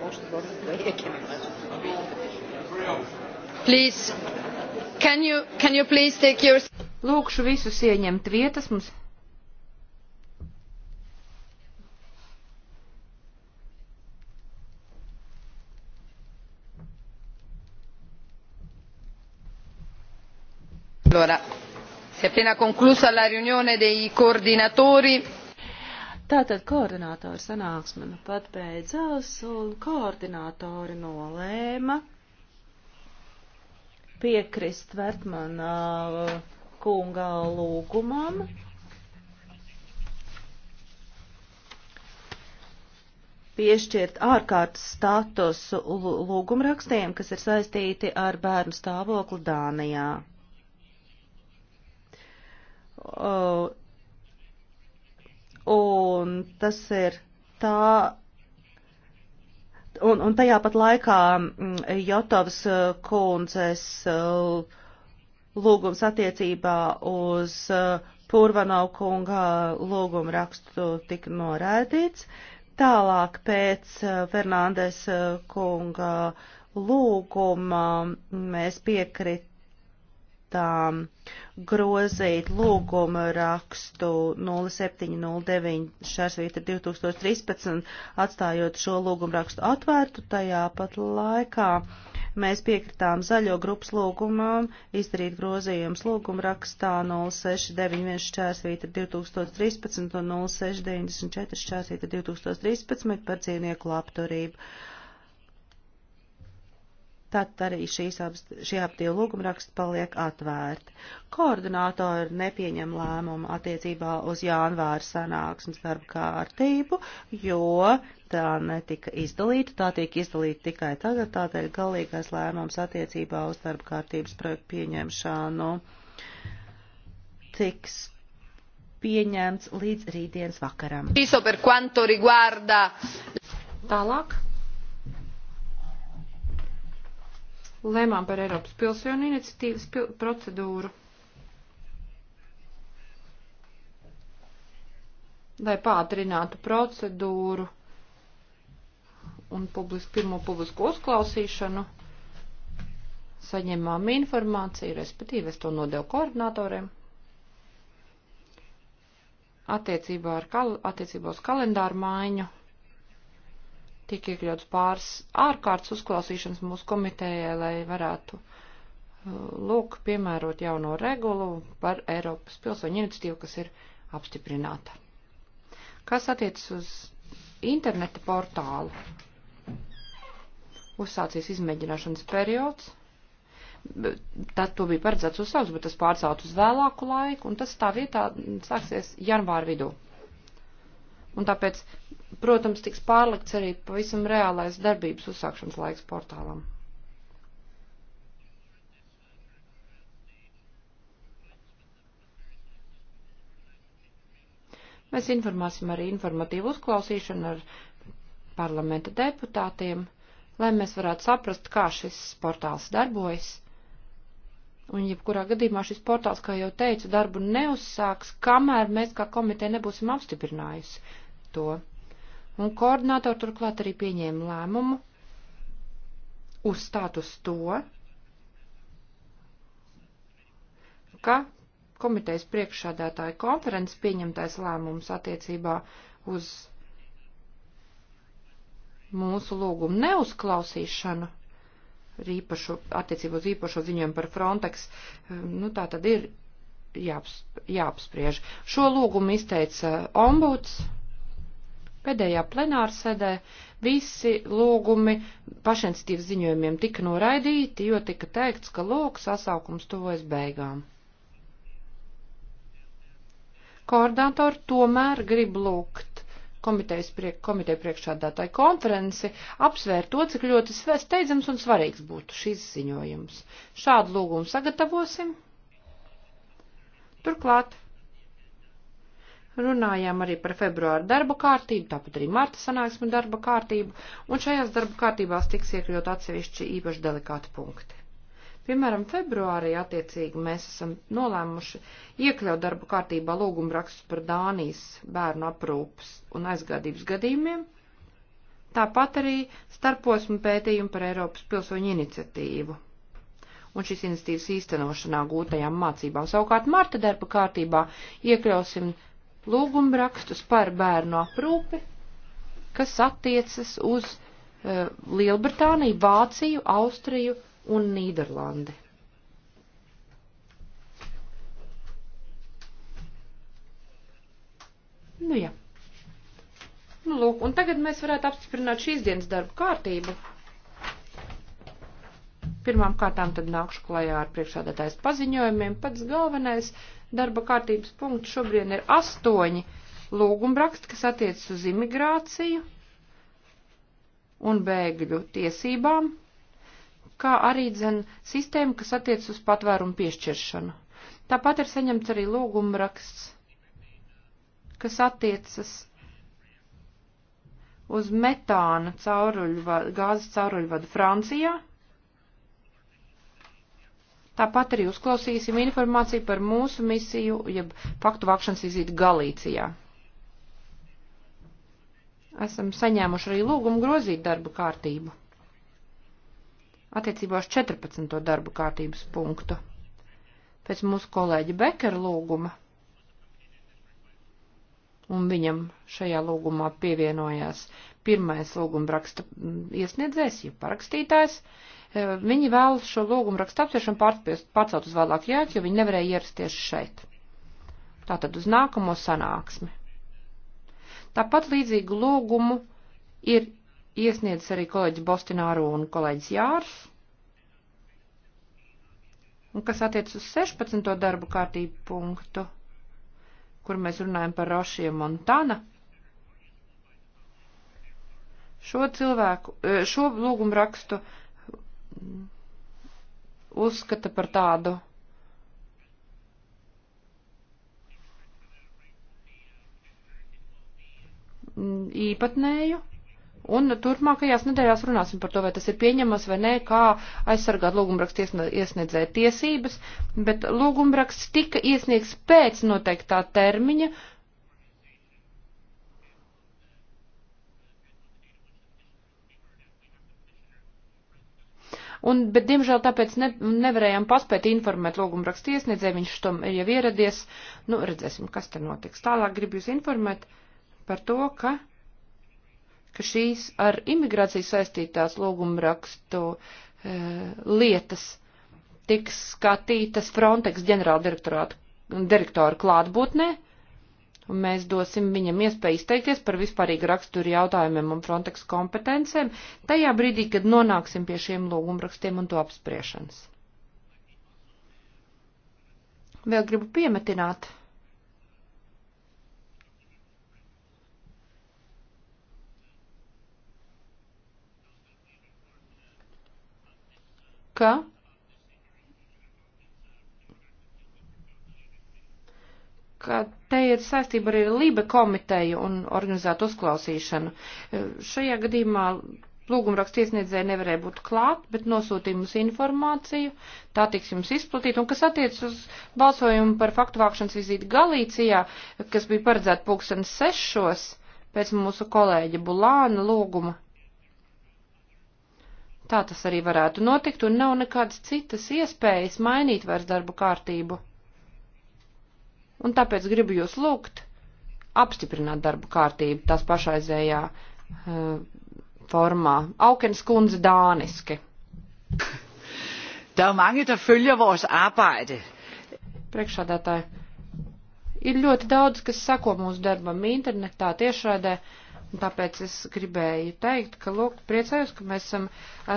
most probably I can imagine. Please, can you, can you please take your... Lūkšu visus ieņemt vietas mums. Allora, si è appena conclusa la riunione dei coordinatori. Tātad koordinātori sanāksme nu pat beidzās, un koordinātori nolēma piekrist Vertmanā uh, kungā lūgumam. piešķirt ārkārtas statusu lūgumrakstiem, kas ir saistīti ar bērnu stāvokli Dānijā. Uh, un tas ir tā. Un, un tajā pat laikā mm, Jotovas eh, kundzes eh, lūgums attiecībā uz eh, Purvanov kunga lūgumu rakstu tika noraidīts. Tālāk pēc Fernandes kunga lūguma mm, mēs piekrit lietām grozīt lūgumu rakstu 0709 šērsvīta 2013, atstājot šo lūgumu rakstu atvērtu. Tajā pat laikā mēs piekritām zaļo grupas lūgumam izdarīt grozījums lūgumu rakstā 0691 šērsvīta 2013 un 0694 šērsvīta 2013 par dzīvnieku labturību tad arī šīs abas, šie ap tie lūgumraksti paliek atvērti. Koordinātori nepieņem lēmumu attiecībā uz janvāra sanāksmes darba kārtību, jo tā netika izdalīta, tā tiek izdalīta tikai tagad, tādēļ galīgais lēmums attiecībā uz darba kārtības projektu pieņemšanu tiks pieņemts līdz rītdienas vakaram. Tālāk. lēmām par Eiropas pilsēnu iniciatīvas pil procedūru, lai pātrinātu procedūru un publis, pirmo publisko uzklausīšanu. Saņemām informāciju, respektīvi es to nodevu koordinatoriem. Attiecībā, ar, attiecībā uz kalendāru maiņu tika iekļauts pāris ārkārtas uzklausīšanas mūsu komitējai, lai varētu uh, lūk piemērot jauno regulu par Eiropas pilsoņu iniciatīvu, kas ir apstiprināta. Kas attiecas uz interneta portālu? Uzsācies izmēģināšanas periods. Tad to bija paredzēts uzsākt, bet tas pārcelt uz vēlāku laiku, un tas tā vietā sāksies janvāra vidū. Un tāpēc protams, tiks pārlikts arī pavisam reālais darbības uzsākšanas laiks portālam. Mēs informāsim arī informatīvu uzklausīšanu ar parlamenta deputātiem, lai mēs varētu saprast, kā šis portāls darbojas. Un, jebkurā gadījumā šis portāls, kā jau teicu, darbu neuzsāks, kamēr mēs kā komiteja nebūsim apstiprinājusi to. Un koordinātori turklāt arī pieņēma lēmumu uzstāt uz to, ka komitejas priekšsādātāja konferences pieņemtais lēmums attiecībā uz mūsu lūgumu neuzklausīšanu ar īpašu, attiecību uz īpašo ziņojumu par Frontex, um, nu tā tad ir jāaps, jāapspriež. Šo lūgumu izteica ombuds. Pēdējā plenāra sēdē visi lūgumi pašinstitīvas ziņojumiem tika noraidīti, jo tika teikts, ka lūk, sasaukums tuvojas beigām. Koordinātori tomēr grib lūgt komitejas priek, komiteja priekšādātāju konferenci apsvērt to, cik ļoti steidzams un svarīgs būtu šis ziņojums. Šādu lūgumu sagatavosim. Turklāt runājām arī par februāru darba kārtību, tāpat arī marta sanāksmu darba kārtību, un šajās darba kārtībās tiks iekļaut atsevišķi īpaši delikāti punkti. Piemēram, februārī attiecīgi mēs esam nolēmuši iekļaut darba kārtībā lūgumu rakstus par Dānijas bērnu aprūpas un aizgādības gadījumiem, tāpat arī starposmu pētījumu par Eiropas pilsoņu iniciatīvu un šīs iniciatīvas īstenošanā gūtajām mācībām. Savukārt marta darba kārtībā iekļausim lūgumu rakstus par bērnu aprūpi, kas attiecas uz uh, Lielbritāniju, Vāciju, Austriju un Nīderlandi. Nu jā. Nu lūk, un tagad mēs varētu apstiprināt šīs dienas darbu kārtību. Pirmām kārtām tad nākšu klajā ar priekšādātājs paziņojumiem. Pats galvenais darba kārtības punkts šobrien ir astoņi lūgumraksti, kas attiecas uz imigrāciju un bēgļu tiesībām, kā arī dzen sistēma, kas attiecas uz patvērumu piešķiršanu. Tāpat ir saņemts arī lūgumraksts, kas attiecas uz metāna cauruļva, gāzes cauruļvadu Francijā Tāpat arī uzklausīsim informāciju par mūsu misiju, jeb faktu vākšanas vizīti Galīcijā. Esam saņēmuši arī lūgumu grozīt darbu kārtību. Attiecībā uz 14. darbu kārtības punktu. Pēc mūsu kolēģa Bekera lūguma un viņam šajā lūgumā pievienojās pirmais lūguma raksta mm, iesniedzējs, ja parakstītājs, Eh, viņi vēlas šo lūgumu rakstu apsvēršanu pārcelt uz vēlāku jēdzi, jo viņi nevarēja ierasties šeit. Tātad uz nākamo sanāksmi. Tāpat līdzīgu lūgumu ir iesniedzis arī kolēģis Bostināru un kolēģis Jārs. Un kas attiec uz 16. darbu kārtību punktu, kur mēs runājam par Rošiem Montana, šo cilvēku, eh, šo lūgumu rakstu uzskata par tādu īpatnēju. Un turpmākajās nedēļās runāsim par to, vai tas ir pieņemams vai nē, kā aizsargāt lūgumraksts iesniedzēja tiesības, bet lūgumraksts tika iesniegts pēc noteiktā termiņa, un, bet diemžēl tāpēc ne, nevarējām paspēt informēt lūgumrakstu iesniedzēju, viņš tam ir jau ieradies, nu, redzēsim, kas te notiks. Tālāk gribu jūs informēt par to, ka, ka šīs ar imigrāciju saistītās lūgumrakstu e, lietas tiks skatītas Frontex ģenerāldirektora klātbūtnē un mēs dosim viņam iespēju izteikties par vispārīgu raksturu jautājumiem un Frontex kompetencēm tajā brīdī, kad nonāksim pie šiem lūgumrakstiem un to apspriešanas. Vēl gribu piemetināt. ka ka te ir saistība arī ar Lībe komiteju un organizētu uzklausīšanu. E, šajā gadījumā lūgumraksts iesniedzēja nevarēja būt klāt, bet nosūtīja mums informāciju, tā tiks jums izplatīta, un kas attiec uz balsojumu par faktu vākšanas vizīti Galīcijā, kas bija paredzēta pulksten sešos pēc mūsu kolēģa Bulāna lūguma. Tā tas arī varētu notikt, un nav nekādas citas iespējas mainīt vairs darba kārtību. Un tāpēc gribu jūs lūgt apstiprināt darbu kārtību tās pašaizējā uh, eh, formā. Aukens kundze dāniski. Der er mange, der følger vores arbejde. Priekšādātāji, ir ļoti daudz, kas sako mūsu darbam internetā, tiešraidē, un tāpēc es gribēju teikt, ka, lūk, priecājos, ka mēs esam,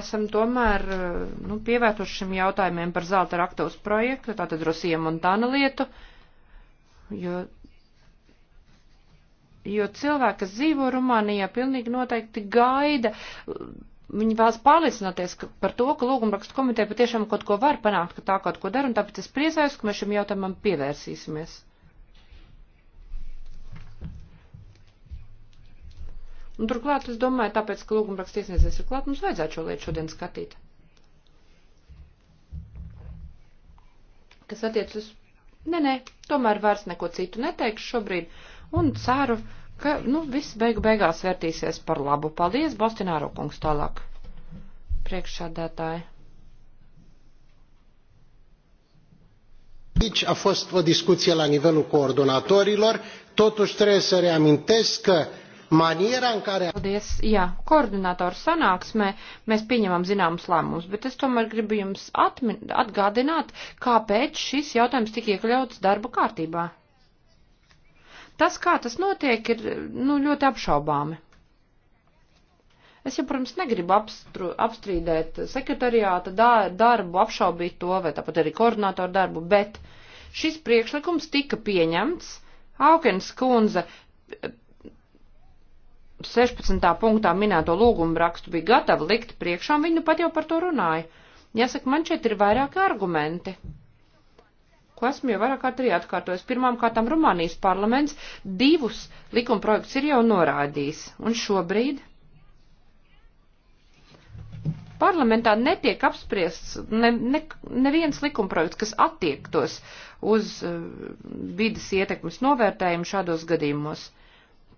esam tomēr, eh, nu, pievērtuši šim jautājumiem par zelta raktos projektu, tātad Rosija Montāna lietu. Uh, jo, jo cilvēki, kas dzīvo Rumānijā, pilnīgi noteikti gaida viņi vēlas pārliecināties par to, ka lūgumrakstu komiteja patiešām kaut ko var panākt, ka tā kaut ko dara, un tāpēc es priecājos, ka mēs šim jautājumam pievērsīsimies. Un turklāt, es domāju, tāpēc, ka lūgumrakstu iesniedzējs ir klāt, mums vajadzētu šo lietu šodien skatīt. Kas attiec uz Nē, nē, tomēr vairs neko citu neteikšu šobrīd un ceru, ka, nu, viss beigu beigās vērtīsies par labu. Paldies, Bostināro kungs, tālāk. Priekšsādātāji. Aici a fost o discuție la nivelul coordonatorilor, totuși trebuie să reamintesc că maniera în care... Paldies, jā, koordinātoru sanāksmē mēs pieņemam zināmus lēmumus, bet es tomēr gribu jums atmin, atgādināt, kāpēc šis jautājums tika iekļauts darba kārtībā. Tas, kā tas notiek, ir nu, ļoti apšaubāmi. Es jau, protams, negribu apstru, apstrīdēt sekretariāta darbu, apšaubīt to, vai tāpat arī koordinātoru darbu, bet šis priekšlikums tika pieņemts. Aukens kundze 16. punktā minēto lūgumu rakstu bija gatava likt priekšā, viņi nu pat jau par to runāja. Jāsaka, man šeit ir vairāki argumenti, ko esmu jau vairāk kārt arī atkārtojis. Pirmām kārtām Rumānijas parlaments divus likumprojektus ir jau norādījis, un šobrīd parlamentā netiek apspriests ne, ne, neviens likumprojekts, kas attiektos uz uh, vidas ietekmes novērtējumu šādos gadījumos.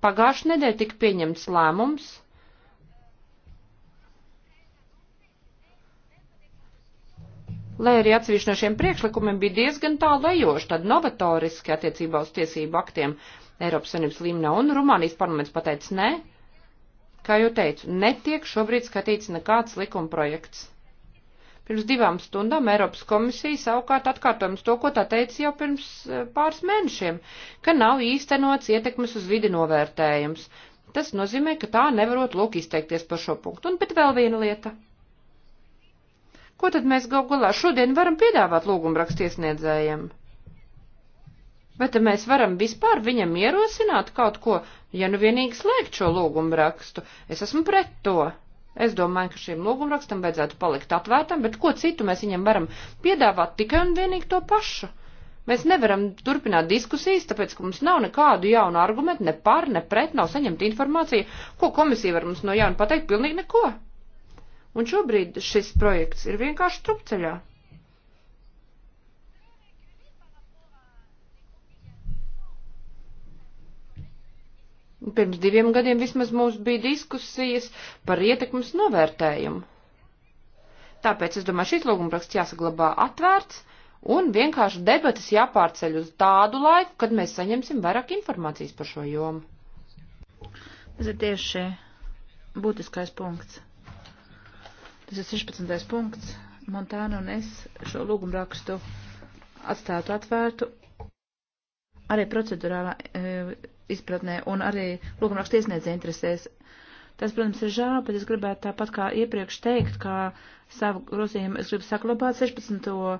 Pagājušajā nedēļā tika pieņemts lēmums. Lai arī atsevišķi no šiem priekšlikumiem bija diezgan tālu ejoši, tad novatoriski attiecībā uz tiesību aktiem Eiropas Savienības līmenī, un Rumānijas parlaments pateica nē, kā jau teicu, netiek šobrīd skatīts nekāds likuma projekts. Pirms divām stundām Eiropas komisija savukārt atkārtojums to, ko tā teica jau pirms eh, pāris mēnešiem, ka nav īstenots ietekmes uz vidi novērtējums. Tas nozīmē, ka tā nevarot lūk izteikties par šo punktu. Un bet vēl viena lieta. Ko tad mēs gal galā šodien varam piedāvāt lūgumrakstiesniedzējiem? Vai tad mēs varam vispār viņam ierosināt kaut ko, ja nu vienīgi slēgt šo lūgumu rakstu? Es esmu pret to. Es domāju, ka šim lūgumrakstam vajadzētu palikt atvērtam, bet ko citu mēs viņam varam piedāvāt tikai un vienīgi to pašu. Mēs nevaram turpināt diskusijas, tāpēc, ka mums nav nekādu jaunu argumentu, ne par, ne pret, nav saņemta informācija, ko komisija var mums no jauna pateikt, pilnīgi neko. Un šobrīd šis projekts ir vienkārši trupceļā. Pirms diviem gadiem vismaz mums bija diskusijas par ietekmes novērtējumu. Tāpēc es domāju, šis lūgumraksts jāsaglabā atvērts un vienkārši debatas jāpārceļ uz tādu laiku, kad mēs saņemsim vairāk informācijas par šo jomu. Tas ir tieši būtiskais punkts. Tas ir 16. punkts. Montāna un es šo lūgumrakstu atstātu atvērtu arī procedurālā. E, izpratnē un arī lūgumrakstu iesniedz interesēs. Tas, protams, ir žēl, bet es gribētu tāpat kā iepriekš teikt, ka savu grozījumu es gribu saklabāt 16.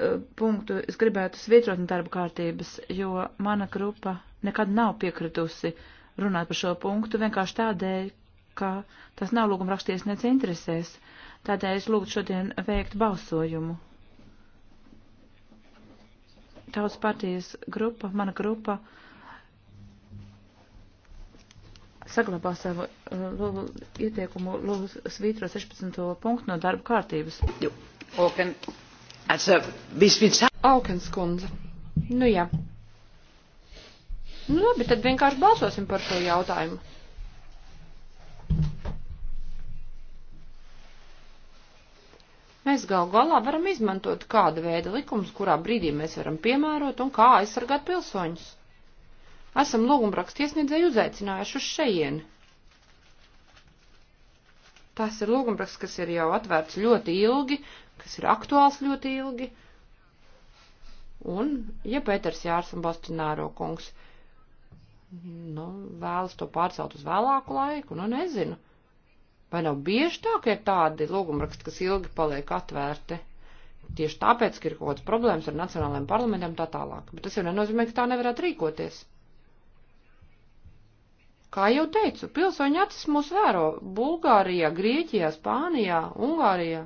Eh, punktu, es gribētu svietrot no darba kārtības, jo mana grupa nekad nav piekritusi runāt par šo punktu vienkārši tādēļ, ka tas nav lūgumrakstu iesniedz interesēs. Tādēļ es lūgtu šodien veikt balsojumu. Tautas partijas grupa, mana grupa, uh, saglabā savu eh, lūgu, ieteikumu lūgu svītro 16. punktu no darba kārtības. Auken. Aukens kundze. Nu jā. Nu labi, tad vienkārši balsosim par šo jautājumu. Mēs gal galā varam izmantot kādu veidu likums, kurā brīdī mēs varam piemērot un kā aizsargāt pilsoņus. Esam lūgumrakstu iesniedzēju uzaicinājuši uz šejieni. Tas ir lūgumraksts, kas ir jau atvērts ļoti ilgi, kas ir aktuāls ļoti ilgi. Un, ja Pēters Jārs un Bostināro kungs nu, vēlas to pārcelt uz vēlāku laiku, nu nezinu. Vai nav bieži tā, ka ir tādi lūgumraksti, kas ilgi paliek atvērti? Tieši tāpēc, ka ir kaut kādas problēmas ar nacionālajiem parlamentiem tā tālāk. Bet tas jau nenozīmē, ka tā nevarētu rīkoties. Kā jau teicu, pilsoņi acis mūs vēro Bulgārijā, Grieķijā, Spānijā, Ungārijā.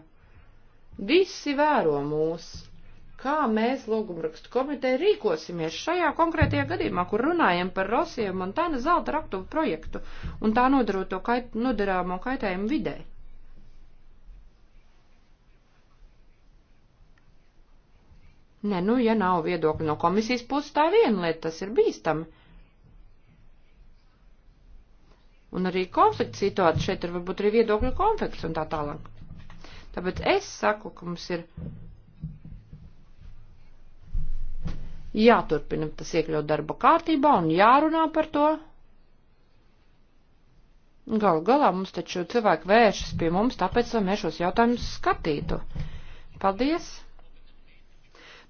Visi vēro mūs. Kā mēs lūgumrakstu komiteja rīkosimies šajā konkrētajā gadījumā, kur runājam par Rosiju Montana zelta raktuvu projektu un tā nodaroto kait, nodarāmo kaitējumu vidē? Nē, nu, ja nav viedokļa no komisijas puses, tā viena lieta, tas ir bīstami Un arī konflikta situācija šeit ir varbūt arī viedokļu konflikts un tā tālāk. Tāpēc es saku, ka mums ir jāturpina tas iekļaut darba kārtībā un jārunā par to. Galu galā mums taču cilvēki vēršas pie mums, tāpēc, lai mēs šos jautājumus skatītu. Paldies!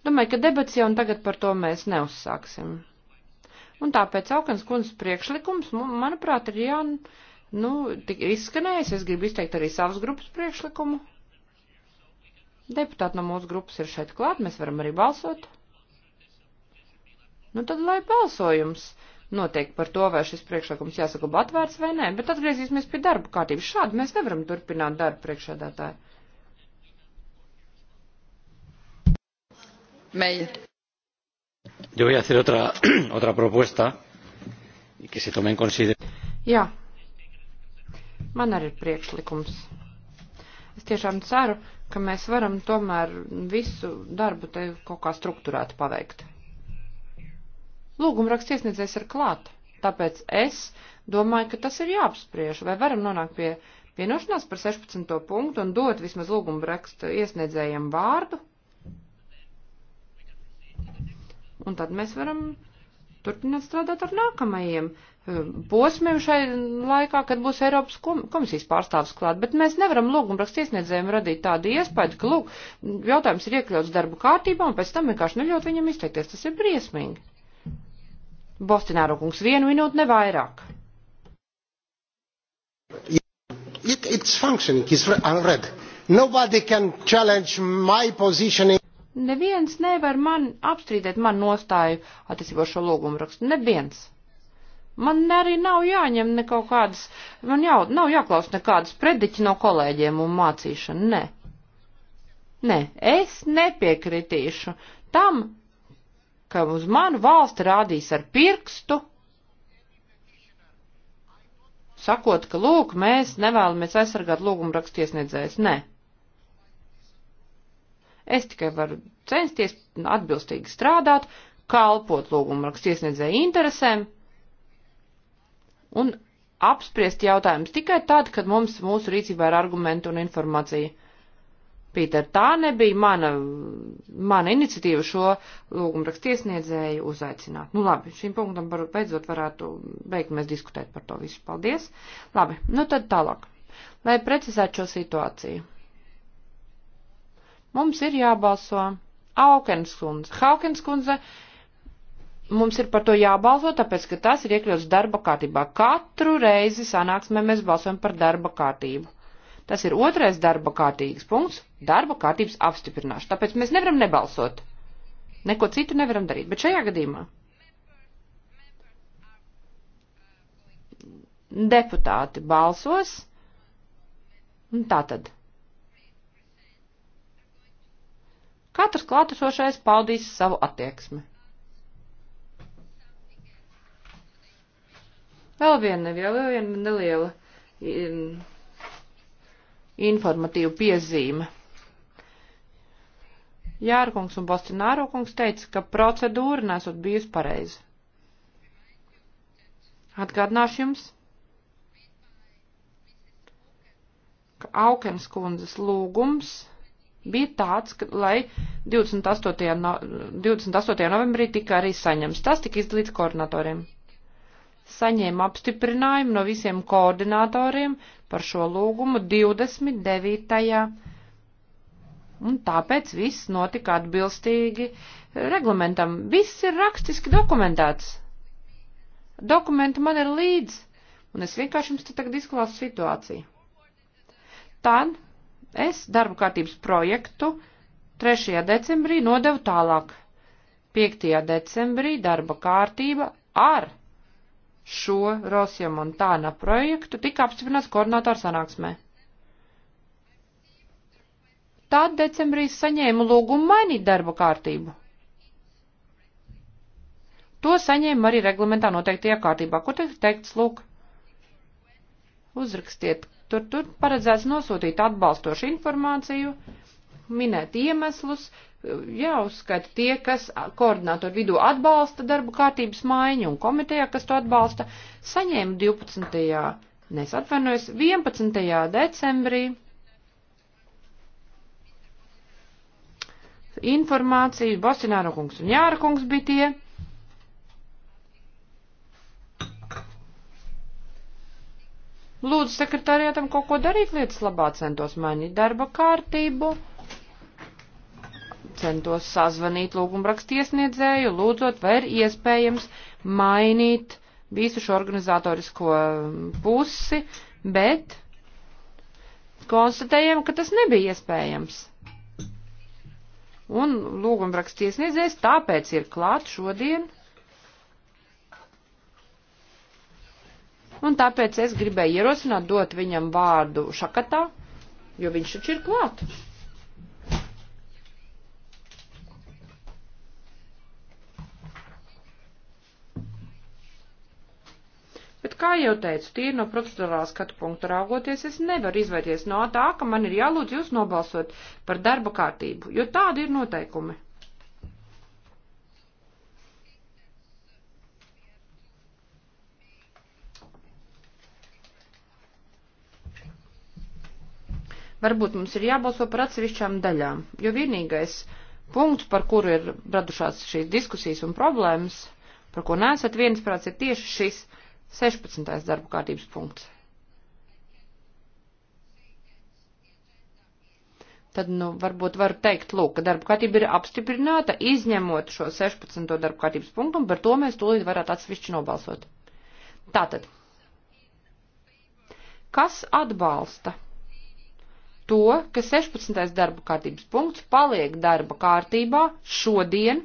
Domāju, ka debats jau un tagad par to mēs neuzsāksim. Un tāpēc Aukens kundzes priekšlikums, manuprāt, ir jā, nu, tik izskanējis, es gribu izteikt arī savas grupas priekšlikumu. Deputāti no mūsu grupas ir šeit klāt, mēs varam arī balsot. Nu tad lai balsojums notiek par to, vai šis priekšlikums jāsaka atvērts vai nē, bet atgriezīsimies pie darba kārtības. Šādi mēs nevaram turpināt darbu priekšādātāju. Meija. Yo voy a hacer otra, otra propuesta y que se tome en consideración. Jā, man arī ir priekšlikums. Es tiešām ceru, ka mēs varam tomēr visu darbu te kaut kā struktūrēti paveikt. Lūgumraksts iesniedzējs ir klāt, tāpēc es domāju, ka tas ir jāapspriež, vai varam nonākt pie vienošanās par 16. punktu un dot vismaz lūgumraksta iesniedzējiem vārdu un tad mēs varam turpināt strādāt ar nākamajiem um, posmiem šai laikā, kad būs Eiropas komisijas pārstāvis klāt, bet mēs nevaram lūgumrakstu iesniedzējiem radīt tādu iespēju, ka, lūk, jautājums ir iekļauts darba kārtībā un pēc tam vienkārši neļaut viņam izteikties. Tas ir briesmīgi. Bostināro kungs, vienu minūtu nevairāk. It, it's functioning, it's unread. Nobody can challenge my position in Neviens nevar man apstrīdēt man nostāju attiecībā šo lūgumu rakstu. Neviens. Man arī nav jāņem nekaut kādas, man jau nav jāklaus nekādas prediķi no kolēģiem un mācīšana. Nē. Nē, es nepiekritīšu tam, ka uz manu valsti rādīs ar pirkstu, sakot, ka lūk, mēs nevēlamies aizsargāt lūgumu rakstiesniedzējus. Nē. Ne. Es tikai varu censties atbilstīgi strādāt, kalpot lūgumrakstu iesniedzēju interesēm un apspriest jautājumus tikai tad, kad mums mūsu rīcībā ir argumenti un informācija. Pīter, tā nebija mana, mana iniciatīva šo lūgumrakstu iesniedzēju uzaicināt. Nu labi, šim punktam var, beidzot varētu beigt mēs diskutēt par to visu. Paldies. Labi, nu tad tālāk. Lai precizētu šo situāciju. Mums ir jābalso. Aukenskundze. Haukenskundze, mums ir par to jābalso, tāpēc, ka tas ir iekļauts darba kārtībā. Katru reizi sanāksmē mēs balsojam par darba kārtību. Tas ir otrais darba kārtības punkts - darba kārtības apstiprināšana. Tāpēc mēs nevaram nebalsot. Neko citu nevaram darīt. Bet šajā gadījumā deputāti balsos. Tā tad Katrs klātesošais paudīs savu attieksmi. Vēl viena neviela, vēl viena neliela in, informatīva piezīme. Jārkungs un Bostināro kungs teica, ka procedūra nesot bijusi pareiza. Atgādināšu jums, ka Aukens kundzes lūgums bija tāds, ka, lai 28. No, 28. novembrī tika arī saņems. Tas tika izdalīts koordinatoriem. Saņēma apstiprinājumu no visiem koordinatoriem par šo lūgumu 29. Un tāpēc viss notika atbilstīgi reglamentam. Viss ir rakstiski dokumentēts. Dokumenti man ir līdz, un es vienkārši jums te tagad izklāstu situāciju. Tad Es darba kārtības projektu 3. decembrī nodevu tālāk. 5. decembrī darba kārtība ar šo Rosija Montāna projektu tika apstiprināts koordinātāra sanāksmē. Tad decembrī saņēmu lūgumu mainīt darba kārtību. To saņēmu arī reglamentā noteiktajā kārtībā, kur tiek teikts, lūk, uzrakstiet, Tur, tur paredzēts nosūtīt atbalstošu informāciju, minēt iemeslus, jāuzskata tie, kas koordinātoru vidū atbalsta darbu kārtības maiņu un komitejā, kas to atbalsta, saņēma 12. Nes atvainojos 11. decembrī informāciju, Bosināra kungs un Jāra kungs bija tie, Lūdzu, sekretārietam kaut ko darīt lietas labā, centos mainīt darba kārtību, centos sazvanīt lūgumrakstu iesniedzēju, lūdzot, vai ir iespējams mainīt visu šo organizatorisko pusi, bet konstatējam, ka tas nebija iespējams. Un lūgumrakstu iesniedzējs tāpēc ir klāt šodien. Un tāpēc es gribēju ierosināt dot viņam vārdu šakatā, jo viņš taču ir klāt. Bet, kā jau teicu, tīri no procedurālā skatu punktu raugoties, es nevaru izvairīties no tā, ka man ir jālūdz jūs nobalsot par darba kārtību, jo tādi ir noteikumi. Varbūt mums ir jābalso par atsevišķām daļām, jo vienīgais punkts, par kuru ir radušās šīs diskusijas un problēmas, par ko nesat viensprāts, ir tieši šis 16. darba kārtības punkts. Tad, nu, varbūt var teikt, lūk, ka darba kārtība ir apstiprināta, izņemot šo 16. darba kārtības punktu, un par to mēs tūlīt varētu atsevišķi nobalsot. Tātad, kas atbalsta to, ka 16. darba kārtības punkts paliek darba kārtībā šodien.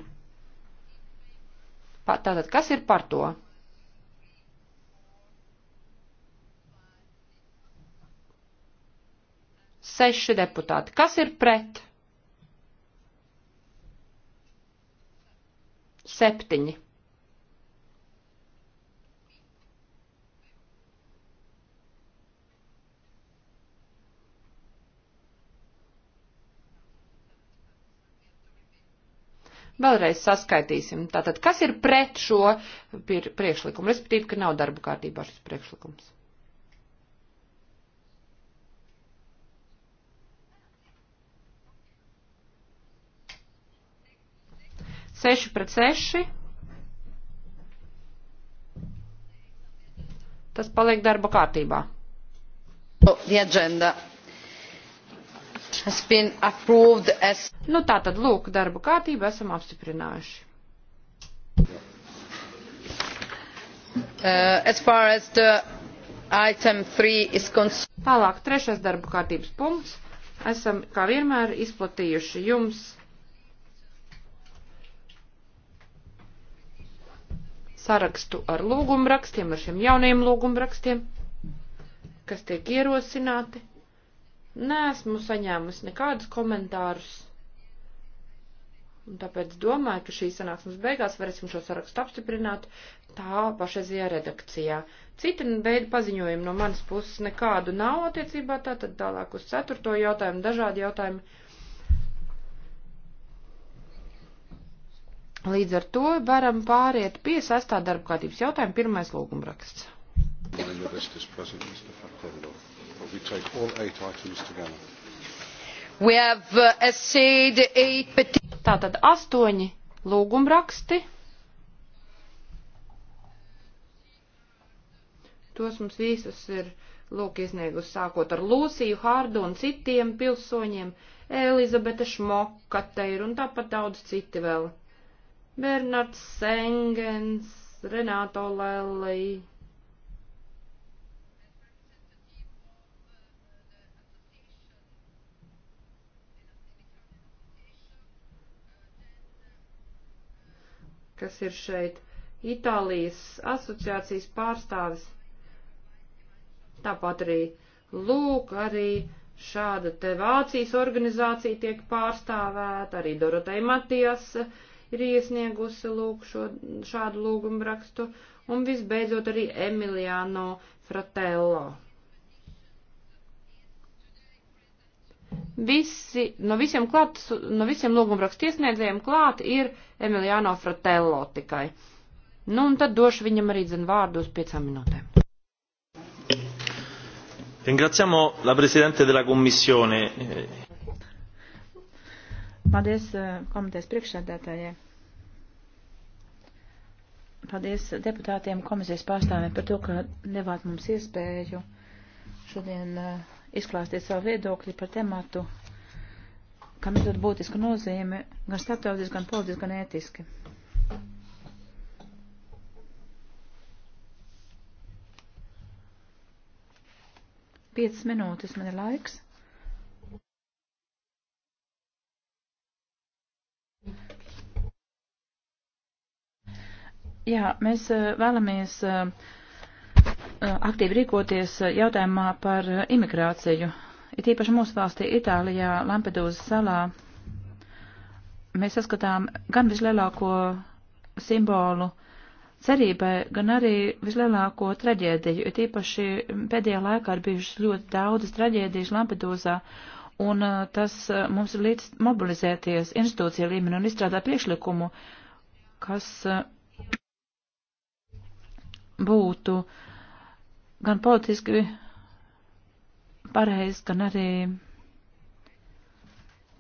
Tātad, kas ir par to? Seši deputāti. Kas ir pret? Septiņi. Vēlreiz saskaitīsim. Tātad, kas ir pret šo priekšlikumu, respektīvi, ka nav darba kārtībā šis priekšlikums? Seši pret seši. Tas paliek darba kārtībā. Oh, the agenda has been approved as. Nu tā tad lūk, darbu kārtību esam apstiprinājuši. Uh, as far as the item 3 is concerned. Tālāk, trešais darbu kārtības punkts. Esam, kā vienmēr, izplatījuši jums sarakstu ar lūgumrakstiem, ar šiem jauniem lūgumrakstiem, kas tiek ierosināti. Nesmu saņēmusi nekādus komentārus. Un tāpēc domāju, ka šīs sanāksmes beigās varēsim šo sarakstu apstiprināt tā pašreizajā redakcijā. Cita veida paziņojumi no manas puses nekādu nav attiecībā, tātad tālāk uz ceturto jautājumu, dažādi jautājumi. Līdz ar to varam pāriet pie sastā darba kārtības jautājuma pirmais lūgumraksts we take all eight items together. We have uh, essayed eight petitions. Tātad astoņi lūgumraksti. Tos mums visus ir lūk iesniegus sākot ar Lūsiju, Hārdu un citiem pilsoņiem, Elizabete Šmoka te ir un tāpat daudz citi vēl. Bernards Sengens, Renato Lellija. kas ir šeit Itālijas asociācijas pārstāvis. Tāpat arī lūk, arī šāda te Vācijas organizācija tiek pārstāvēta, arī Dorotai Matijas ir iesniegusi lūk šo, šādu lūgumu rakstu, un visbeidzot arī Emiliano Fratello. Visi, no visiem, klāt, no visiem lūgumrakstu iesniedzējiem klāt ir Emiliano Fratello tikai. Nu, un tad došu viņam arī zin vārdu uz piecām minūtēm. Ringraziamo la Presidente della Commissione. Paldies eh, komitejas priekšsēdētājai. Paldies deputātiem komisijas pārstāvjiem par to, ka devāt mums iespēju šodien uh, izklāstīt savu viedokli par tematu, kam ir ļoti būtiska nozīme gan starptautiski, gan politiski, gan ētiski. Piecas minūtes man ir laiks. Jā, mēs eh, vēlamies uh, Uh, aktīvi rīkoties uh, jautājumā par uh, imigrāciju. Ir īpaši mūsu valstī Itālijā, Lampedūzas salā. Mēs saskatām gan vislielāko simbolu cerībai, gan arī vislielāko traģēdiju. Ir īpaši pēdējā laikā ir bijušas ļoti daudzas traģēdijas Lampedūzā, un tas mums ir līdz mobilizēties institūcija līmeni un izstrādāt priekšlikumu, kas būtu uh, gan politiski pareizi, gan arī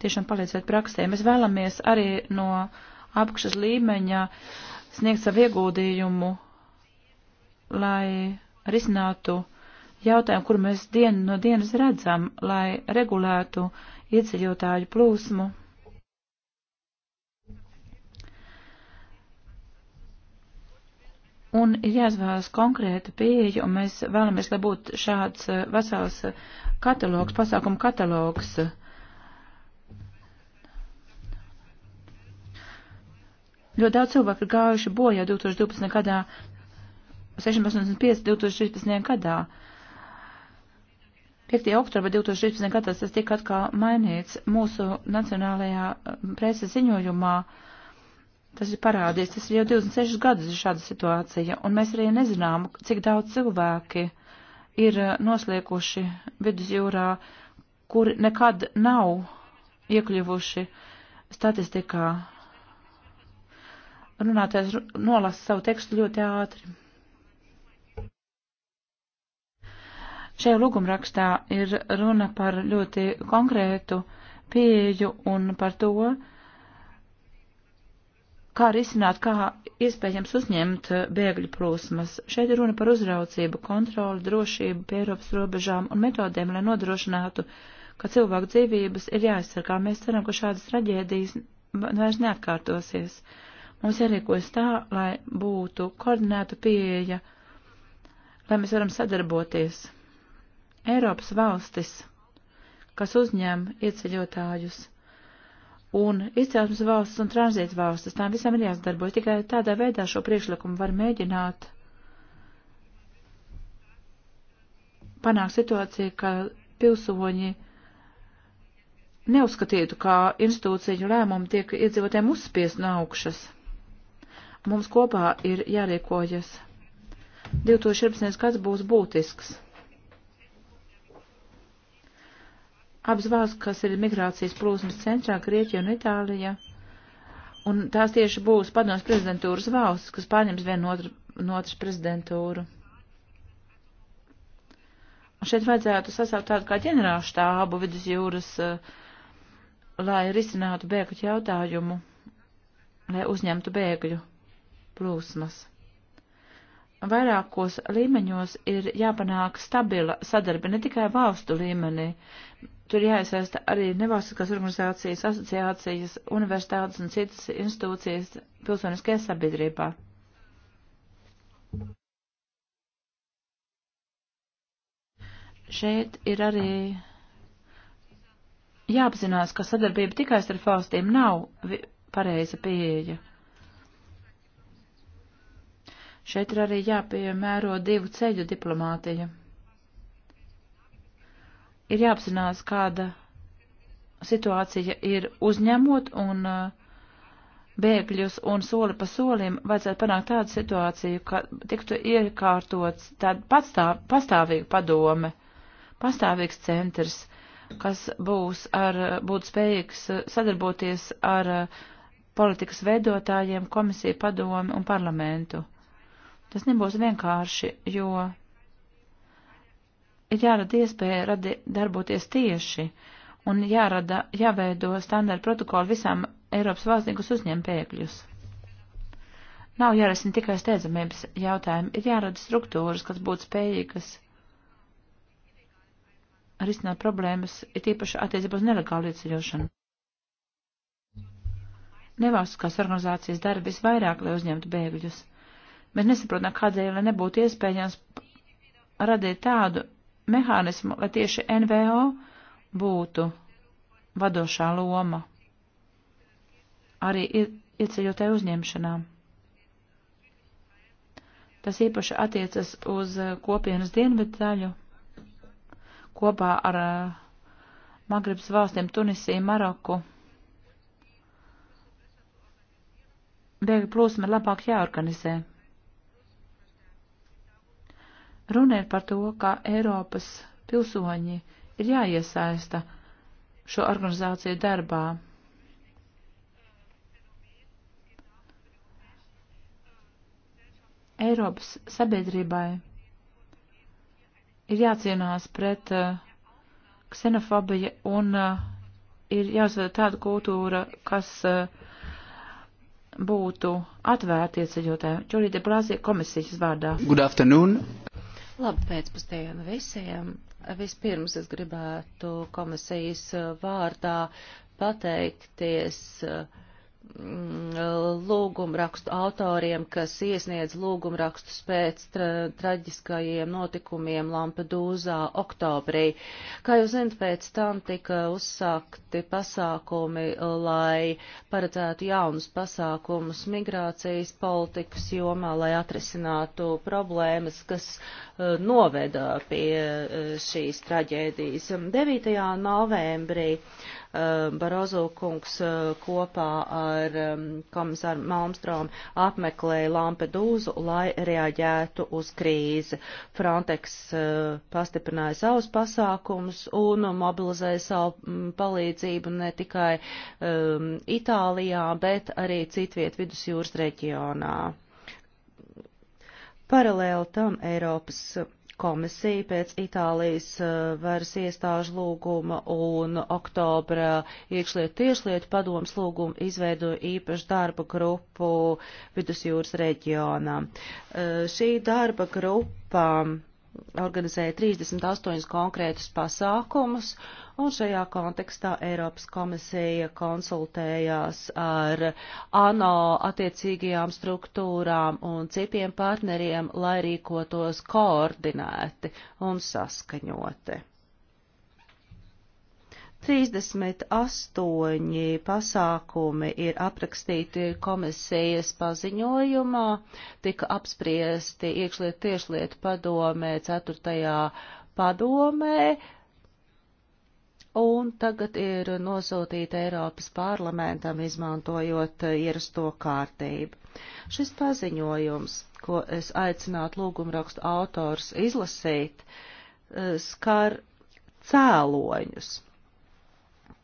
tiešām palīdzēt praksē. Mēs vēlamies arī no apakšas līmeņa sniegt savu ieguldījumu, lai risinātu jautājumu, kur mēs dienu no dienas redzam, lai regulētu iedzīvotāju plūsmu un ir jāizvēlas konkrēta pieeja, un mēs vēlamies, lai būtu šāds eh, vesels eh, katalogs, pasākumu katalogs. Ļoti daudz cilvēku ir gājuši bojā 2012. gadā, 1685. 2013. gadā. 5. oktobra 2013. gadā tas tika atkal mainīts mūsu nacionālajā eh, preses ziņojumā. Uh, Tas ir parādījies, tas ir jau 26 gadus ir šāda situācija, un mēs arī nezinām, cik daudz cilvēki ir eh, noslēguši vidusjūrā, kuri nekad nav iekļuvuši statistikā. Runātais nolasa savu tekstu ļoti ātri. Šajā lūgumrakstā ir runa par ļoti konkrētu pieeju un par to, kā risināt, kā iespējams uzņemt eh, bēgļu plūsmas. Šeit ir runa par uzraucību, kontroli, drošību pie Eiropas robežām un metodēm, lai nodrošinātu, ka cilvēku dzīvības ir jāaizsargā. Mēs ceram, ka šādas traģēdijas vairs neatkārtosies. Mums jārīkojas tā, lai būtu koordinēta pieeja, lai mēs varam sadarboties. Eiropas valstis, kas uzņem ieceļotājus un izcelsmes valsts un tranzīta valstis. Tām visām ir jāsadarbojas. Tikai tādā veidā šo priekšlikumu var mēģināt panākt situāciju, ka pilsoņi neuzskatītu, kā institūciju lēmumu tiek iedzīvotēm uzspiest no augšas. Mums kopā ir jārīkojas. 2014. gads būs būtisks. Abas valsts, kas ir migrācijas plūsmas centrā, Grieķija un Itālija, un tās tieši būs padomas prezidentūras valsts, kas pārņems vienu otru, no otras prezidentūru. Un šeit vajadzētu sasaukt tādu kā ģenerālu štābu vidus jūras, eh, lai risinātu bēgļu jautājumu, lai uzņemtu bēgļu plūsmas vairākos līmeņos ir jāpanāk stabila sadarbe, ne tikai valstu līmenī. Tur jāiesaista arī nevalstiskās organizācijas, asociācijas, universitātes un citas institūcijas pilsoniskajā sabiedrībā. Šeit ir arī jāapzinās, ka sadarbība tikai starp valstīm nav pareiza pieeja Šeit ir arī jāpiemēro divu ceļu diplomātija. Ir jāapzinās, kāda situācija ir uzņemot un uh, bēgļus un soli pa solim vajadzētu panākt tādu situāciju, ka tiktu iekārtots tāda pastāv, pastāvīga padome, pastāvīgs centrs, kas būs ar, būtu spējīgs uh, sadarboties ar uh, politikas veidotājiem, komisiju padomu un parlamentu. Tas nebūs vienkārši, jo ir jārada iespēja radi, darboties tieši un jārada, jāveido standarta protokoli visām Eiropas valstīm, kas uzņem pēkļus. Nav jārisina tikai steidzamības jautājumi, ir jārada struktūras, kas būtu spējīgas risināt problēmas, ir tīpaši attiecībā uz nelegālu ieceļošanu. Nevalstiskās organizācijas dara visvairāk, lai uzņemtu bēgļus. Mēs nesaprotam, kādēļ nebūtu iespējams radīt tādu mehānismu, lai tieši NVO būtu vadošā loma arī ieceļotē uzņemšanā. Tas īpaši attiecas uz eh, kopienas dienvidu daļu kopā ar eh, Magribas valstiem Tunisiju, Maroku. Bēgļu plūsma ir labāk jāorganizē. Runa ir par to, ka Eiropas pilsoņi ir jāiesaista šo organizāciju darbā. Eiropas sabiedrībai ir jācīnās pret uh, ksenofobiju un uh, ir jāuzved tāda kultūra, kas uh, būtu atvērti ieceļotājiem. Čurīte Brāzija komisijas vārdā. Good afternoon. Labu pēcpusdienu visiem. Vispirms es gribētu komisijas vārdā pateikties uh, Mm, lūgumrakstu autoriem, kas iesniedz lūgumrakstus pēc tra traģiskajiem notikumiem Lampedūzā oktobrī. Kā jūs zinat, pēc tam tika uzsākti pasākumi, lai paredzētu jaunus pasākumus migrācijas politikas jomā, lai atrisinātu problēmas, kas uh, noveda pie uh, šīs traģēdijas. 9. novembrī Eh, Barozo kungs eh, kopā ar komisāru Malmstrom apmeklēja Lampedūzu, lai reaģētu uz krīzi. Frontex eh, pastiprināja savus pasākumus un mobilizēja savu palīdzību ne tikai um, Itālijā, bet arī citviet vidusjūras reģionā. Paralēli tam Eiropas Komisija pēc Itālijas eh, varas iestāžu lūguma un oktobra iekšlietu tiešlietu padomas lūguma izveidoja īpašu darba grupu vidusjūras reģionā. Eh, šī darba grupa organizēja 38 konkrētus pasākumus un šajā kontekstā Eiropas komisija konsultējās ar ANO attiecīgajām struktūrām un citiem partneriem, lai rīkotos koordinēti un saskaņoti. 38 pasākumi ir aprakstīti komisijas paziņojumā, tika apspriesti iekšliet tiešlietu padomē 4. padomē, un tagad ir nosūtīta Eiropas parlamentam, izmantojot ierasto kārtību. Šis paziņojums, ko es aicinātu lūgumrakstu autors izlasīt, eh, skar cēloņus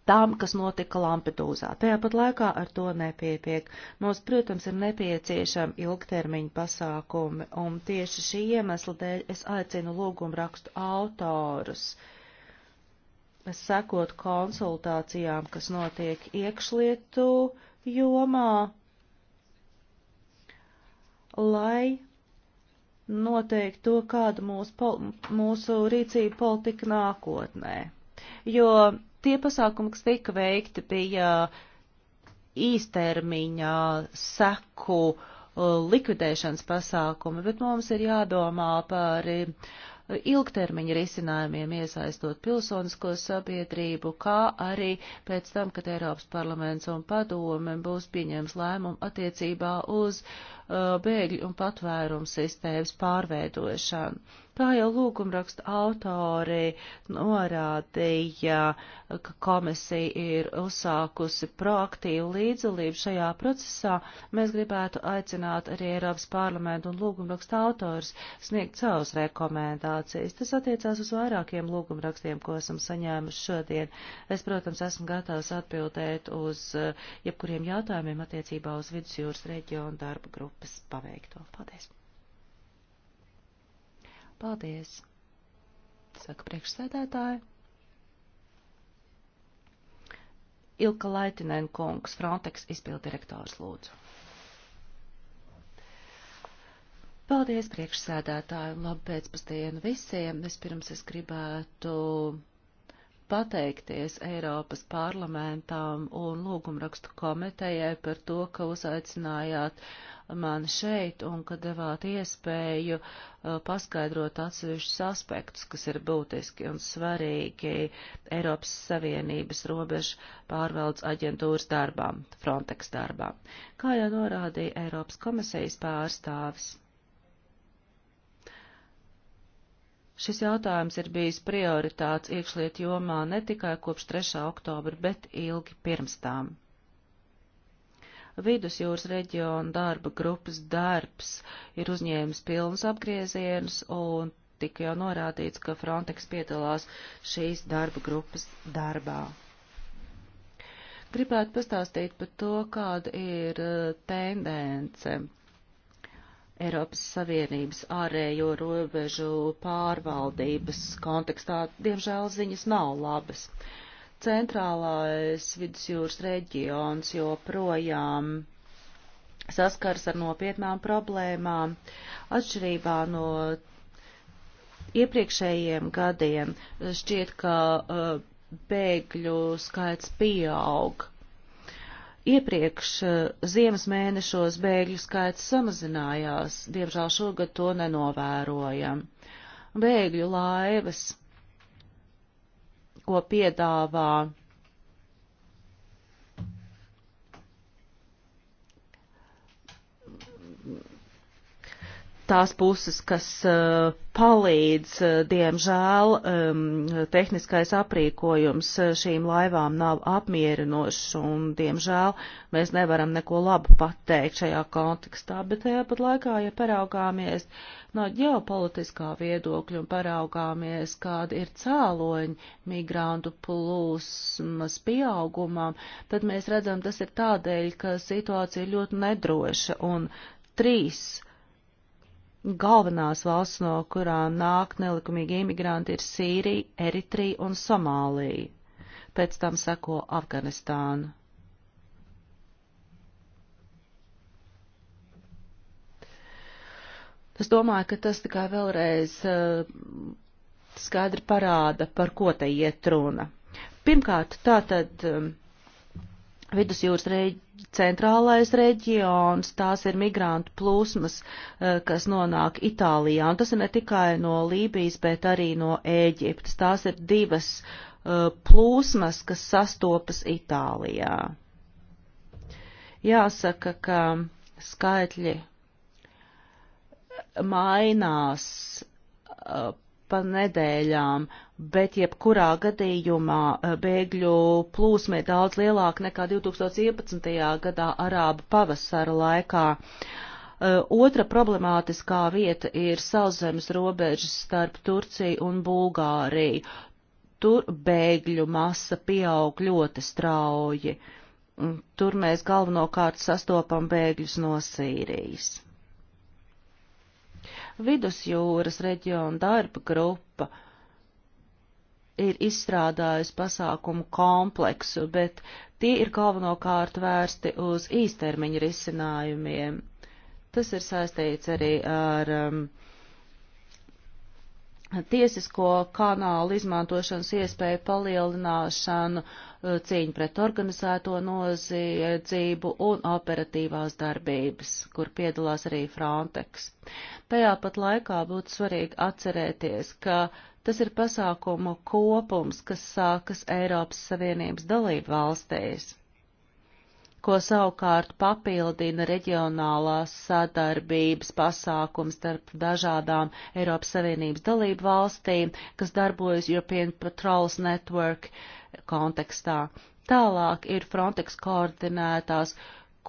tam, kas notika Lampedūzā. Tajāpat laikā ar to nepiepiek. Mums, protams, ir nepieciešami ilgtermiņa pasākumi, un tieši šī iemesla dēļ es aicinu lūgumu rakstu autorus uh, sekot konsultācijām, kas notiek iekšlietu jomā, lai noteikti to, kāda mūsu, mūsu rīcība politika nākotnē. Jo tie pasākumi, kas tika veikti, bija īstermiņā seku uh, likvidēšanas pasākumi, bet mums ir jādomā par uh, ilgtermiņa risinājumiem, iesaistot pilsonisko sabiedrību, kā arī pēc tam, kad Eiropas parlaments un padome būs pieņēmis lēmumu attiecībā uz uh, Uh, bēgļu un patvērumu sistēmas pārveidošanu. Tā jau lūgumraksta autori norādīja, ka komisija ir uzsākusi proaktīvu līdzdalību šajā procesā. Mēs gribētu aicināt arī Eiropas parlamentu un lūgumraksta autors sniegt savus rekomendācijas. Tas attiecās uz vairākiem lūgumrakstiem, ko esam saņēmuši šodien. Es, protams, esmu gatavs atbildēt uz uh, jebkuriem jautājumiem attiecībā uz vidusjūras reģionu darba grupu grupas paveikto. Paldies! Paldies! Saka priekšsēdētāji. Ilka Laitinen kungs, Frontex izpildirektors lūdzu. Paldies priekšsēdētāju un labu pēcpusdienu visiem. Vispirms es gribētu pateikties Eiropas parlamentām un lūgumrakstu komitejai par to, ka uzaicinājāt mani šeit un ka devāt iespēju uh, paskaidrot atsevišķus aspektus, kas ir būtiski un svarīgi Eiropas Savienības robežu pārvaldes aģentūras darbām, Frontex darbām, kā jau norādīja Eiropas komisijas pārstāvis. Šis jautājums ir bijis prioritāts iekšliet jomā ne tikai kopš 3. oktobra, bet ilgi pirms tām. Vidusjūras reģiona darba grupas darbs ir uzņēmis pilnus apgriezienus un tika jau norādīts, ka Frontex piedalās šīs darba grupas darbā. Gribētu pastāstīt par to, kāda ir eh, tendence Eiropas Savienības ārējo robežu pārvaldības kontekstā, diemžēl, ziņas nav labas. Centrālais vidusjūras reģions joprojām saskars ar nopietnām problēmām, atšķirībā no iepriekšējiem gadiem šķiet, ka uh, bēgļu skaits pieaug. Iepriekš eh, ziemas mēnešos bēgļu skaits samazinājās, diemžēl šogad to nenovērojam. Bēgļu laivas, ko piedāvā tās puses, kas eh, palīdz, eh, diemžēl, ehm, tehniskais aprīkojums eh, šīm laivām nav apmierinošs, un, diemžēl, mēs nevaram neko labu pateikt šajā kontekstā, bet tajā pat laikā, ja paraugāmies no ģeopolitiskā viedokļa un paraugāmies, kāda ir cēloņa migrantu plūsmas pieaugumam, tad mēs redzam, tas ir tādēļ, ka situācija ir ļoti nedroša, un trīs Galvenās valsts, no kurām nāk nelikumīgi imigranti, ir Sīrija, Eritrija un Somālija. Pēc tam seko Afganistāna. Es domāju, ka tas tikai vēlreiz uh, skaidri parāda, par ko te iet runa. Pirmkārt, tātad. Um, eh, Vidusjūras reģi, centrālais reģions, tās ir migrantu plūsmas, eh, kas nonāk Itālijā, un tas ir ne tikai no Lībijas, bet arī no Ēģiptes. Tās ir divas uh, plūsmas, kas sastopas Itālijā. Jāsaka, ka skaitļi mainās uh, pa nedēļām, bet jebkurā gadījumā eh, bēgļu plūsma ir daudz lielāka nekā 2011. gadā Arābu pavasara laikā. Eh, otra problemātiskā vieta ir sauszemes robežas starp Turciju un Bulgāriju. Tur bēgļu masa pieaug ļoti strauji. Mm, tur mēs galvenokārt sastopam bēgļus no Sīrijas vidusjūras reģiona darba grupa ir izstrādājusi pasākumu kompleksu, bet tie ir galvenokārt vērsti uz īstermiņa risinājumiem. Tas ir saistīts arī ar um, tiesisko kanālu izmantošanas iespēju palielināšanu, e, cīņu pret organizēto noziedzību un operatīvās darbības, kur piedalās arī Frontex. Tajā pat laikā būtu svarīgi atcerēties, ka tas ir pasākumu kopums, kas sākas Eiropas Savienības dalību valstīs ko savukārt papildina reģionālās sadarbības pasākums starp dažādām Eiropas Savienības dalību valstīm, kas darbojas European Patrols Network kontekstā. Tālāk ir Frontex koordinētās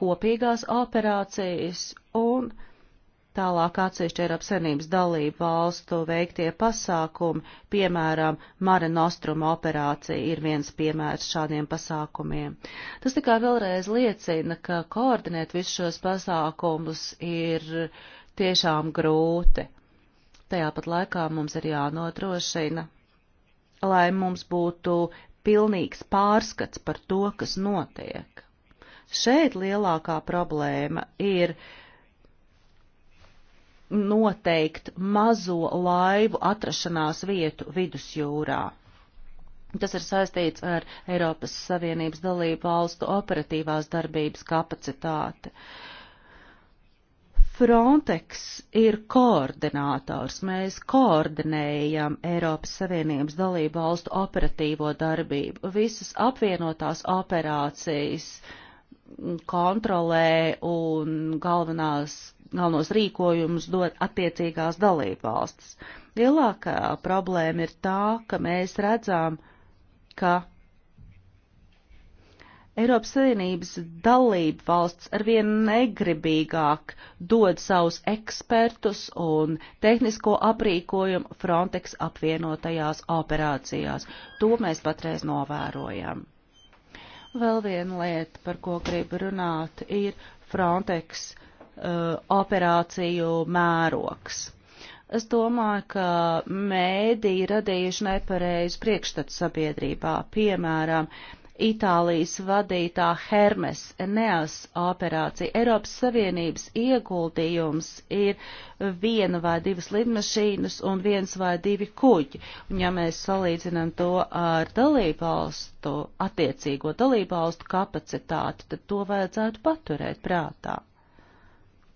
kopīgās operācijas un Tālāk atsevišķi Eiropas Savienības dalību valstu veiktie pasākumi, piemēram, Mare Nostrum operācija ir viens piemērs šādiem pasākumiem. Tas tikai vēlreiz liecina, ka koordinēt visus šos pasākumus ir tiešām grūti. Tajā pat laikā mums ir jānodrošina, lai mums būtu pilnīgs pārskats par to, kas notiek. Šeit lielākā problēma ir uh, noteikt mazo laivu atrašanās vietu vidusjūrā. Tas ir saistīts ar Eiropas Savienības dalību valstu operatīvās darbības kapacitāti. Frontex ir koordinātors. Mēs koordinējam Eiropas Savienības dalību valstu operatīvo darbību. Visas apvienotās operācijas kontrolē un galvenās galvenos rīkojumus dod attiecīgās dalībvalstis. Lielākā problēma ir tā, ka mēs redzam, ka Eiropas Savienības dalība valsts arvien negribīgāk dod savus ekspertus un tehnisko aprīkojumu Frontex apvienotajās operācijās. To mēs patreiz novērojam. Vēl viena lieta, par ko gribu runāt, ir Frontex Uh, operāciju mērogs. Es domāju, ka mēdī radījuši nepareizu priekšstatu sabiedrībā. Piemēram, Itālijas vadītā Hermes Eneas operācija. Eiropas Savienības ieguldījums ir viena vai divas lidmašīnas un viens vai divi kuģi. Un ja mēs salīdzinām to ar dalībvalstu, attiecīgo dalībvalstu kapacitāti, tad to vajadzētu paturēt prātā.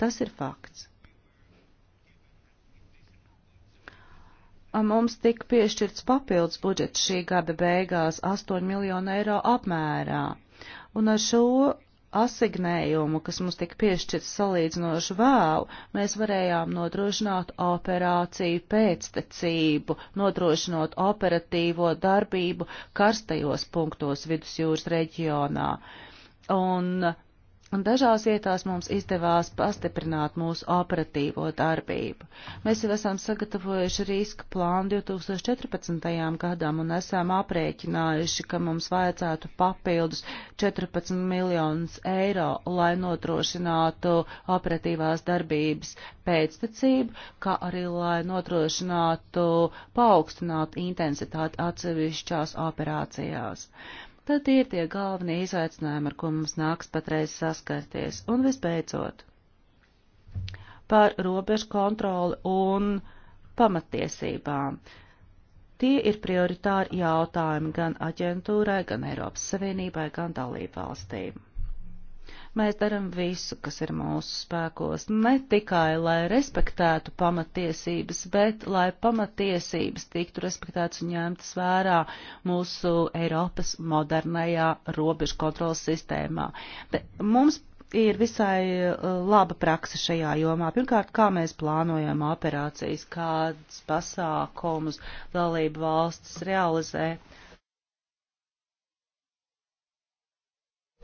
Tas ir fakts. Mums tika piešķirts papildus budžets šī gada beigās 8 miljonu eiro apmērā, un ar šo asignējumu, kas mums tika piešķirts salīdzinoši vēlu, mēs varējām nodrošināt operāciju pēctecību, nodrošinot operatīvo darbību karstajos punktos vidusjūras reģionā. Un Un dažās vietās mums izdevās pastiprināt mūsu operatīvo darbību. Mēs jau esam sagatavojuši riska plānu 2014. gadam un esam aprēķinājuši, ka mums vajadzētu papildus 14 miljonus eiro, lai notrošinātu operatīvās darbības pēctecību, kā arī lai notrošinātu paaugstinātu intensitāti atsevišķās operācijās. Uh, Tad tie ir tie galvenie izaicinājumi, ar ko mums nāks patreiz saskarties. Un visbeidzot, par robežu kontroli un pamatiesībām. Tie ir prioritāri jautājumi gan aģentūrai, gan Eiropas Savienībai, gan dalībvalstīm. Mēs darām visu, kas ir mūsu spēkos, ne tikai lai respektētu pamatiesības, bet lai pamatiesības tiktu respektētas un ņemtas vērā mūsu Eiropas modernajā robežu kontrolas sistēmā. Bet mums ir visai uh, laba praksa šajā jomā. Pirmkārt, kā mēs plānojam operācijas, kādas pasākumus dalību valstis realizē. Uh,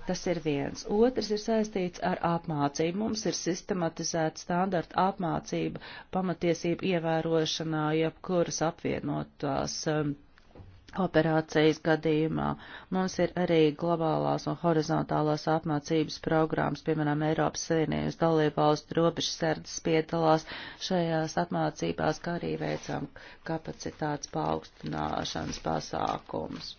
Tas ir viens. Otrs ir saistīts ar apmācību. Mums ir sistematizēta standarta apmācība pamatiesību ievērošanā, jebkuras apvienotās um, operācijas gadījumā. Mums ir arī globālās un horizontālās apmācības programmas, piemēram, Eiropas Savienības dalībvalstu robežsardas piedalās šajās apmācībās, kā arī veicam kapacitātes paaugstināšanas pasākums.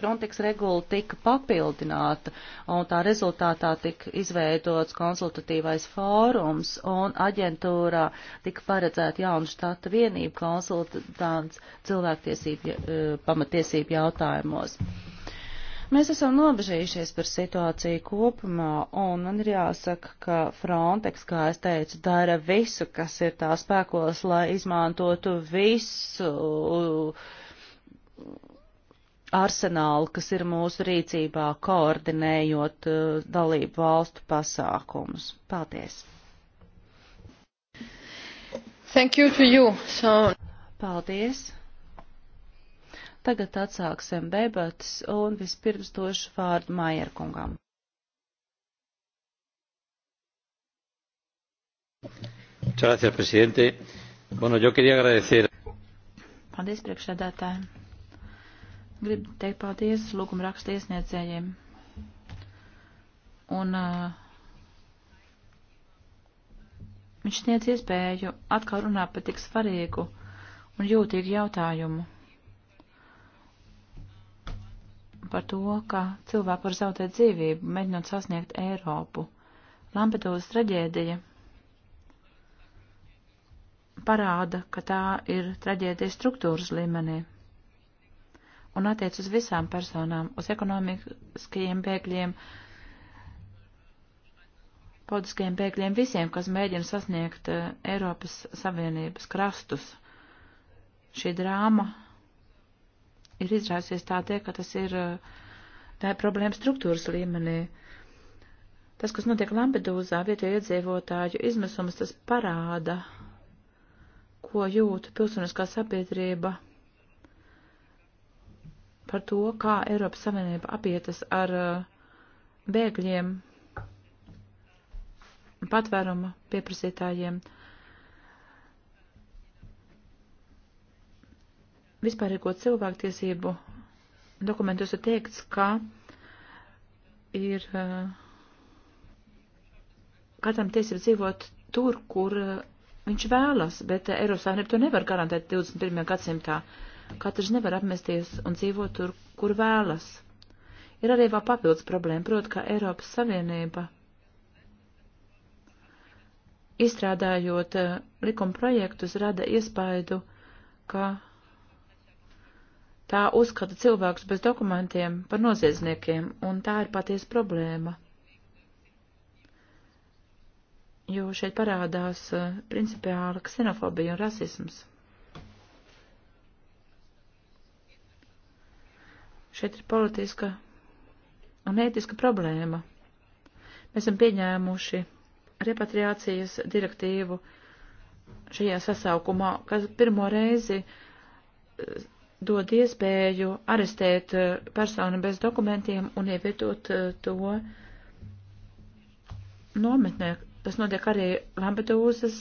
Frontex regula tika papildināta, un tā rezultātā tika izveidots konsultatīvais fórums, un aģentūrā tika paredzēta jauna štata vienība konsultants cilvēktiesību e, pamatiesību jautājumos. Mēs esam nobežījušies par situāciju kopumā, un man ir jāsaka, ka Frontex, kā es teicu, dara visu, kas ir tā spēkos, lai izmantotu visu arsenālu, kas ir mūsu rīcībā, koordinējot uh, dalību valstu pasākumus. Paldies! Thank you to you. So... Paldies! Tagad atsāksim debatas un vispirms došu vārdu Mājerkungam. Gracias, presidente. Bueno, yo quería agradecer. Paldies, priekšsēdētāji. Gribu teikt paldies lūguma raksta iesniedzējiem. Un uh, viņš sniedz iespēju atkal runāt par tik svarīgu un jūtīgu jautājumu par to, ka cilvēki var zaudēt dzīvību, mēģinot sasniegt Eiropu. Lampedūzas traģēdija parāda, ka tā ir traģēdija struktūras līmenī un attiec uz visām personām, uz ekonomiskajiem bēgļiem, politiskajiem bēgļiem, visiem, kas mēģina sasniegt eh, Eiropas Savienības krastus. Šī drāma ir izrāsies tādēļ, ka tas ir, eh, tā ir problēma struktūras līmenī. Tas, kas notiek Lampedūzā, vietēju iedzīvotāju izmisums, tas parāda, ko jūt pilsoniskā sabiedrība par to, kā Eiropas Savienība apietas ar uh, bēgļiem, patvērumu pieprasītājiem. Vispārīgo cilvēktiesību dokumentos ir teikts, ka ir uh, katram tiesību dzīvot tur, kur uh, viņš vēlas, bet Eiropas Savienība to nevar garantēt 21. gadsimtā. Uh, Katrs nevar apmesties un dzīvot tur, kur vēlas. Ir arī vēl papildus problēma, proti, kā Eiropas Savienība, izstrādājot eh, likuma projektus, rada iespaidu, ka tā uzskata cilvēkus bez dokumentiem par noziedzniekiem, un tā ir paties problēma. Jo šeit parādās eh, principiāla ksenofobija un rasisms. Šeit ir politiska un ētiska problēma. Mēs esam pieņēmuši repatriācijas direktīvu šajā sasaukumā, kas pirmo reizi eh, dod iespēju arestēt eh, personu bez dokumentiem un ievietot eh, to nometnē. Tas notiek arī Lampedūzas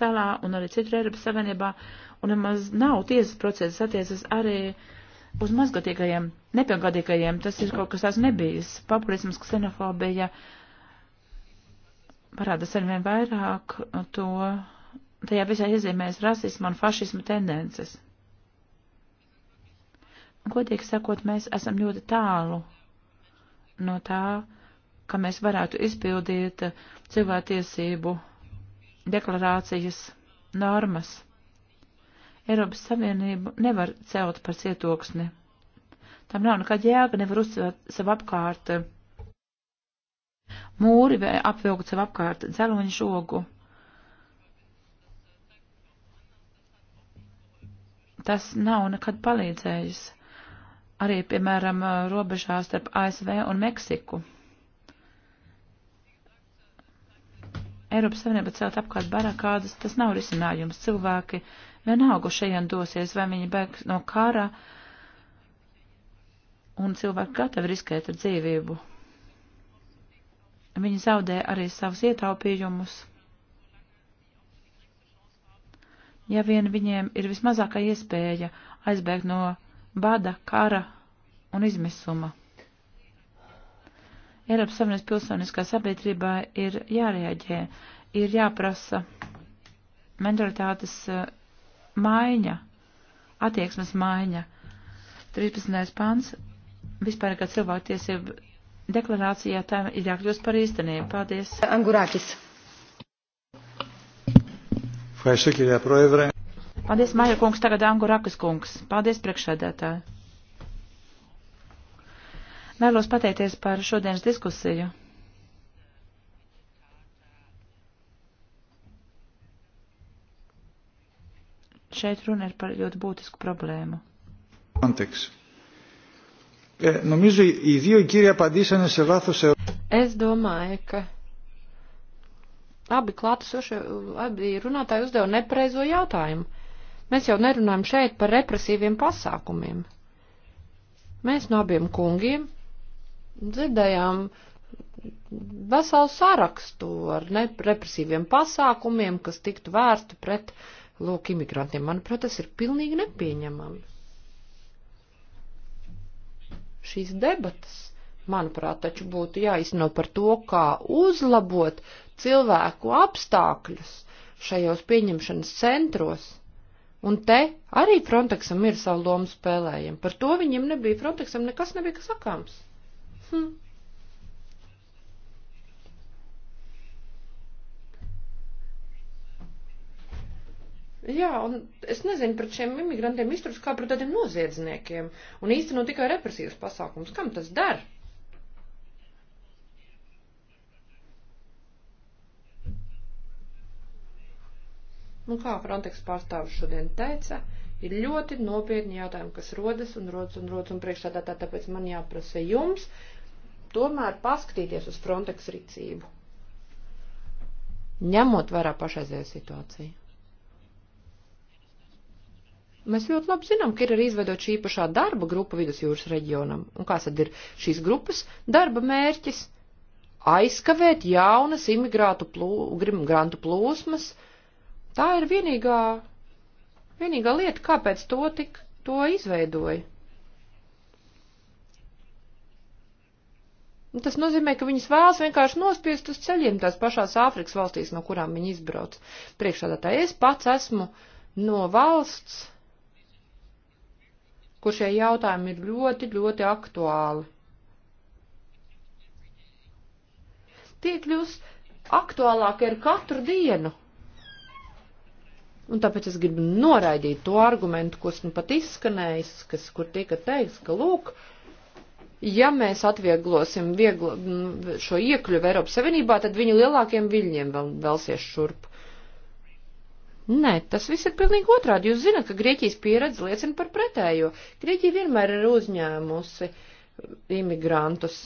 salā un arī citur Eiropas Savienībā, un nemaz nav tiesas procesas attiecas arī uh, uz mazgadīgajiem, nepilngadīgajiem, tas ir kaut kas tāds nebijis. Populisms, ksenofobija parādās arvien vairāk, to tajā visā iezīmēs rasismu un fašismu tendences. Godīgi sakot, mēs esam ļoti tālu no tā, ka mēs varētu izpildīt cilvēktiesību deklarācijas normas. Eiropas Savienību nevar celt par cietoksni. Tam nav nekāda jēga, nevar uzcelt sev apkārt mūri vai apvilkt sev apkārt dzeloņu žogu. Tas nav nekad palīdzējis. Arī, piemēram, robežā starp ASV un Meksiku. Eiropas Savienība celt apkārt barakādas, tas nav risinājums. Cilvēki vienalga šajien dosies, vai viņi bēgs no kara, un cilvēki gatavi riskēt ar dzīvību. Viņi zaudē arī savus ietaupījumus. Ja vien viņiem ir vismazākā iespēja aizbēgt no bada, kara un izmisuma. Eiropas Savienības pilsoniskā sabiedrībā ir jārēģē, ir jāprasa mentalitātes eh, maiņa, attieksmes maiņa. 13. pants vispār kā cilvēktiesību deklarācijā tā ir jākļūst par īstenību. Paldies. Angurakis. Paldies, Maija kungs, tagad Angurakas kungs. Paldies, priekšsēdētāji. Vēlos pateikties par šodienas diskusiju. šeit runa ir par ļoti būtisku problēmu. Antiks. Νομίζω οι δύο κύριοι απαντήσανε σε βάθος Es domāju, ka abi klātesošie, abi runātāji uzdeva nepareizo jautājumu. Mēs jau nerunājam šeit par represīviem pasākumiem. Mēs no abiem kungiem dzirdējām veselu sarakstu ar represīviem pasākumiem, kas tiktu vērsti pret uh, lūk imigrantiem. Manuprāt, tas ir pilnīgi nepieņemami. Šīs debatas, manuprāt, taču būtu jāizno par to, kā uzlabot cilvēku apstākļus šajos pieņemšanas centros. Un te arī Frontexam ir savu lomu spēlējama. Par to viņiem nebija Frontexam nekas nebija sakāms. Hm. Jā, un es nezinu pret šiem imigrantiem izturst kā pret tādiem noziedzniekiem un īsteno tikai represīvas pasākums. Kam tas der? Nu, kā Frontex pārstāvis šodien teica, ir ļoti nopietni jautājumi, kas rodas un rodas un rodas un priekšā tā, tā, tāpēc man jāprasa jums tomēr paskatīties uz Frontex rīcību, ņemot vērā pašreizēju situāciju. Mēs ļoti labi zinām, ka ir arī izveidot šī īpašā darba grupa vidusjūras reģionam. Un kāds tad ir šīs grupas darba mērķis? Aizkavēt jaunas imigrātu plū, grantu plūsmas. Tā ir vienīgā, vienīgā lieta, kāpēc to tik to izveidoja. Un tas nozīmē, ka viņas vēlas vienkārši nospiest uz ceļiem tās pašās Āfrikas valstīs, no kurām viņi izbrauc. Priekšādā tā es pats esmu no valsts kur šie jautājumi ir ļoti, ļoti aktuāli. Tie kļūst aktuālāki ar katru dienu. Un tāpēc es gribu noraidīt to argumentu, kas nu pat izskanējis, kas, kur tika teiks, ka, lūk, ja mēs atvieglosim vieglo, šo iekļuvu Eiropas Savienībā, tad viņi lielākiem viļņiem vēl, vēlsies šurp. Nē, tas viss ir pilnīgi otrādi. Jūs zināt, ka Grieķijas pieredze liecina par pretējo. Grieķija vienmēr ir uzņēmusi imigrantus.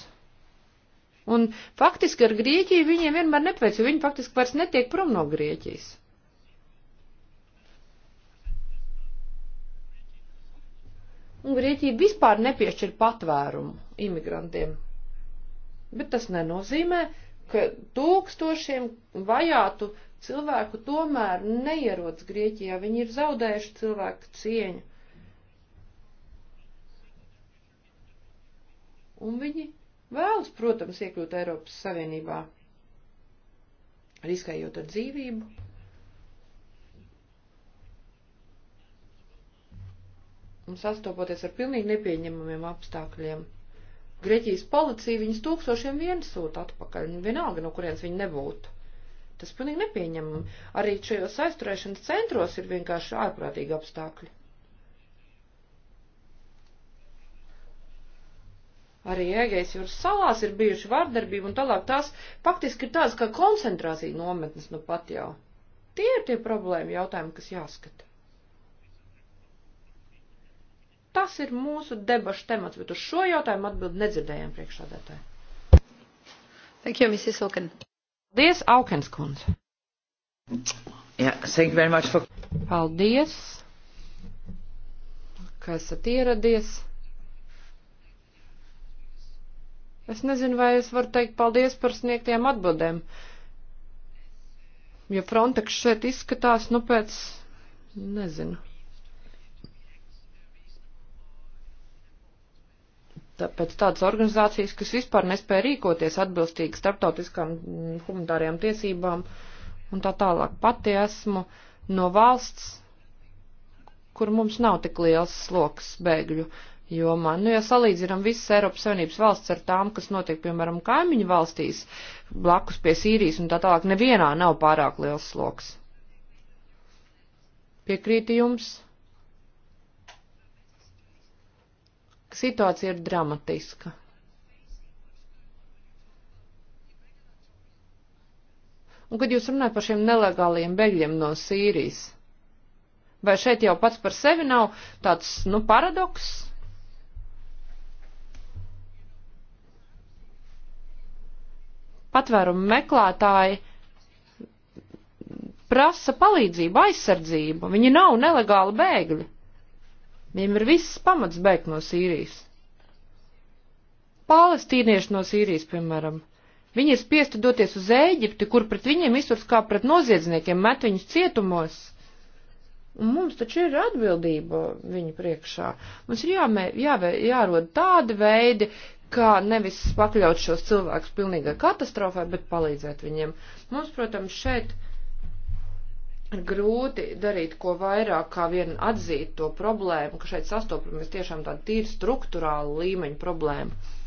Un faktiski ar Grieķiju viņiem vienmēr nepaveic, jo viņi faktiski vairs netiek prom no Grieķijas. Un Grieķija vispār nepiešķir patvērumu imigrantiem. Bet tas nenozīmē, ka tūkstošiem vajātu cilvēku tomēr neierodas Grieķijā, viņi ir zaudējuši cilvēku cieņu. Un viņi vēlas, protams, iekļūt Eiropas Savienībā, riskējot ar dzīvību. Un sastopoties ar pilnīgi nepieņemamiem apstākļiem. Grieķijas policija viņus tūkstošiem vien sūta atpakaļ, vienalga, no kurienes viņi nebūtu. Tas pilnīgi nepieņemami. Arī šajos aizturēšanas centros ir vienkārši ārprātīgi apstākļi. Arī Egejas jūras salās ir bijuši vardarbība, un tālāk tās faktiski ir tās kā koncentrācija nometnes nu pat jau. Tie ir tie problēma jautājumi, kas jāskata. Tas ir mūsu debašu temats, bet uz šo jautājumu atbildi nedzirdējām priekšādētāji. Thank you, Mrs. Auken. Paldies, Aukens kundze. Yeah, thank you very much for... Paldies, ka esat ieradies. Es nezinu, vai es varu teikt paldies par sniegtiem atbildēm, jo Frontex šeit izskatās, nu, pēc, nezinu, pēc tādas organizācijas, kas vispār nespēja rīkoties atbilstīgi starptautiskām mm, humanitārajām tiesībām un tā tālāk. Pati esmu no valsts, kur mums nav tik liels sloks bēgļu jomā. Nu, ja salīdzinām visas Eiropas Savienības valsts ar tām, kas notiek, piemēram, kaimiņu valstīs, blakus pie Sīrijas un tā tālāk, nevienā nav pārāk liels sloks. Piekrīti jums? situācija ir dramatiska. Un, kad jūs runājat par šiem nelegāliem bēgļiem no Sīrijas, vai šeit jau pats par sevi nav tāds, nu, paradoks? Patvērumu meklētāji prasa palīdzību, aizsardzību, viņi nav nelegāli bēgļi. Viņiem ir viss pamats bēgt no Sīrijas. Palestīnieši no Sīrijas, piemēram. Viņi ir spiesti doties uz Ēģipti, kur pret viņiem izturs kā pret noziedzniekiem, met viņus cietumos. Un mums taču ir atbildība viņu priekšā. Mums ir jāmē, jāvē, jārod tādi veidi, kā nevis pakļaut šos cilvēkus pilnīgai katastrofai, bet palīdzēt viņiem. Mums, protams, šeit grūti darīt ko vairāk, kā vien atzīt to problēmu, ka šeit sastopamies tiešām tādu tīru struktūrālu līmeņu problēmu.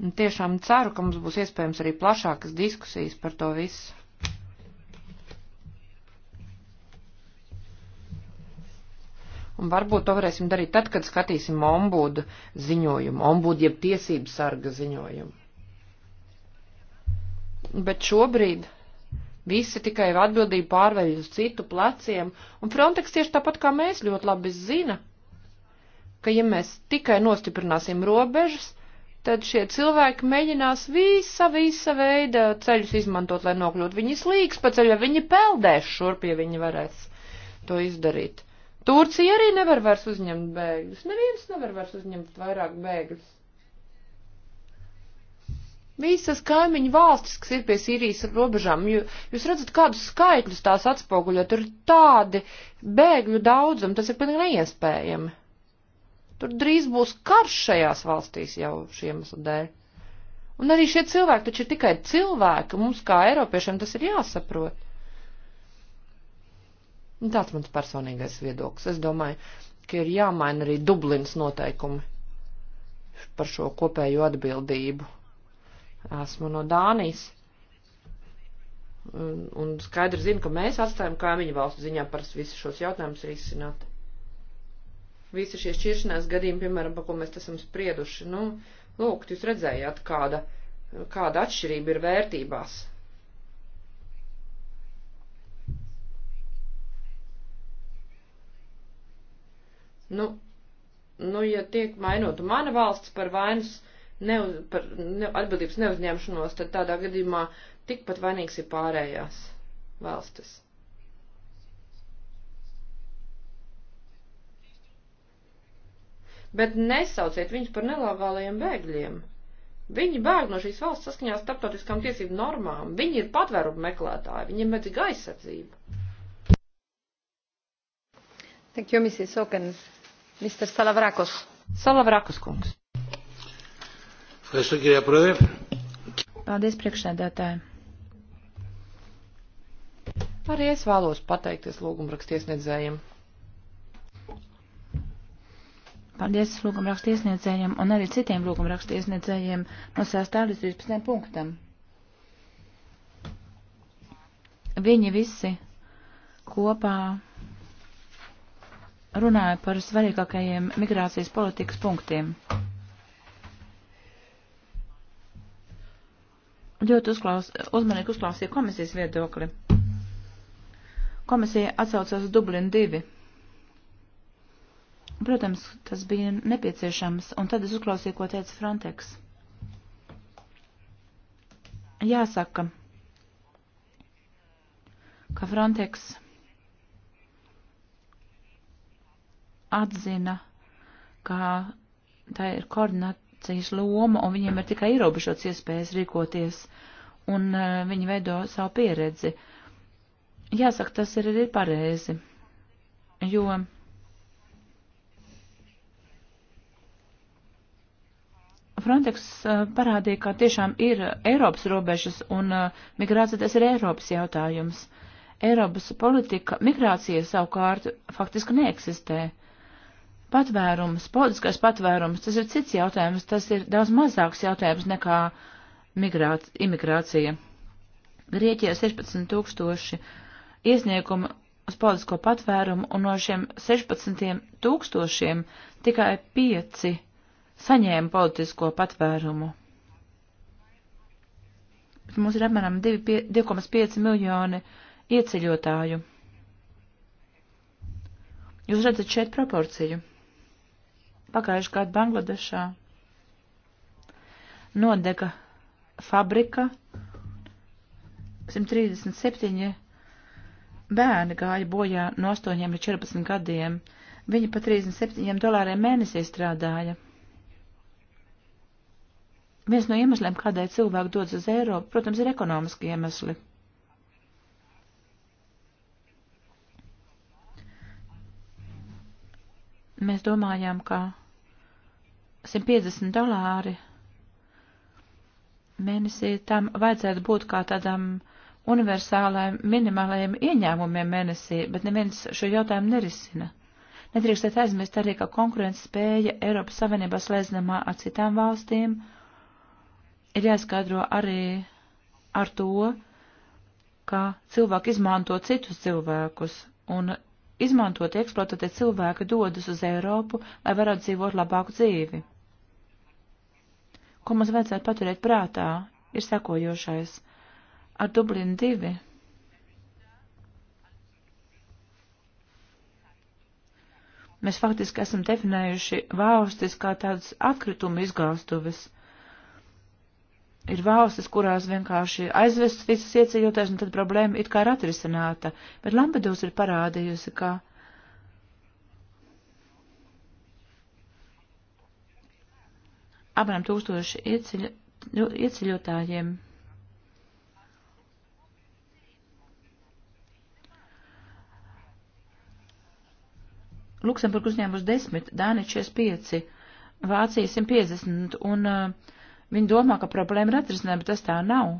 Un tiešām ceru, ka mums būs iespējams arī plašākas diskusijas par to visu. Un varbūt to varēsim darīt tad, kad skatīsim ombudu ziņojumu, ombudu jeb tiesību sarga ziņojumu bet šobrīd visi tikai atbildību pārveļ uz citu pleciem, un Frontex tieši tāpat kā mēs ļoti labi zina, ka ja mēs tikai nostiprināsim robežas, tad šie cilvēki mēģinās visa, visa veida ceļus izmantot, lai nokļūtu. Viņi slīgs pa ceļu, viņi peldēs šurp, ja viņi varēs to izdarīt. Turcija arī nevar vairs uzņemt bēgļus. Neviens nevar vairs uzņemt vairāk bēgļus visas kaimiņu valstis, kas ir pie Sīrijas robežām, jūs redzat, kādus skaitļus tās atspoguļo, tur ir tādi bēgļu daudzumi, tas ir pilnīgi neiespējami. Tur drīz būs karš šajās valstīs jau šiem dēļ. Un arī šie cilvēki taču ir tikai cilvēki, mums kā Eiropiešiem tas ir jāsaprot. Un tāds mans personīgais viedoklis. Es domāju, ka ir jāmaina arī Dublins noteikumi par šo kopējo atbildību Esmu no Dānijas. Un, un skaidri zinu, ka mēs atstājam kaimiņu valstu ziņā par visus šos jautājumus risināt. Visi šie šķiršanās gadījumi, piemēram, par ko mēs esam sprieduši, nu, lūk, jūs redzējāt, kāda, kāda atšķirība ir vērtībās. Nu, nu, ja tiek mainota mana valsts par vainas neuz, par ne, atbildības neuzņemšanos, tad tādā gadījumā tikpat vainīgs ir pārējās valstis. Bet nesauciet viņus par nelabvēlējiem bēgļiem. Viņi bēg no šīs valsts saskaņā starptautiskām tiesību normām. Viņi ir patvērumu meklētāji, viņiem vajadzīga aizsardzība. Thank you, Mrs. Sokan. Mr. Salavrakos. Salavrakos kungs. Paldies, priekšsēdētāji. Arī es vēlos pateikties lūgumrakstiesniedzējiem. Paldies lūgumrakstiesniedzējiem un arī citiem lūgumrakstiesniedzējiem no 6. līdz 13. punktam. Viņi visi kopā runāja par svarīgākajiem migrācijas politikas punktiem. ļoti uzklaus, uzmanīgi uzklausīja komisijas viedokli. Komisija atsaucās uz Dublinu 2. Protams, tas bija nepieciešams, un tad es uzklausīju, ko teica Frontex. Jāsaka, ka Frontex atzina, ka tā ir koordinat organizācijas loma, un viņiem ir tikai ierobežots iespējas rīkoties, un uh, viņi veido savu pieredzi. Jāsaka, tas ir arī pareizi, jo Frontex uh, parādīja, ka tiešām ir Eiropas robežas, un uh, migrācija tas ir Eiropas jautājums. Eiropas politika migrācija savukārt faktiski neeksistē Patvērums, politiskais patvērums, tas ir cits jautājums, tas ir daudz mazāks jautājums nekā migrāt, imigrācija. Grieķijā 16 tūkstoši iesniegumu uz politisko patvērumu, un no šiem 16 tūkstošiem tikai 5 saņēma politisko patvērumu. Bet mums ir apmēram 2,5 miljoni ieceļotāju. Jūs redzat šeit proporciju pagājuši gadu Bangladešā nodega fabrika, 137 bērni gāja bojā no 8 līdz 14 gadiem. Viņi pa 37 dolāriem mēnesī strādāja. Viens no iemesliem, kādēļ cilvēki dodas uz Eiropu, protams, ir ekonomiski iemesli. Mēs domājām, ka 150 dolāri mēnesī tam vajadzētu būt kā tādam universālajiem minimālajiem ieņēmumiem mēnesī, bet neviens šo jautājumu nerisina. Nedrīkstēt aizmirst arī, ka konkurences spēja Eiropas Savienībā slēdzinamā ar citām valstīm ir jāskaidro arī ar to, ka cilvēki izmanto citus cilvēkus, un izmantotie eksploatatie cilvēki dodas uz Eiropu, lai varētu dzīvot labāku dzīvi ko mums vajadzētu paturēt prātā, ir sekojošais. Ar Dublinu 2 mēs faktiski esam definējuši valstis kā tādas atkrituma izgāstuves. Ir valstis, kurās vienkārši aizvest visas ieceļotājs, un tad problēma it kā ir atrisināta, bet Lampedūs ir parādījusi, ka apmēram tūkstoši ieceļ, ieceļotājiem. Luksemburga uzņēmusi 10, Dānija 45, Vācija 150, un uh, viņi domā, ka problēma ir atrisināta, bet tas tā nav.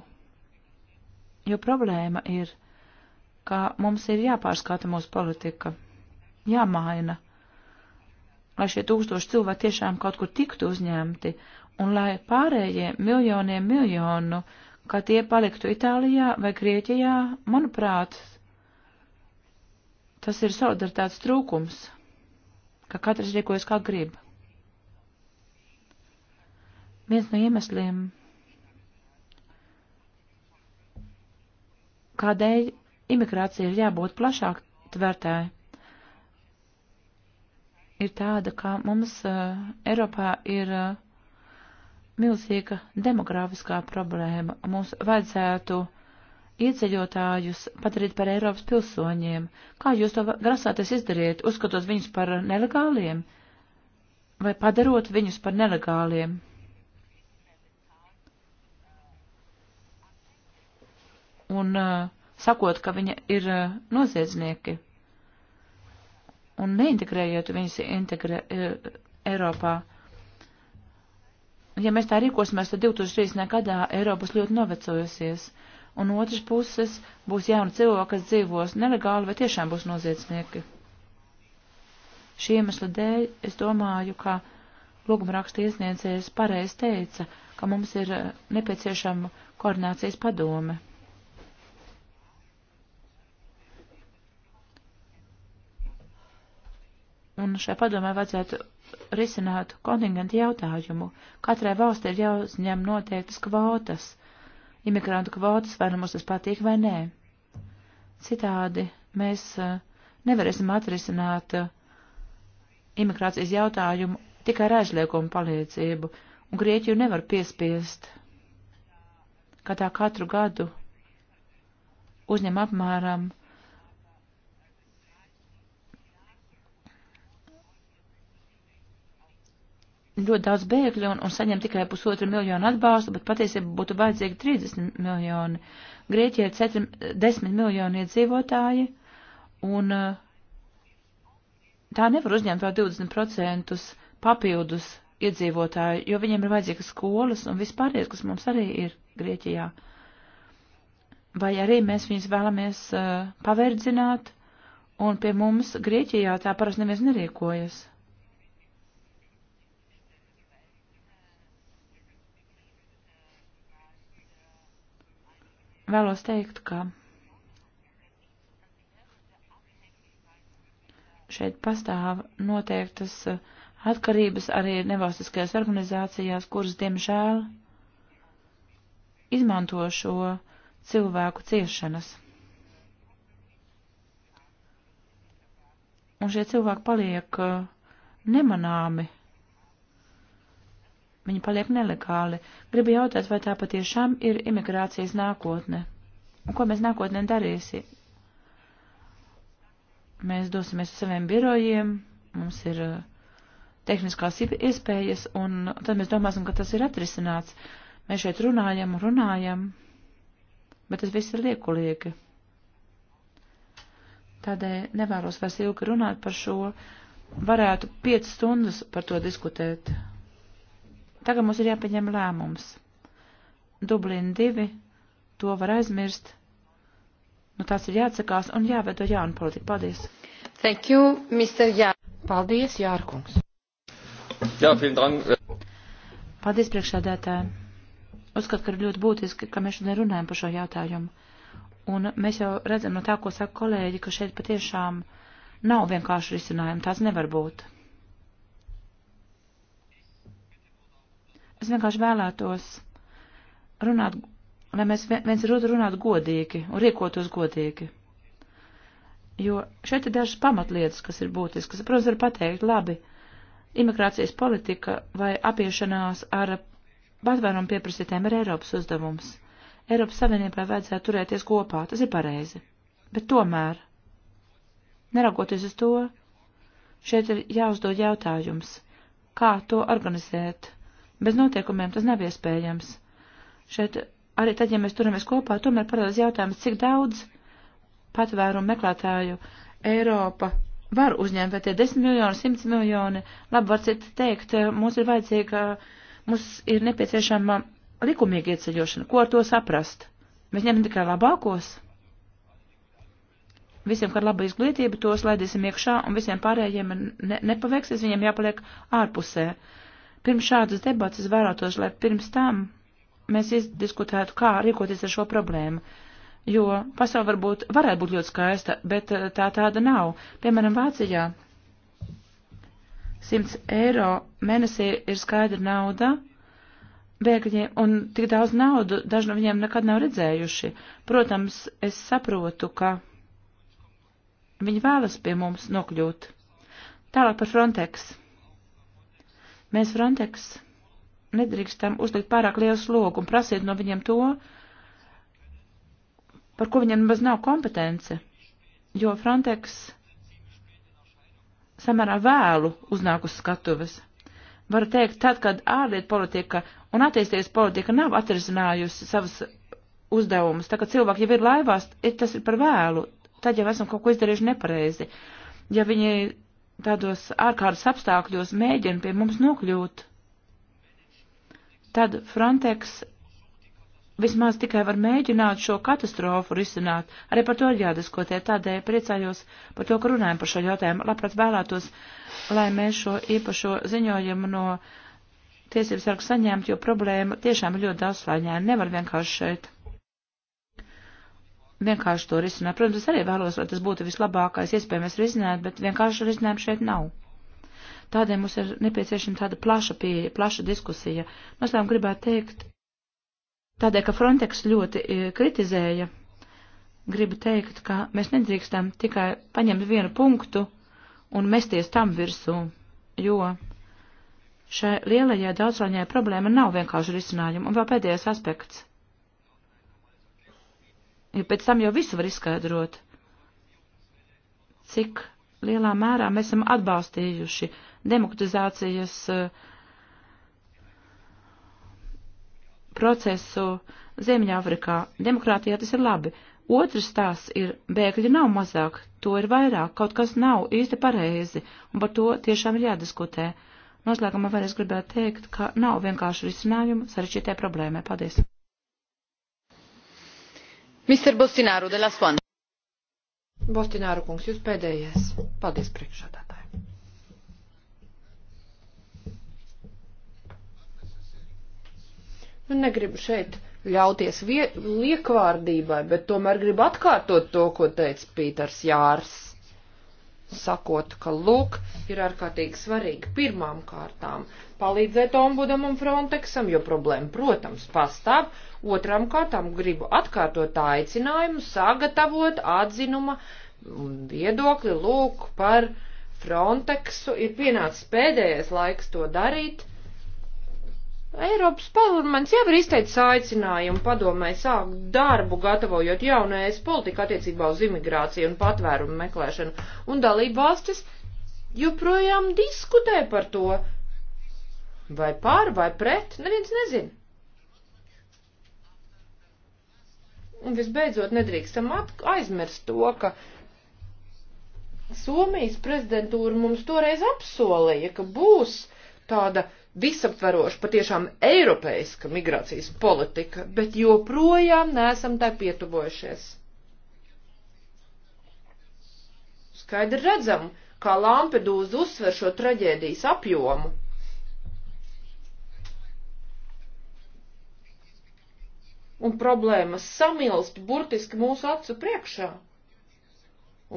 Jo problēma ir, ka mums ir jāpārskata mūsu politika, jāmaina lai šie tūkstoši cilvēki tiešām kaut kur tiktu uzņemti, un lai pārējie miljoniem miljonu, ka tie paliktu Itālijā vai Grieķijā, manuprāt, tas ir solidaritātes trūkums, ka katrs rīkojas kā grib. Viens no iemesliem, kādēļ imigrācija ir jābūt plašāk tvērtāji ir tāda, ka mums uh, Eiropā ir uh, milzīga demografiskā problēma. Mums vajadzētu ieceļotājus padarīt par Eiropas pilsoņiem. Kā jūs to grasāties izdarīt, uzskatot viņus par nelegāliem vai padarot viņus par nelegāliem? Un uh, sakot, ka viņa ir uh, noziedznieki un neintegrējot viņus integrē, e, Eiropā. Ja mēs tā rīkosimies, tad 2030. gadā Eiropas ļoti novecojusies, un otrs puses būs jauni cilvēki, kas dzīvos nelegāli vai tiešām būs noziedznieki. Šī iemesla dēļ es domāju, ka lūgumraksta iesniedzējs pareiz teica, ka mums ir e, nepieciešama koordinācijas padome. un šai padomē vajadzētu risināt kontingentu jautājumu. Katrai valstī ir jāuzņem noteiktas kvotas, imigrantu kvotas, vai nu mums tas patīk vai nē. Citādi mēs eh, nevarēsim atrisināt eh, imigrācijas jautājumu tikai ar aizliegumu palīdzību, un Grieķiju nevar piespiest, ka tā katru gadu uzņem apmēram ļoti daudz bēgļu un, un saņem tikai pusotru miljonu atbalstu, bet patiesībā būtu vajadzīgi 30 miljoni. Grieķijai ir 10 miljoni iedzīvotāji, un eh, tā nevar uzņemt vēl 20% papildus iedzīvotāju, jo viņiem ir vajadzīgas skolas un vispārējais, kas mums arī ir Grieķijā. Vai arī mēs viņus vēlamies uh, eh, paverdzināt, un pie mums Grieķijā tā parasti neviens nerīkojas. vēlos teikt, ka šeit pastāv noteiktas atkarības arī nevalstiskajās organizācijās, kuras, diemžēl, izmanto šo cilvēku ciešanas. Un šie cilvēki paliek uh, nemanāmi Viņi paliek nelegāli. Gribu jautāt, vai tā patiešām ir imigrācijas nākotne. Un ko mēs nākotnē darīsim? Mēs dosimies uz saviem birojiem, mums ir uh, tehniskās iespējas, un tad mēs domāsim, ka tas ir atrisināts. Mēs šeit runājam un runājam, bet tas viss ir liekulīgi. Tādēļ nevēlos vairs ilgi runāt par šo, varētu piecas stundas par to diskutēt. Tagad mums ir jāpieņem lēmums. Dublin 2, to var aizmirst. Nu, tās ir jāatsakās un jāvedo jauna politika. Paldies! Thank you, Mr. Jā. Paldies, Jārkungs! Jā, vielen dank! Paldies, priekšsēdētāji! Uzskatu, ka ir ļoti būtiski, ka mēs šodien runājam par šo jautājumu. Un mēs jau redzam no tā, ko saka kolēģi, ka šeit patiešām nav vienkārši risinājumi. Tās nevar būt. Es vienkārši vēlētos runāt, lai mēs viens ar otru runātu godīgi un riekotos godīgi. Jo šeit ir dažas pamatlietas, kas ir būtiskas. Protams, var pateikt, labi, imigrācijas politika vai apiešanās ar patvērumu pieprasītēm ir Eiropas uzdevums. Eiropas Savienībai vajadzētu turēties kopā, tas ir pareizi. Bet tomēr, neraugoties uz to, šeit ir jāuzdod jautājums, kā to organizēt, Bez noteikumiem tas nav iespējams. Šeit arī tad, ja mēs turamies kopā, tomēr parādās jautājums, cik daudz patvērumu meklētāju Eiropa var uzņemt, vai tie 10 miljoni, 100 miljoni, labi var citi teikt, mums ir vajadzīga, mums ir nepieciešama likumīga ieceļošana. Ko ar to saprast? Mēs ņemam tikai labākos. Visiem, kad laba izglītība, tos laidīsim iekšā, un visiem pārējiem ne, nepaveiksies, viņiem jāpaliek ārpusē. Pirms šādas debatas vēlētos, lai pirms tam mēs izdiskutētu, kā rīkoties ar šo problēmu. Jo pasaule varbūt varētu būt ļoti skaista, bet eh, tā tāda nav. Piemēram, Vācijā 100 eiro mēnesī ir skaidra nauda, bēgļiem, un tik daudz naudu daži no viņiem nekad nav redzējuši. Protams, es saprotu, ka viņi vēlas pie mums nokļūt. Tālāk par Frontex. Mēs Frontex nedrīkstam uzlikt pārāk lielu slogu un prasīt no viņiem to, par ko viņiem maz nav kompetence, jo Frontex samērā vēlu uznāk uz skatuves. Var teikt, tad, kad ārlietu politika un attīstīties politika nav atrisinājusi savas uzdevumus, tā kā cilvēki jau ir laivās, ir tas ir par vēlu, tad jau esam kaut ko izdarījuši nepareizi. Ja viņi tādos ārkārtas apstākļos mēģina pie mums nokļūt, tad Frontex vismaz tikai var mēģināt šo katastrofu risināt. Arī par to ir jādiskutē. Tādēļ priecājos par to, ka runājam par šo jautājumu. Labprāt vēlētos, lai mēs šo īpašo ziņojumu no tiesības sargu saņemtu, jo problēma tiešām ir ļoti daudz slāņā. Nevar vienkārši šeit vienkārši to risināt. Protams, es arī vēlos, lai tas būtu vislabākais iespējamais risinājums, bet vienkārši risinājumu šeit nav. Tādēļ mums ir nepieciešama tāda plaša pieeja, plaša diskusija. Noslēm gribētu teikt, tādēļ, ka Frontex ļoti e, kritizēja, gribu teikt, ka mēs nedrīkstam tikai paņemt vienu punktu un mesties tam virsū, jo šai lielajai daudzslāņai problēma nav vienkārši risinājuma. Un vēl pēdējais aspekts jo pēc tam jau visu var izskaidrot, cik lielā mērā mēs esam atbalstījuši demokratizācijas eh, procesu Ziemeļāfrikā. Demokrātijā tas ir labi. Otrs tās ir bēgļi nav mazāk, to ir vairāk, kaut kas nav īsti pareizi, un par to tiešām ir jādiskutē. Noslēgumā vēl es gribētu teikt, ka nav vienkārši risinājumu sarežģītē problēmai. Paldies! Mr. Bostināru, de la Swan. Bostināru kungs, jūs pēdējais. Paldies, priekšādātāji. Nu, negribu šeit ļauties vie, liekvārdībai, bet tomēr gribu atkārtot to, ko teica Pīters Jārs. Sakot, ka lūk, ir ārkārtīgi svarīgi pirmām kārtām palīdzēt ombudam un Frontexam, jo problēma, protams, pastāv. Otram kārtām gribu atkārtot aicinājumu sagatavot atzinuma viedokli lūk par Frontexu. Ir pienācis pēdējais laiks to darīt. Eiropas parlaments jau ir izteicis aicinājumu padomē sākt darbu, gatavojot jaunais politiku attiecībā uz imigrāciju un patvērumu meklēšanu, un dalību valstis joprojām diskutē par to, Vai pār, vai pret, neviens nezina. Un visbeidzot, nedrīkstam aizmirst to, ka Somijas prezidentūra mums toreiz apsolīja, ka būs tāda visaptveroša, patiešām eiropeiska migrācijas politika, bet joprojām neesam tai pietuvojušies. Skaidri redzam, kā Lampedūza uzsver šo traģēdijas apjomu. un problēmas samilst burtiski mūsu acu priekšā.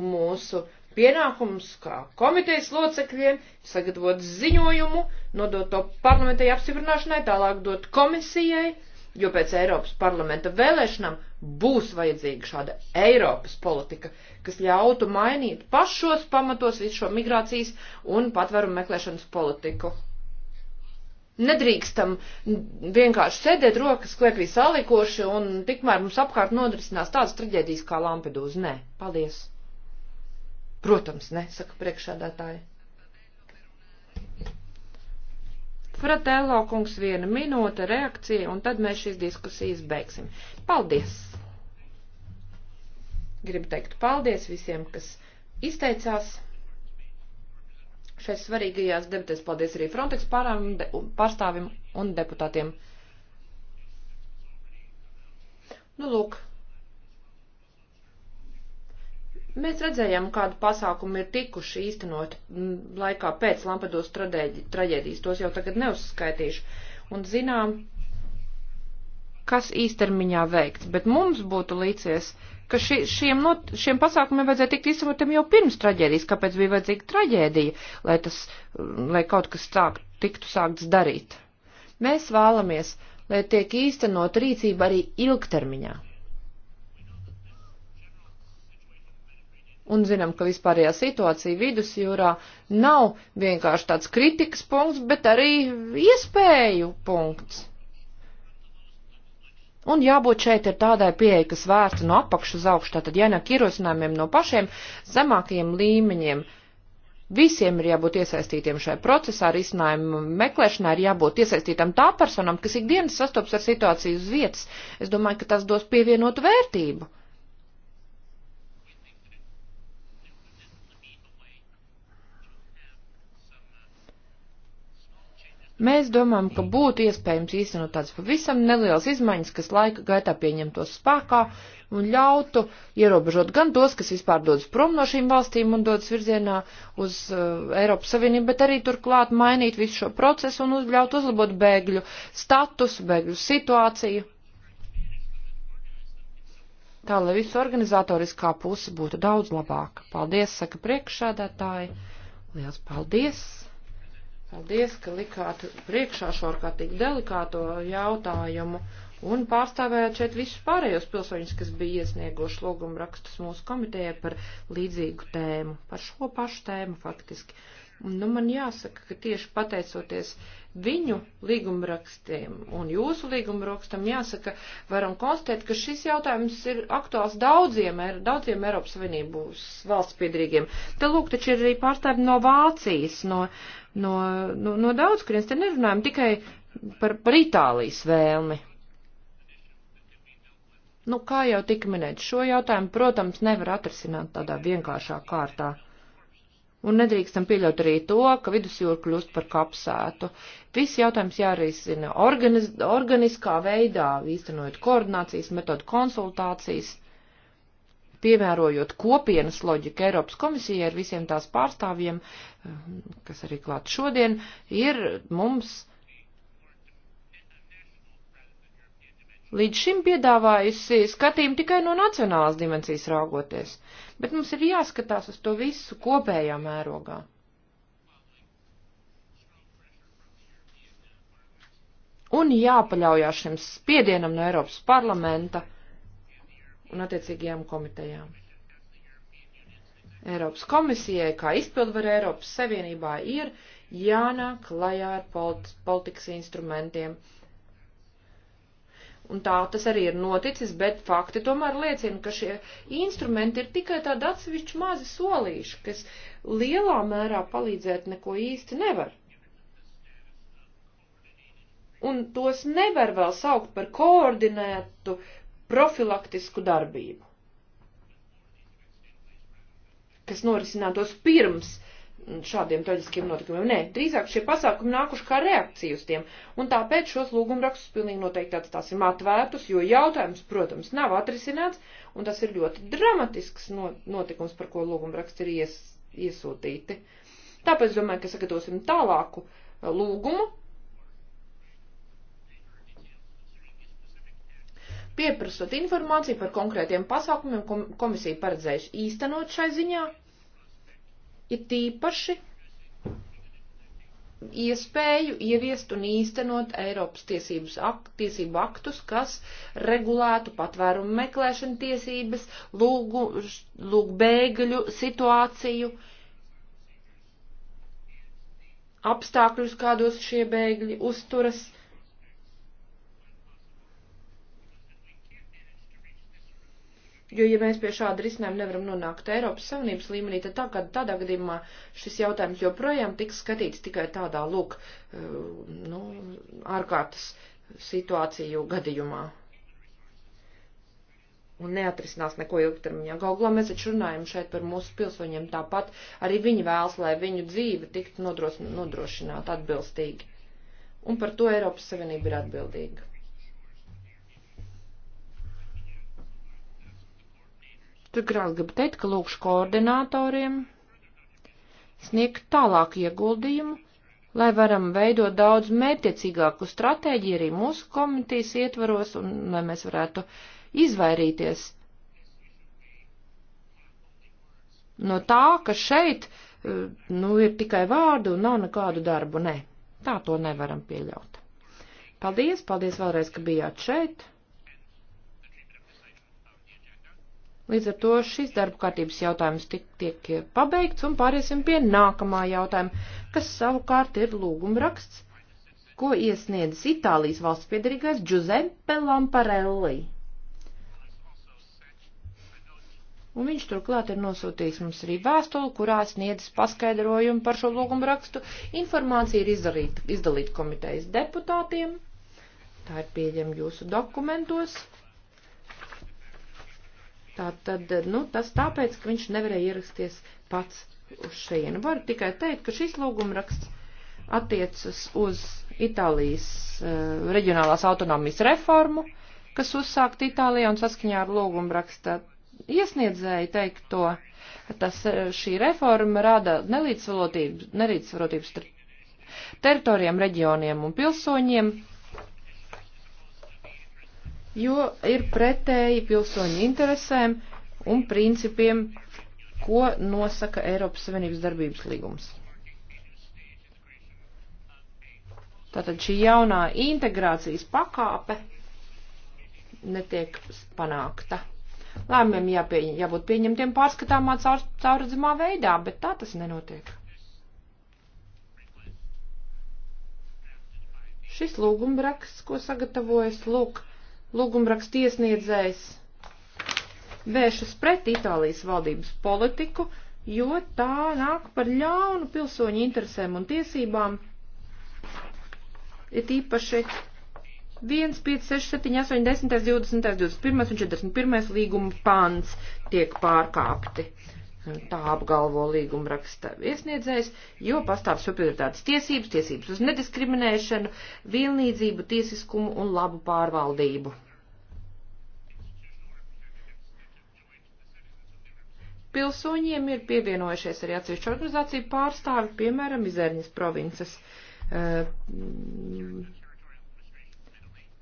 Un mūsu pienākums kā komitejas locekļiem sagatavot ziņojumu, nodot to parlamentai apstiprināšanai, tālāk dot komisijai, jo pēc Eiropas parlamenta vēlēšanām būs vajadzīga šāda Eiropas politika, kas ļautu mainīt pašos pamatos visu šo migrācijas un patvērumu meklēšanas politiku. Nedrīkstam vienkārši sēdēt rokas klēpī salikoši un tikmēr mums apkārt nodrisinās tādas traģēdijas kā Lampedūza. Nē, paldies. Protams, ne, saka priekšādātāji. Fratello kungs viena minūte reakcija un tad mēs šīs diskusijas beigsim. Paldies! Gribu teikt paldies visiem, kas izteicās šai svarīgajās debatēs. Paldies arī Frontex pārām, de, pārstāvim un deputātiem. Nu, lūk. Mēs redzējām, kādu pasākumu ir tikuši īstenot mm, laikā pēc Lampedūs traģēdijas. Tos jau tagad neuzskaitīšu. Un zinām, kas īstermiņā veikts. Bet mums būtu līdzies ka ši, šiem, not, šiem pasākumiem vajadzēja tikt izsakotam jau pirms traģēdijas, kāpēc bija vajadzīga traģēdija, lai, tas, lai kaut kas sāk, tiktu sākts darīt. Mēs vēlamies, lai tiek īstenot rīcība arī ilgtermiņā. Un zinām, ka vispārējā situācija vidusjūrā nav vienkārši tāds kritikas punkts, bet arī iespēju punkts. Un jābūt šeit ir tādai pieeja, kas vērsta no apakšu uz augšu, tātad jānāk ierosinājumiem no pašiem zemākajiem līmeņiem. Visiem ir jābūt iesaistītiem šajā procesā, risinājumu meklēšanā ir jābūt iesaistītam tā personam, kas ikdienas sastops ar situāciju uz vietas. Es domāju, ka tas dos pievienotu vērtību. Mēs domājam, ka būtu iespējams īstenot tādas pavisam nelielas izmaiņas, kas laika gaitā pieņemtos spēkā un ļautu ierobežot gan tos, kas vispār dodas prom no šīm valstīm un dodas virzienā uz uh, Eiropas Savienību, bet arī turklāt mainīt visu šo procesu un uz, ļaut uzlabot bēgļu statusu, bēgļu situāciju. Tā, lai visu organizatoriskā puse būtu daudz labāka. Paldies, saka priekšsēdētāji. Liels paldies! Paldies, ka likāt priekšā šo ārkārtīgi delikāto jautājumu un pārstāvējāt šeit visus pārējos pilsoņus, kas bija iesnieguši lūgumu rakstus mūsu komitejai par līdzīgu tēmu, par šo pašu tēmu faktiski. Un nu man jāsaka, ka tieši pateicoties viņu līgumrakstiem un jūsu līgumrakstam, jāsaka, varam konstatēt, ka šis jautājums ir aktuāls daudziem, daudziem Eiropas Savienības valsts piedrīgiem. Te lūk, taču ir arī pārstāvi no Vācijas, no, no, no, nu, no daudz, kuriem te nerunājam tikai par, par Itālijas vēlmi. Nu, kā jau tika minēts, šo jautājumu, protams, nevar atrisināt tādā vienkāršā kārtā. Un nedrīkstam pieļaut arī to, ka vidusjūra kļūst par kapsētu. Viss jautājums jārisina organiz, organiskā veidā, īstenojot koordinācijas metodu konsultācijas, piemērojot kopienas loģiku Eiropas komisijai ar visiem tās pārstāvjiem, eh, kas arī klāt šodien, ir mums līdz šim piedāvājusi skatījumu tikai no nacionālas dimensijas raugoties, bet mums ir jāskatās uz to visu kopējā mērogā. Un jāpaļaujās šim spiedienam no Eiropas parlamenta un attiecīgajām komitejām. Eiropas komisijai, kā izpildvara Eiropas Savienībā, ir jānāk klajā ar polit politikas instrumentiem, uh, Un tā tas arī ir noticis, bet fakti tomēr liecina, ka šie instrumenti ir tikai tādi atsevišķi mazi solīši, kas lielā mērā palīdzēt neko īsti nevar. Un tos nevar vēl saukt par koordinētu profilaktisku darbību, kas norisinātos pirms uh, šādiem traģiskiem notikumiem. Nē, drīzāk šie pasākumi nākuši kā reakcija uz tiem, un tāpēc šos lūgumrakstus pilnīgi noteikti atstāsim atvērtus, jo jautājums, protams, nav atrisināts, un tas ir ļoti dramatisks notikums, par ko lūgumraksti ir ies, iesūtīti. Tāpēc domāju, ka sagatavosim tālāku uh, lūgumu. Pieprasot informāciju par konkrētiem pasākumiem, komisija paredzējuši īstenot šai ziņā, ir tīpaši iespēju ieviest un īstenot Eiropas tiesības ak tiesību aktus, kas regulētu patvērumu meklēšanu tiesības, lūgu, lūgu bēgļu situāciju, apstākļus, kādos šie bēgļi uzturas. Jo, ja mēs pie šāda risinājuma nevaram nonākt Eiropas Savienības līmenī, tad tā, tādā gadījumā šis jautājums joprojām tiks skatīts tikai tādā, lūk, eh, nu, ārkārtas situāciju gadījumā. Un neatrisinās neko ilgtermiņā. Galvā mēs taču runājam šeit par mūsu pilsoņiem tāpat. Arī viņi vēlas, lai viņu dzīve tiktu nodrošināta atbilstīgi. Un par to Eiropas Savienība ir atbildīga. Turklāt gribu teikt, ka lūkšu koordinatoriem sniegt tālāku ieguldījumu, lai varam veidot daudz mērķiecīgāku stratēģiju arī mūsu komitīs ietvaros un lai mēs varētu izvairīties no tā, ka šeit eh, nu, ir tikai vārdu un nav nekādu darbu. Nē, tā to nevaram pieļaut. Paldies, paldies vēlreiz, ka bijāt šeit. Līdz ar to šis darba kārtības jautājums tik, tiek pabeigts un pāriesim pie nākamā jautājuma, kas savukārt ir lūgumraksts, ko iesniedz Itālijas valsts piedarīgais Giuseppe Lamparelli. Un viņš turklāt ir nosūtījis mums arī vēstuli, kurā sniedzis paskaidrojumu par šo lūgumrakstu. Informācija ir izdarīta, izdalīta komitejas deputātiem. Tā ir pieejama jūsu dokumentos. Tā tad, nu, tas tāpēc, ka viņš nevarēja ierasties pats uz šejienu. Varu tikai teikt, ka šis lūgumraksts attiecas uz Itālijas uh, reģionālās autonomijas reformu, kas uzsākt Itālijā un saskaņā ar lūgumraksta iesniedzēju teikt to, tas eh, šī reforma rada nelīdzsvarotības starp teritorijām, reģioniem un pilsoņiem jo ir pretēji pilsoņu interesēm un principiem, ko nosaka Eiropas Savienības darbības līgums. Tātad šī jaunā integrācijas pakāpe netiek panākta. Lēmumiem jāpieņ, jābūt pieņemtiem pārskatāmā caur, caurredzamā veidā, bet tā tas nenotiek. Šis lūgumbraks, ko sagatavojas, lūk, lūgumrakstu iesniedzējs vēršas pret Itālijas valdības politiku, jo tā nāk par ļaunu pilsoņu interesēm un tiesībām. Ir īpaši 1, 5, 6, 7, 8, 10, 20, 21 un 41 līguma pants tiek pārkāpti. Tā apgalvo līguma raksta iesniedzējs, jo pastāv subjektivitātes tiesības, tiesības uz nediskriminēšanu, vienlīdzību, tiesiskumu un labu pārvaldību. Pilsoņiem ir pievienojušies arī atsevišķu organizāciju pārstāvi, piemēram, Izērņas provinces eh,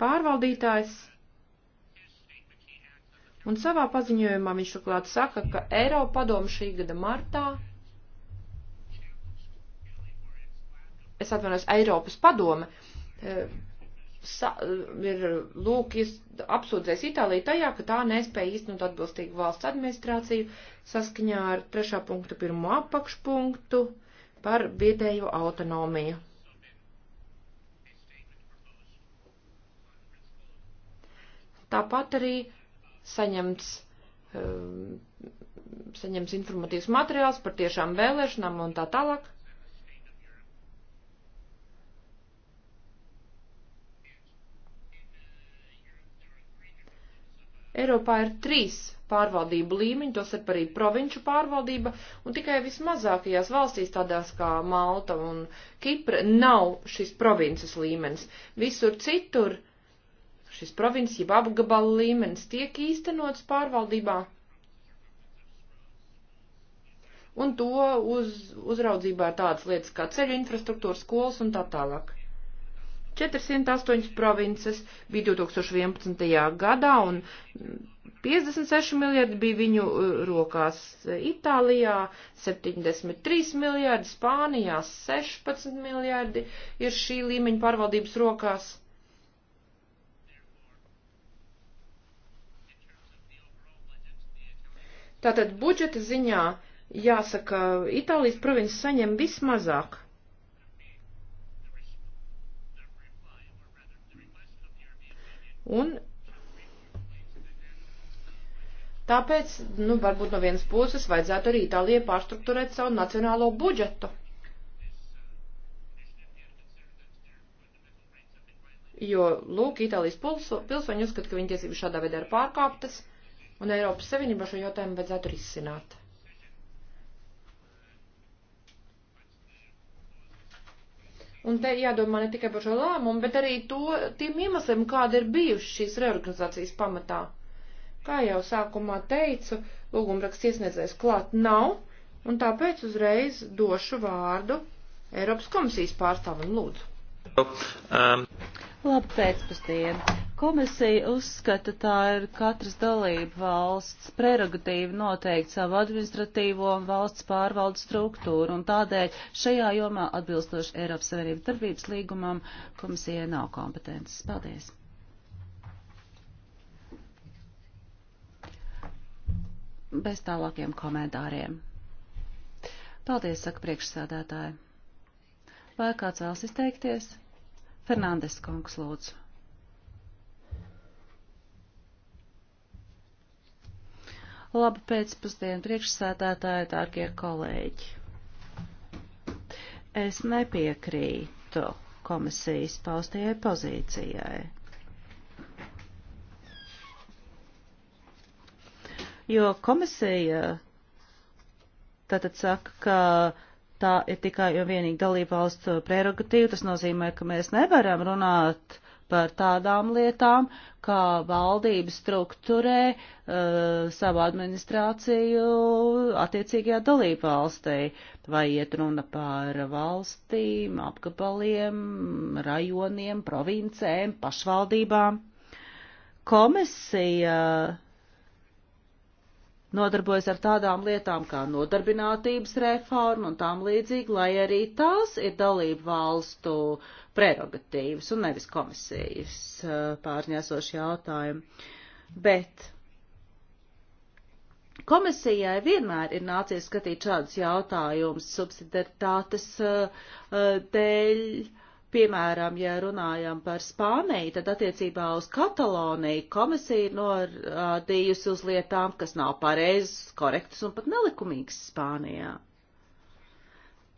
pārvaldītājs Un savā paziņojumā viņš turklāt saka, ka Eiropa padomu šī gada martā, es atvainojos, Eiropas padome, eh, sa, eh, ir lūk, apsūdzējis Itāliju tajā, ka tā nespēja īstenot atbilstīgu valsts administrāciju saskaņā ar trešā punktu pirmo apakšpunktu par vietējo autonomiju. Tāpat arī saņemts, um, saņemts informatīvs materiāls par tiešām vēlēšanām un tā tālāk. Eiropā ir trīs pārvaldību līmeņi, tos ir arī provinču pārvaldība, un tikai vismazākajās valstīs, tādās kā Malta un Kipra, nav šis provinces līmenis. Visur citur uh, šis provinces jeb apgabala līmenis tiek īstenots pārvaldībā. Un to uz, uzraudzībā ir tādas lietas kā ceļu infrastruktūra, skolas un tā tālāk. 408 provinces bija 2011. gadā un 56 miljardi bija viņu eh, rokās Itālijā, 73 miljardi, Spānijā 16 miljardi ir šī līmeņa pārvaldības rokās. Tātad budžeta ziņā jāsaka, Itālijas provinces saņem vismazāk. Un tāpēc, nu, varbūt no vienas puses vajadzētu arī Itālijai pārstruktūrēt savu nacionālo budžetu. Jo, lūk, Itālijas pilsoņi uzskata, ka viņa tiesības šādā veidā ir pārkāptas. Uh, un Eiropas Savienībā šo jautājumu vajadzētu risināt. Un te jādomā ne tikai par šo lēmumu, bet arī to, tiem iemesliem, kāda ir bijuši šīs reorganizācijas pamatā. Kā jau sākumā teicu, lūgumraksts iesniedzējs klāt nav, un tāpēc uzreiz došu vārdu Eiropas komisijas pārstāvam lūdzu. Um. Labi pēcpusdienu. Komisija uzskata, tā ir katras dalība valsts prerogatīva noteikt savu administratīvo un valsts pārvaldu struktūru, un tādēļ šajā jomā atbilstoši Eiropas Savienības darbības līgumam komisijai nav kompetences. Paldies! bez tālākiem komentāriem. Paldies, saka priekšsādātāji. Vai kāds vēlas izteikties? Fernandes kungs lūdzu. Labu pēcpusdienu priekšsēdētāji, dārgie kolēģi. Es nepiekrītu komisijas paustajai pozīcijai. Jo komisija tātad saka, ka tā ir tikai un vienīgi dalībvalsts prerogatīva, tas nozīmē, ka mēs nevaram runāt uh, par tādām lietām, kā valdība struktūrē uh, savu administrāciju attiecīgajā dalība valstī, vai iet runa par valstīm, apgabaliem, rajoniem, provincēm, pašvaldībām. Komisija nodarbojas ar tādām lietām kā nodarbinātības reforma un tām līdzīgi, lai arī tās ir dalību valstu uh, prerogatīvas un nevis komisijas pārņēsoši jautājumi. Bet komisijai vienmēr ir nācies skatīt šādus jautājumus subsidaritātes dēļ. Piemēram, ja runājam par Spāniju, tad attiecībā uz Kataloniju komisija ir norādījusi uz lietām, kas nav pareizas, korektas un pat nelikumīgas Spānijā.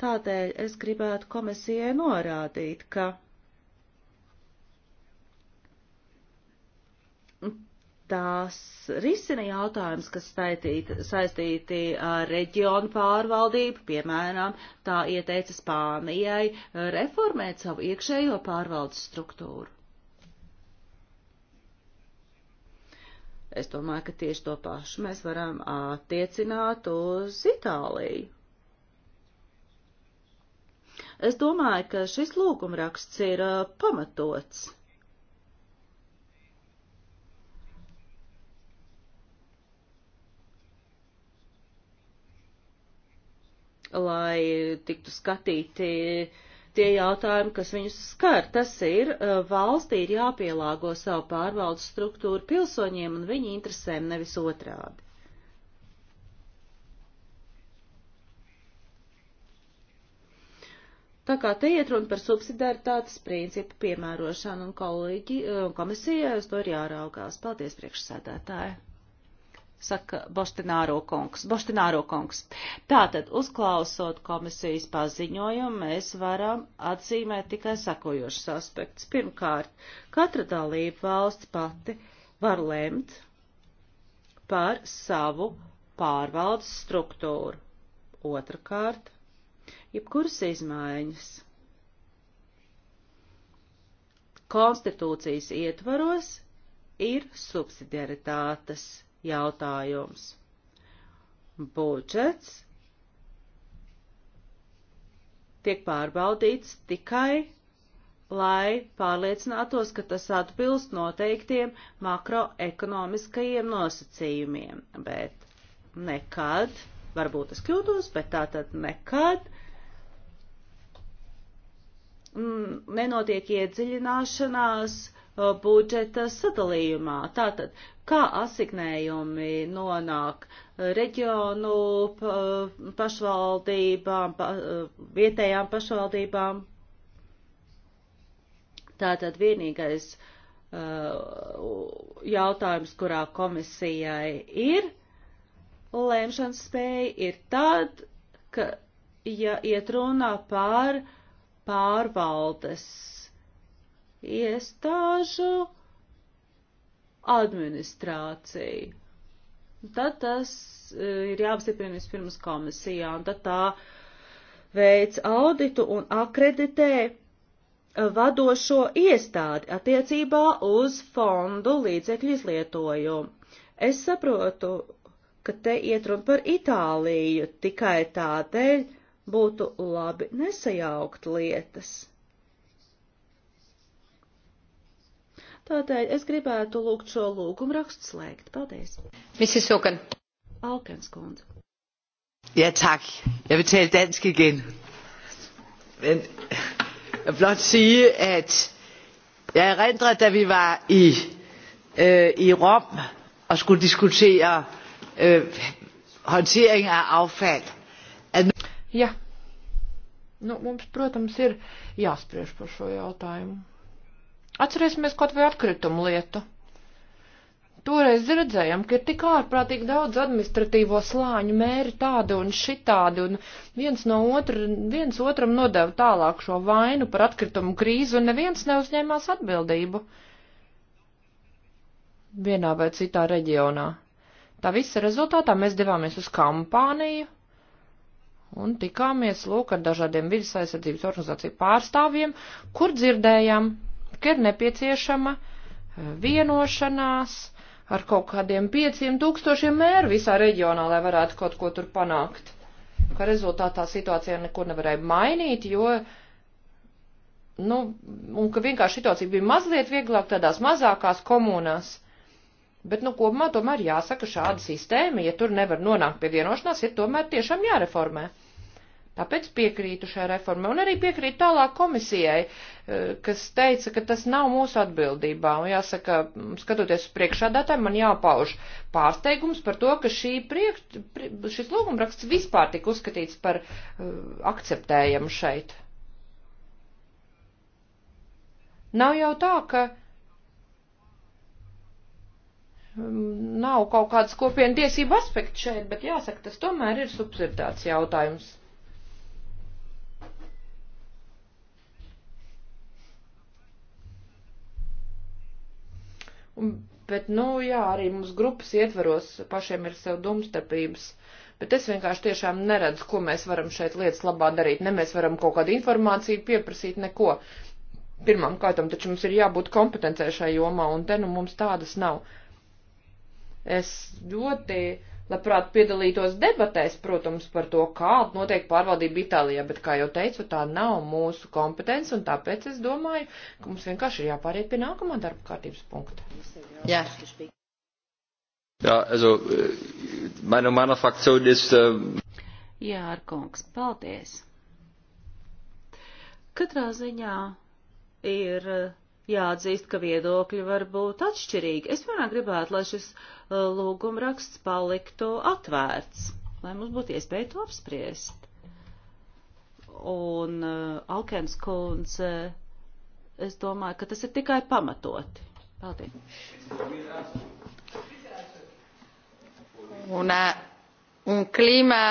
Tādēļ es gribētu komisijai norādīt, ka tās risina jautājums, kas saistīti, saistīti ar reģionu pārvaldību, piemēram, tā ieteica Spānijai reformēt savu iekšējo pārvaldes struktūru. Es domāju, ka tieši to pašu mēs varam attiecināt uz Itāliju. Es domāju, ka šis lūgumraksts ir uh, pamatots. lai tiktu skatīti tie jautājumi, kas viņus skar. Tas ir, valstī ir jāpielāgo savu pārvaldes struktūru pilsoņiem un viņu interesēm, nevis otrādi. Tā kā te iet runa par subsidiaritātes principu piemērošanu un kolēģi eh, komisijai uz to ir jāraugās. Paldies, priekšsēdētāji! Saka Boštināro kungs. Boštināro kungs. Tātad, uzklausot komisijas paziņojumu, mēs varam atzīmēt tikai sakojošas aspektus. Pirmkārt, katra dalība valsts pati var lemt par savu pārvaldes struktūru. Otrakārt, jebkuras izmaiņas konstitūcijas ietvaros ir subsidiaritātes jautājums. Budžets tiek pārbaudīts tikai, lai pārliecinātos, ka tas atbilst noteiktiem makroekonomiskajiem nosacījumiem, bet nekad, varbūt es kļūdos, bet tātad nekad Mm, nenotiek iedziļināšanās uh, budžeta sadalījumā. Tātad, kā asignējumi nonāk reģionu pašvaldībām, pa, uh, vietējām pašvaldībām? Tātad vienīgais uh, jautājums, kurā komisijai ir lēmšanas spēja, ir tad, ka, ja iet runā par uh, pārvaldes iestāžu administrāciju. Tad tas e, ir jāapstiprina vispirms komisijā, un tad tā veic auditu un akreditē vadošo iestādi attiecībā uz fondu līdzekļu izlietojumu. Es saprotu, ka te iet runa par Itāliju tikai tādēļ, būtu labi nesajaukt lietas. Tātad es gribētu lūgt šo lūgumu rakstu slēgt. Paldies. Mrs. Hogan. Alkens kundze. Ja, tak. Jeg vil tale dansk igen. Men jeg vil blot sige, at jeg erindrer, da vi var i, øh, i Rom og skulle diskutere øh, håndtering af affald, at nu Jā. Nu, mums, protams, ir jāspriež par šo jautājumu. Atcerēsimies kaut vai atkritumu lietu. Toreiz redzējām, ka ir tik ārprātīgi daudz administratīvo slāņu mēri tādi un šitādi, un viens no otra, viens otram nodeva tālāk šo vainu par atkritumu krīzi, un neviens neuzņēmās atbildību vienā vai citā reģionā. Tā visa rezultātā mēs devāmies uz kampāniju, un tikāmies lūk ar dažādiem vidas aizsardzības organizāciju pārstāvjiem, kur dzirdējām, ka ir nepieciešama eh, vienošanās ar kaut kādiem pieciem tūkstošiem mēru visā reģionā, lai varētu kaut ko tur panākt. Ka rezultātā situācija neko nevarēja mainīt, jo, nu, un ka vienkārši situācija bija mazliet vieglāk tādās mazākās komunās. Bet, nu, kopumā tomēr jāsaka, šāda sistēma, ja tur nevar nonākt pie vienošanās, ir tomēr tiešām jāreformē. Tāpēc piekrītu šai reformai un arī piekrītu tālāk komisijai, eh, kas teica, ka tas nav mūsu atbildībā. Un jāsaka, skatoties uz priekšādātāju, man jāpauž pārsteigums par to, ka šī priek, šis lūgumraksts vispār tika uzskatīts par uh, akceptējamu šeit. Nav jau tā, ka mm, nav kaut kādas kopienas tiesību aspekts šeit, bet jāsaka, tas tomēr ir subsidētāts jautājums. Un, bet, nu, jā, arī mums grupas ietvaros pašiem ir sev domstarpības. Bet es vienkārši tiešām neredzu, ko mēs varam šeit lietas labā darīt. Ne mēs varam kaut kādu informāciju pieprasīt, neko. Pirmām kārtām taču mums ir jābūt kompetencē šai jomā, un te nu mums tādas nav. Es ļoti labprāt piedalītos debatēs, protams, par to, kāda notiek pārvaldība Itālijā, bet, kā jau teicu, tā nav mūsu kompetence, un tāpēc es domāju, ka mums vienkārši ir jāpāriet pie nākamā darba kārtības punkta. Jā. Jā, also, meine, meine Fraktion ist. Äh... Jā, ar kungs, paldies. Katrā ziņā ir. Äh, jāatzīst, ka viedokļi var būt atšķirīgi. Es vienmēr gribētu, lai šis uh, lūgumraksts paliktu atvērts, lai mums būtu iespēja to apspriest. Un uh, Alkens kundze, es domāju, ka tas ir tikai pamatoti. Paldies. Una, un uh, klima.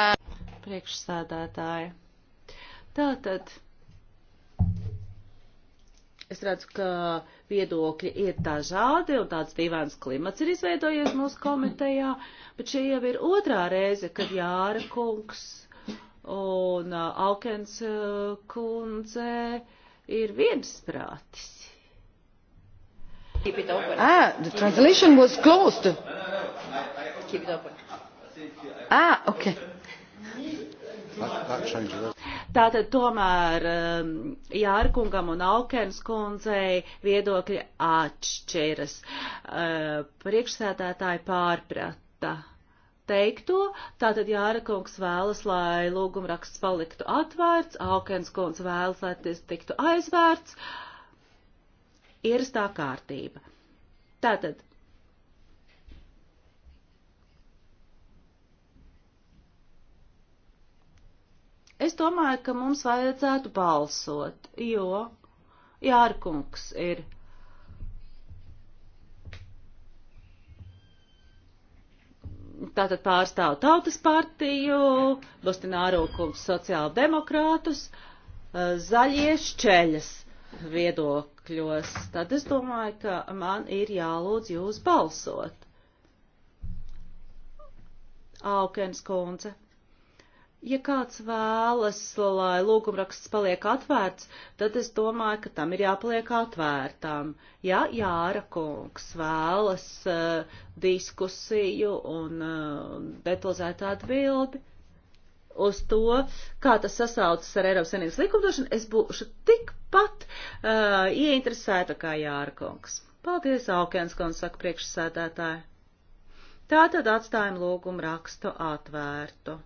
Priekšsādātāja. Tātad. Es redzu, ka viedokļi ir dažādi un tāds divāns klimats ir izveidojies mūsu komitejā, bet šī jau ir otrā reize, kad Jāra kungs un uh, Aukens uh, kundze ir viensprātis. Keep it open. Ah, the translation was closed. Keep it open. Ah, okay. That, that changes Tātad tomēr um, Jārkungam un Aukens kundzei viedokļi atšķiras. Uh, priekšsēdētāji pārprata teikto, tātad Jārakungs vēlas, lai lūgumraksts paliktu atvērts, Aukens kundze vēlas, lai tas tiktu aizvērts. Ierastā kārtība. Tātad Es domāju, ka mums vajadzētu balsot, jo Jārkungs ir. Tātad pārstāv Tautas partiju, Bostināro kungs sociāla demokrātus, zaļie šķeļas viedokļos. Tad es domāju, ka man ir jālūdz jūs balsot. Aukens kundze. Ja kāds vēlas, lai lūgumraksts paliek atvērts, tad es domāju, ka tam ir jāpaliek atvērtām. Ja Jāra kungs vēlas uh, diskusiju un uh, detalizētu atbildi uz to, kā tas sasaucas ar Eiropas Savienības likumdošanu, es būšu tikpat uh, ieinteresēta kā Jāra kungs. Paldies, Aukens kungs, saka priekšsēdētāji. Tātad atstājam lūgumu rakstu atvērtu.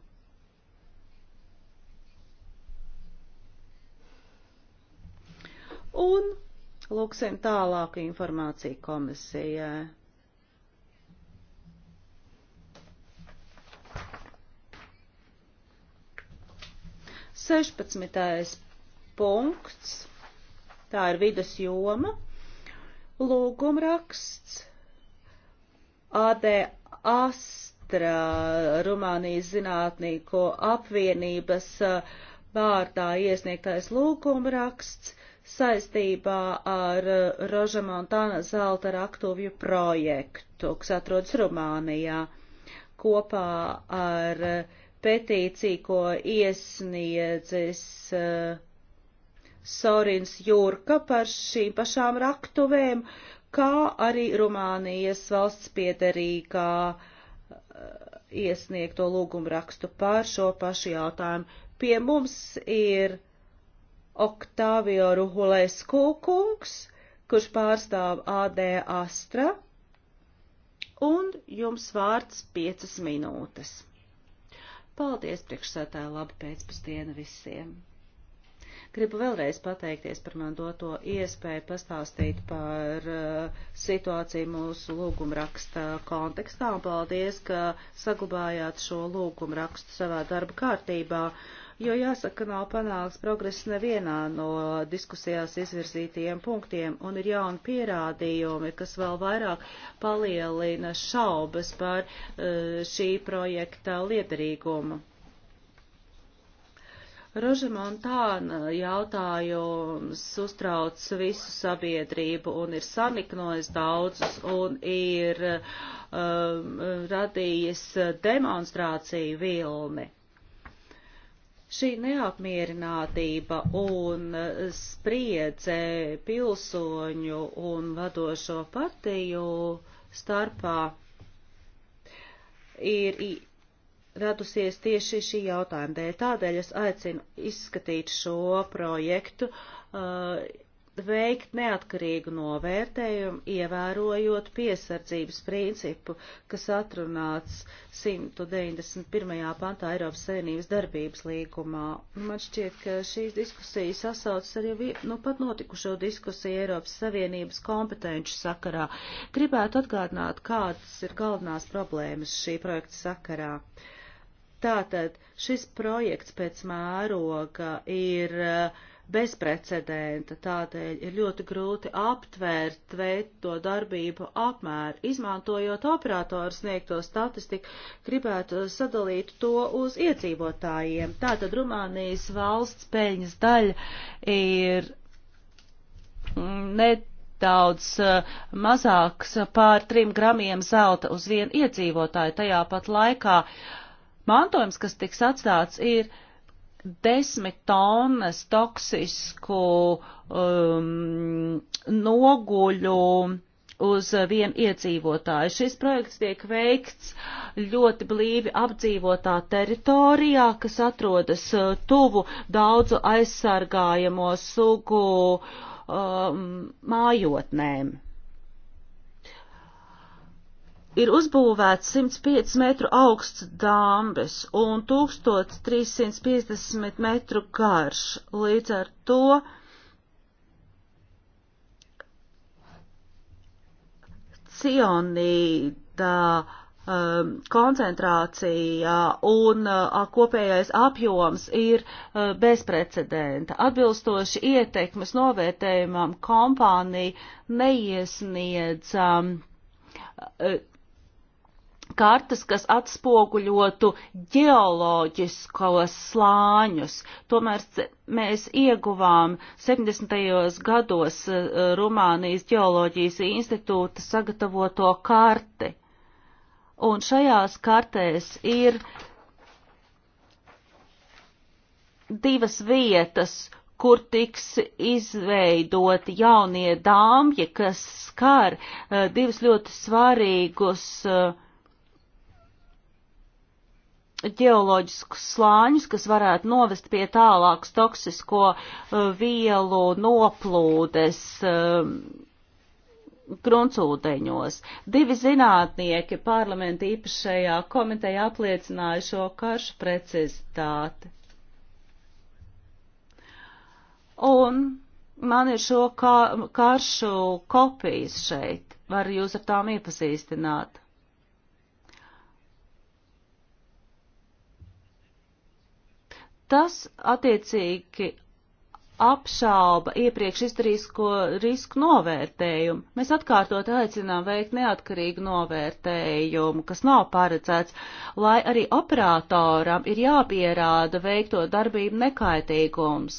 un lūksim tālāku informāciju komisijai. Sešpadsmitais punkts, tā ir vidas joma, lūgumraksts AD Astra, Rumānijas zinātnīko apvienības uh, vārdā iesniegtais lūgumraksts saistībā ar uh, Roža Montāna zelta raktuvju projektu, kas atrodas Rumānijā, kopā ar uh, petīciju, ko iesniedzis uh, Sorins Jurka par šīm pašām raktuvēm, kā arī Rumānijas valsts piedarīgā iesniegto lūgumu rakstu par šo pašu jautājumu. Pie mums ir Oktāvio Ruhulēsku kungs, kurš pārstāv AD Astra, un jums vārds piecas minūtes. Paldies priekšsētāju labu pēcpusdienu visiem! Gribu vēlreiz pateikties par man doto iespēju pastāstīt par uh, situāciju mūsu lūgumraksta kontekstā un paldies, ka saglabājāt šo lūgumrakstu savā darba kārtībā. Uh, jo jāsaka, nav panāks progress nevienā no diskusijās izvirzītajiem punktiem, un ir jauni pierādījumi, kas vēl vairāk palielina šaubas par e, šī projekta liederīgumu. Roža Montāna jautājums uztrauc visu sabiedrību un ir saniknojis daudzus un ir um, radījis demonstrāciju vilni. Šī neapmierinātība un spriedze pilsoņu un vadošo partiju starpā ir radusies tieši šī jautājuma dēļ. Tādēļ es aicinu izskatīt šo projektu. Uh, veikt neatkarīgu novērtējumu, ievērojot piesardzības principu, kas atrunāts 191. pantā Eiropas Savienības darbības līgumā. Man šķiet, ka šīs diskusijas sasaucas ar jau nu pat notikušo diskusiju Eiropas Savienības kompetenci sakarā. Gribētu atgādināt, kādas ir galvenās problēmas šī projekta sakarā. Tātad šis projekts pēc mēroga ir uh, bez precedenta, tādēļ ir ļoti grūti aptvērt veikto darbību apmēru. Izmantojot operatoru sniegto statistiku, gribētu sadalīt to uz iedzīvotājiem. Tātad Rumānijas valsts peļņas daļa ir nedaudz eh, mazāks pār trim gramiem zelta uz vienu iedzīvotāju. Tajā pat laikā mantojums, kas tiks atstāts, ir desmit tonnas toksisku um, noguļu uz vienu iedzīvotāju. Šis projekts tiek veikts ļoti blīvi apdzīvotā teritorijā, kas atrodas uh, tuvu daudzu aizsargājamo sugu um, mājotnēm ir uzbūvēts 105 metru augsts dāmbes un 1350 metru garš. Līdz ar to cionīda um, koncentrācija un uh, kopējais apjoms ir uh, bezprecedenta. Atbilstoši ietekmes novērtējumam kompānija neiesniedz um, uh, kartas, kas atspoguļotu ģeoloģiskos slāņus. Tomēr mēs ieguvām 70. gados eh, Rumānijas ģeoloģijas institūta sagatavoto karti. Un šajās kartēs ir divas vietas, kur tiks izveidoti jaunie dāmji, kas skar uh, divus ļoti svarīgus uh, ģeoloģiskus slāņus, kas varētu novest pie tālākas toksisko e, vielu noplūdes e, gruntsūdeņos. Divi zinātnieki parlamenta īpašajā komiteja apliecināja šo karšu precizitāti. Un man ir šo karšu kopijas šeit. Varu jūs ar tām iepazīstināt. Tas attiecīgi apšauba iepriekš izdarīsko risku novērtējumu. Mēs atkārtot aicinām veikt neatkarīgu novērtējumu, kas nav paredzēts, lai arī operatoram ir jāpierāda veikto darbību nekaitīgums.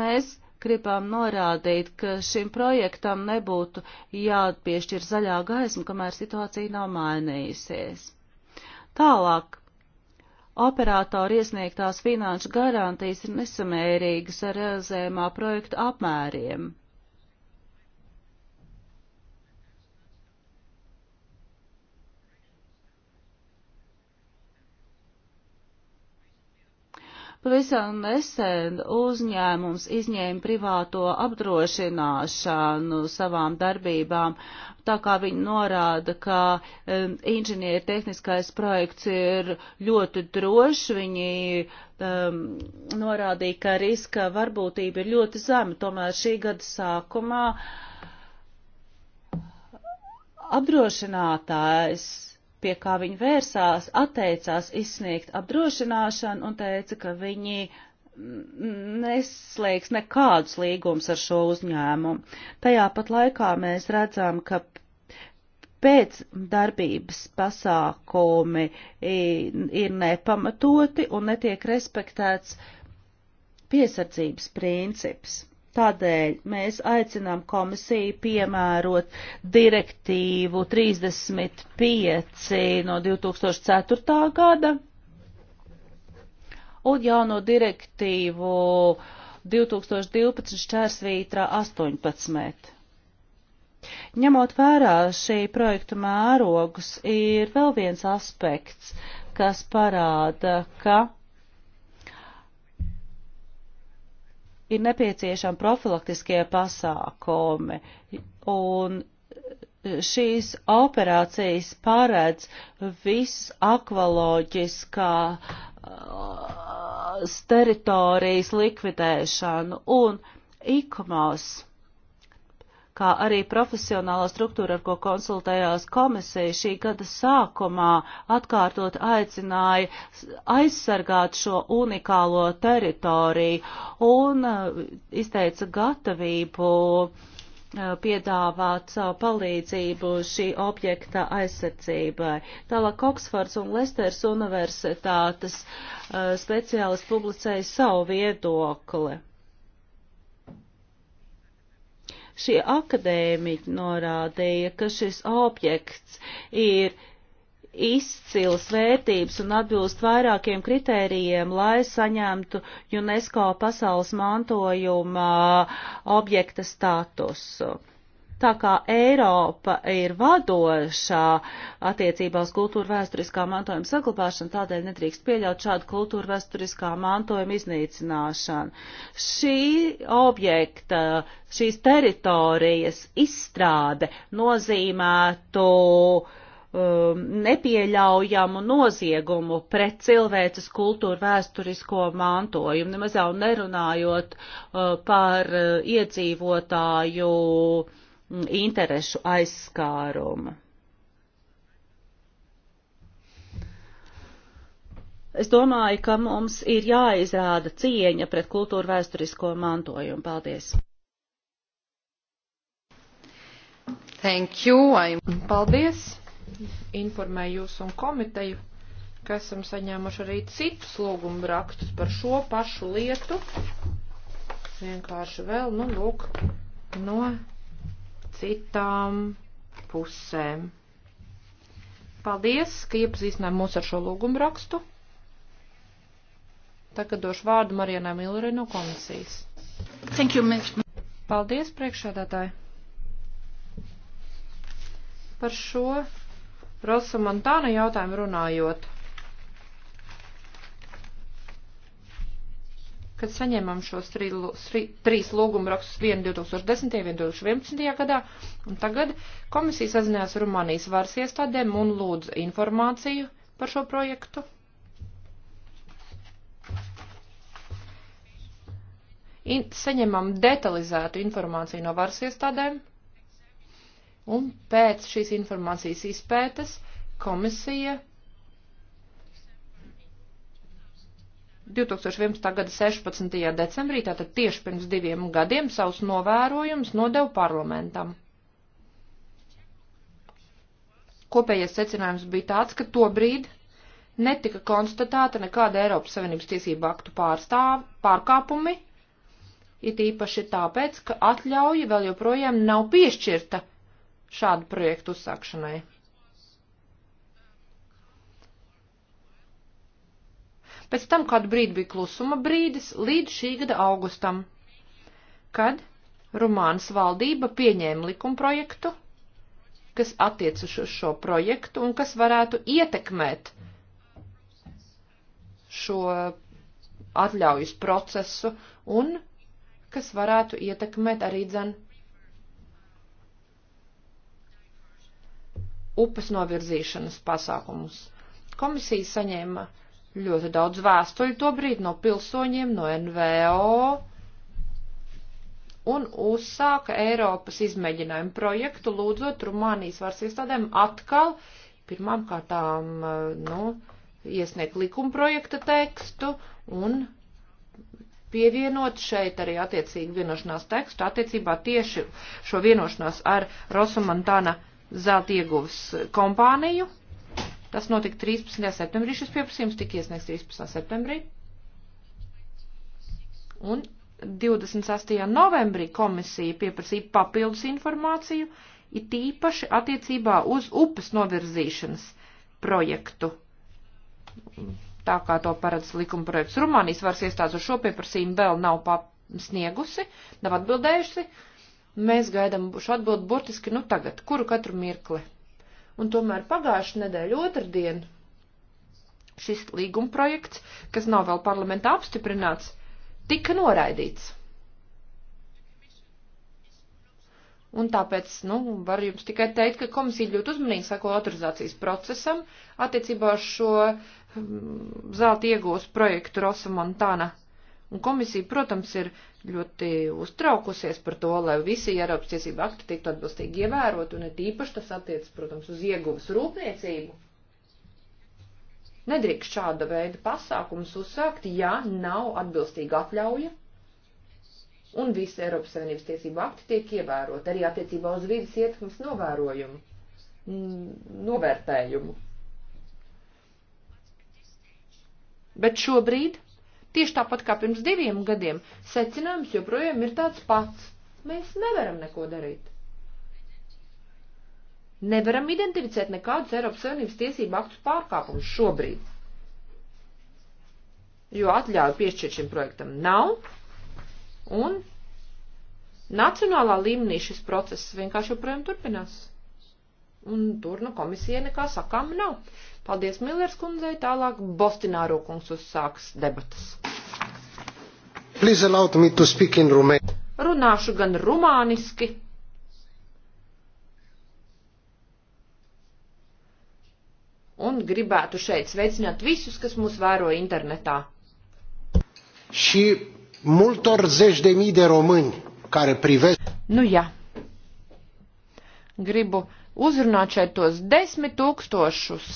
Mēs gribam norādīt, ka šim projektam nebūtu jāpiešķir zaļā gaisma, kamēr situācija nav mainījusies. Tālāk Operātori iesniegtās finanšu garantijas ir nesamērīgas ar realizējumā projektu apmēriem. Pavisam nesen uzņēmums izņēma privāto apdrošināšanu savām darbībām, tā kā viņi norāda, ka um, inženieru tehniskais projekts ir ļoti drošs, viņi um, norādīja, ka riska varbūtība ir ļoti zema, tomēr šī gada sākumā apdrošinātājs pie kā viņi vērsās, atteicās izsniegt apdrošināšanu un teica, ka viņi neslēgs nekādus līgumus ar šo uzņēmumu. Tajā pat laikā mēs redzam, ka pēc darbības pasākumi ir nepamatoti un netiek respektēts piesardzības princips. Tādēļ mēs aicinām komisiju piemērot direktīvu 35 no 2004. gada un jauno direktīvu 2012 šķērsvītrā 18. Ņemot vērā šī projektu mērogus, ir vēl viens aspekts, kas parāda, ka ir nepieciešami profilaktiskie pasākumi, un šīs operācijas paredz visas akvaloģiskās uh, teritorijas likvidēšanu, un ikomās kā arī profesionālā struktūra, ar ko konsultējās komisija šī gada sākumā, atkārtot aicināja aizsargāt šo unikālo teritoriju un eh, izteica gatavību eh, piedāvāt savu palīdzību šī objekta aizsardzībai. Tālāk Oksfords un Lesters universitātes eh, speciālisti publicēja savu viedokli. Šie akadēmiķi norādīja, ka šis objekts ir izcils vērtības un atbilst vairākiem kritērijiem, lai saņemtu UNESCO pasaules mantojuma objekta statusu. Tā kā Eiropa ir vadošā attiecībā uz kultūra vēsturiskā mantojuma saglabāšanu, tādēļ nedrīkst pieļaut šādu kultūra vēsturiskā mantojuma iznīcināšanu. Šī objekta, šīs teritorijas izstrāde nozīmētu um, nepieļaujamu noziegumu pret cilvēces kultūru vēsturisko mantojumu, nemaz jau nerunājot uh, par uh, iedzīvotāju uh, Mm, interešu aizskāruma. Es domāju, ka mums ir jāizrāda cieņa pret kultūru vēsturisko mantojumu. Paldies! Thank you! I... Paldies! Informēju jūs un komiteju, ka esam saņēmuši arī citus lūgumu rakstus par šo pašu lietu. Vienkārši vēl, nu, lūk, no citām pusēm. Paldies, ka iepazīstināja mūs ar šo lūgumu rakstu. Tagad došu vārdu Marijanai Millerei no komisijas. Thank you, Paldies, priekšādātāji. Par šo Rosa Montāna jautājumu runājot. kad saņēmām šos tri, tri, trīs lūgumu rakstus vienu 2010. un 2011. gadā, un tagad komisija sazinājās Rumānijas varas iestādēm un lūdza informāciju par šo projektu. In, saņemam detalizētu informāciju no varas iestādēm, un pēc šīs informācijas izpētes komisija 2011. gada 16. decembrī, tātad tieši pirms diviem gadiem, savus novērojumus nodeva parlamentam. Kopējais secinājums bija tāds, ka tobrīd netika konstatēta nekāda Eiropas Savienības tiesību aktu pārstāv, pārkāpumi, it īpaši tāpēc, ka atļauja vēl joprojām nav piešķirta šādu projektu uzsākšanai. pēc tam kādu brīdi bija klusuma brīdis līdz šī gada augustam, kad Rumānas valdība pieņēma likumprojektu, kas attiec uz šo projektu un kas varētu ietekmēt šo atļaujas procesu un kas varētu ietekmēt arī dzen upes novirzīšanas pasākumus. Komisija saņēma uh, ļoti daudz vēstuļu to brīdi no pilsoņiem, no NVO un uzsāka Eiropas izmēģinājumu projektu, lūdzot Rumānijas varas iestādēm atkal pirmām kārtām, eh, nu, iesniegt likumprojekta tekstu un pievienot šeit arī attiecīgi vienošanās tekstu attiecībā tieši šo vienošanos ar Rosamantāna zelta ieguves kompāniju. Tas notika 13. septembrī, šis pieprasījums tika iesniegts 13. septembrī. Un 28. novembrī komisija pieprasīja papildus informāciju, it īpaši attiecībā uz upes novirzīšanas projektu. Tā kā to paredz likuma projekts Rumānijas varas iestādes uz šo pieprasījumu vēl nav sniegusi, nav atbildējusi. Mēs gaidām šo atbildi burtiski nu tagad, kuru katru mirkli un tomēr pagājuši nedēļu otrdien šis līguma projekts, kas nav vēl parlamentā apstiprināts, tika noraidīts. Un tāpēc, nu, var jums tikai teikt, ka komisija ļoti uzmanīgi sako autorizācijas procesam attiecībā uz šo mm, zelta iegūs projektu Rosa Montana Un komisija, protams, ir ļoti uztraukusies par to, lai visi Eiropas tiesību akti tiktu atbilstīgi ievērot, un it īpaši tas attiecas, protams, uz ieguvas rūpniecību. Nedrīkst šāda veida pasākumus uzsākt, ja nav atbilstīga atļauja, un visi Eiropas Savienības tiesību akti tiek ievērot, arī attiecībā uz vidas ietekmes novērojumu, novērtējumu. Bet šobrīd Tieši tāpat kā pirms diviem gadiem, secinājums joprojām ir tāds pats. Mēs nevaram neko darīt. Nevaram identificēt nekādus Eiropas Savienības tiesību aktu pārkāpumus šobrīd, jo atļauju piešķirt šim projektam nav, un nacionālā līmenī šis process vienkārši joprojām turpinās un tur nu komisija nekā sakām nav. Paldies Millers kundzei, tālāk Bostināro kungs uzsāks debatas. Please allow me to speak in Romanian. Runāšu gan rumāniski. Un gribētu šeit sveicināt visus, kas mūs vēro internetā. Și multor zeci de mii de români care privesc. Nu jā. Gribu uzrunāt šeit tos desmit tūkstošus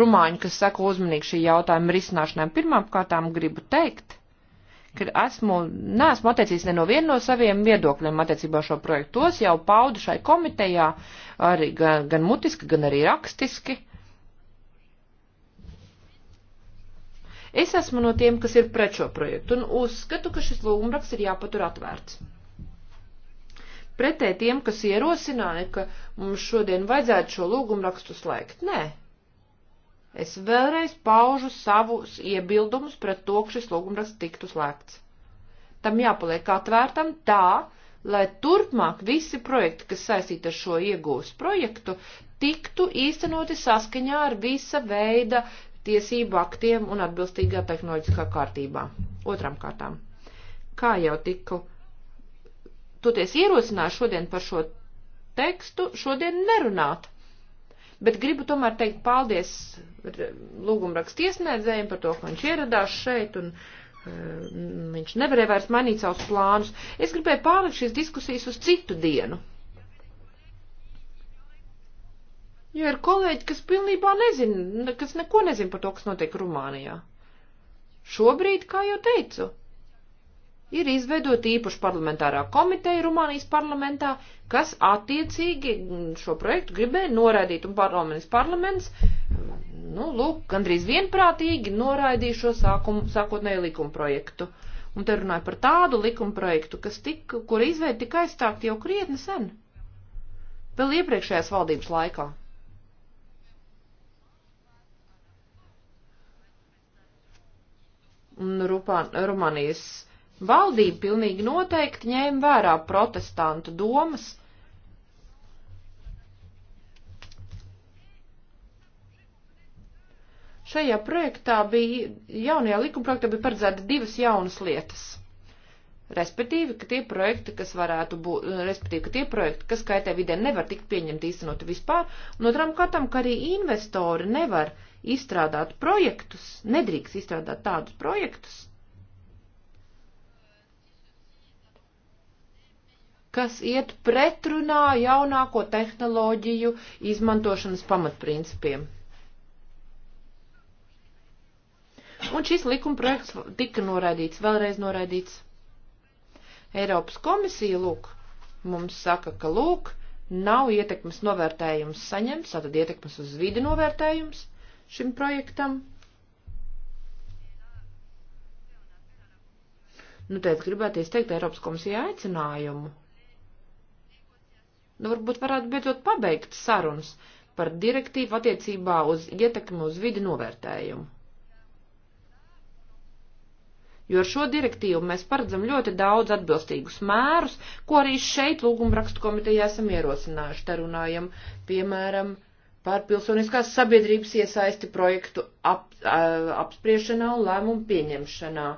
rumāņu, kas seko uzmanīgi šī jautājuma risināšanai. Pirmām kārtām gribu teikt, ka esmu, neesmu attiecies ne no viena no saviem viedokļiem attiecībā šo projektu. Tos jau paudu šai komitejā arī gan, gan mutiski, gan arī rakstiski. Es esmu no tiem, kas ir pret šo projektu un uzskatu, ka šis lūgumraksts ir jāpatur atvērts pretēji tiem, kas ierosināja, ka mums šodien vajadzētu šo lūgumu rakstu slēgt. Nē, Es vēlreiz paužu savus iebildumus pret to, ka šis lūgumraksts tiktu slēgts. Tam jāpaliek atvērtam tā, lai turpmāk visi projekti, kas saistīti ar šo iegūst projektu, tiktu īstenoti saskaņā ar visa veida tiesību aktiem un atbilstīgā tehnoloģiskā kārtībā. Otram kārtām. Kā jau tika, toties ierosināju šodien par šo tekstu, šodien nerunāt Bet gribu tomēr teikt paldies lūgumrakstu iesniedzējiem par to, ka viņš ieradās šeit un eh, viņš nevarēja vairs mainīt savus plānus. Es gribēju pārlikt šīs diskusijas uz citu dienu. Jo ir kolēģi, kas pilnībā nezina, kas neko nezina par to, kas notiek Rumānijā. Šobrīd, kā jau teicu, ir izveidot īpašu parlamentārā komiteja Rumānijas parlamentā, kas attiecīgi šo projektu gribēja noraidīt, un parlaments parlaments, nu, lūk, gandrīz vienprātīgi noraidīja šo sākumu, sākotnēju likuma projektu. Un te runāja par tādu likuma projektu, kas tik, kura izveida tika aizstākt jau krietni sen, vēl iepriekšējās valdības laikā. Un Rumānijas Valdība pilnīgi noteikti ņēma vērā protestantu domas. Šajā projektā bija, jaunajā likumprojektā bija paredzēta divas jaunas lietas. Respektīvi, ka tie projekti, kas varētu būt, respektīvi, ka tie projekti, kas kaitē vidē, nevar tikt pieņemti īstenoti vispār, un otram katam, ka arī investori nevar izstrādāt projektus, nedrīkst izstrādāt tādus projektus, kas iet pretrunā jaunāko tehnoloģiju izmantošanas pamatprincipiem. Un šis likumprojekts tika noraidīts, vēlreiz noraidīts. Eiropas komisija, lūk, mums saka, ka, lūk, nav ietekmes novērtējums saņemts, tātad ietekmes uz vidi novērtējums šim projektam. Nu, teikt, gribētu izteikt Eiropas komisijā aicinājumu Nu, varbūt varētu beidzot pabeigt sarunas par direktīvu attiecībā uz ietekmi uz vidi novērtējumu. Jo ar šo direktīvu mēs paredzam ļoti daudz atbilstīgus mērus, ko arī šeit lūgumrakstu komitejā esam ierosinājuši. Te runājam, piemēram, par pilsoniskās sabiedrības iesaisti projektu ap, apspriešanā un lēmumu pieņemšanā.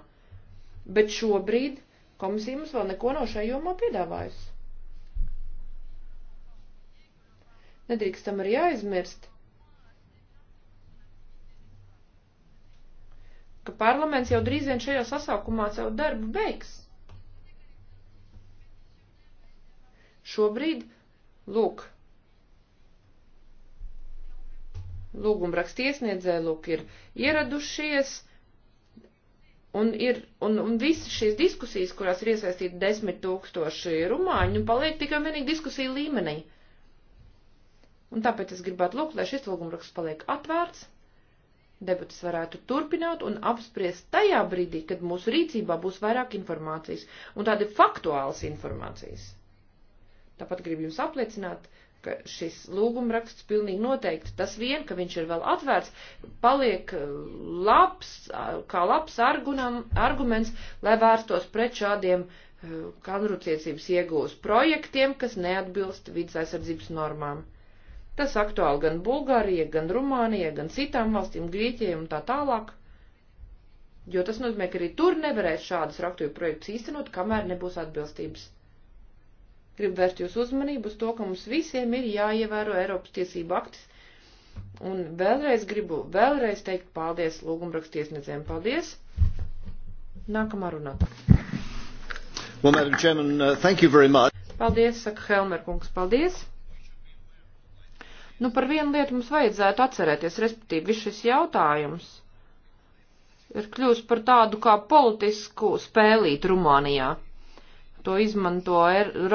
Bet šobrīd komisija mums vēl neko no šai jomā piedāvājusi. Nedrīkstam arī aizmirst, ka parlaments jau drīz vien šajā sasaukumā savu darbu beigs. Šobrīd, lūk, lūgumraksta iesniedzē, lūk, ir ieradušies, un, ir, un, un visas šīs diskusijas, kurās ir iesaistīti desmit tūkstoši rumāņu, paliek tikai vienīgi diskusiju līmenī. Un tāpēc es gribētu lūgt, lai šis lūgumraksts paliek atvērts, debatas varētu turpināt un apspriest tajā brīdī, kad mūsu rīcībā būs vairāk informācijas un tādi faktuāls informācijas. Tāpat gribu jums apliecināt, ka šis lūgumraksts pilnīgi noteikti, tas vien, ka viņš ir vēl atvērts, paliek eh, labs, eh, kā labs argunam, arguments, lai vērstos pret šādiem eh, kanruciecības iegūs projektiem, kas neatbilst vidas aizsardzības normām. Tas aktuāli gan Bulgārijai, gan Rumānijai, gan citām valstīm, Grieķijai un tā tālāk. Jo tas nozīmē, ka arī tur nevarēs šādas raktūju projekts īstenot, kamēr nebūs atbilstības. Gribu vērst jūs uzmanību uz to, ka mums visiem ir jāievēro Eiropas tiesību aktis. Un vēlreiz gribu vēlreiz teikt paldies lūgumrakstiesniedzējiem. Paldies! Nākamā runātā. Well, Madam Chairman, uh, thank you very much. Paldies, saka Helmer kungs, paldies! Nu, par vienu lietu mums vajadzētu atcerēties, respektīvi, viss šis jautājums ir kļūst par tādu kā politisku spēlīt Rumānijā. To izmanto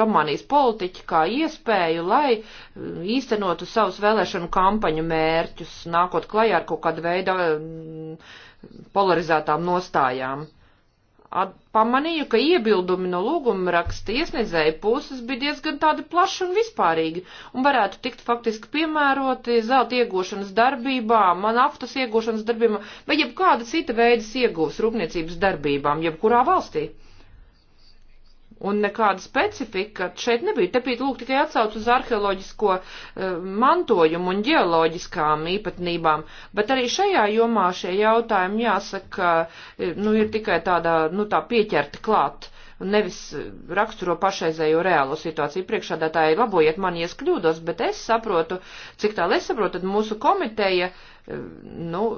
Romānijas er, politiķi kā iespēju, lai mm, īstenotu savus vēlēšanu kampaņu mērķus, nākot klajā ar kaut kādu veidu mm, polarizētām nostājām pamanīju, ka iebildumi no lūguma raksta iesniedzēja puses bija diezgan tādi plaši un vispārīgi, un varētu tikt faktiski piemēroti zelta iegūšanas darbībām, naftas iegūšanas darbībām, vai jebkāda cita veidas iegūs rūpniecības darbībām, jebkurā valstī un nekāda specifika šeit nebija. Te bija lūk tikai atsauc uz arheoloģisko uh, mantojumu un ģeoloģiskām īpatnībām, bet arī šajā jomā šie jautājumi jāsaka, eh, nu, ir tikai tādā, nu, tā pieķerti klāt. Nevis eh, raksturo pašreizējo reālo situāciju priekšādātāji, labojiet man, ja es kļūdos, bet es saprotu, cik tālu es saprotu, tad mūsu komiteja, uh, nu,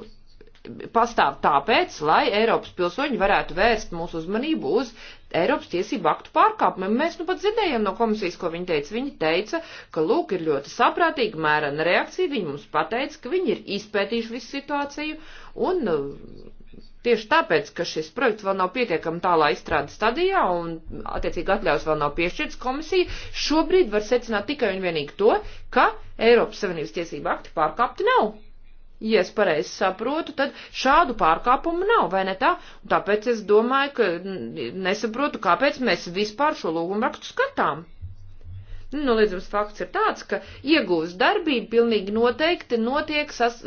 pastāv tāpēc, lai Eiropas pilsoņi varētu vērst mūsu uzmanību uz Eiropas tiesību aktu pārkāpumiem. Mēs nu pat dzirdējām no komisijas, ko viņi teica. Viņi teica, ka lūk ir ļoti saprātīga mērena reakcija. Viņi mums pateica, ka viņi ir izpētījuši visu situāciju un uh, tieši tāpēc, ka šis projekts vēl nav pietiekami tālā izstrādes stadijā un attiecīgi atļaus vēl nav piešķirts komisija, šobrīd var secināt tikai un vienīgi to, ka Eiropas Savienības tiesību akti pārkāpti nav. Ja es pareizi saprotu, tad šādu pārkāpumu nav, vai ne tā? Un tāpēc es domāju, ka nesaprotu, kāpēc mēs vispār šo lūgumu rakstu skatām. Nolīdzības nu, nu, fakts ir tāds, ka iegūst darbība pilnīgi noteikti notiek, sas,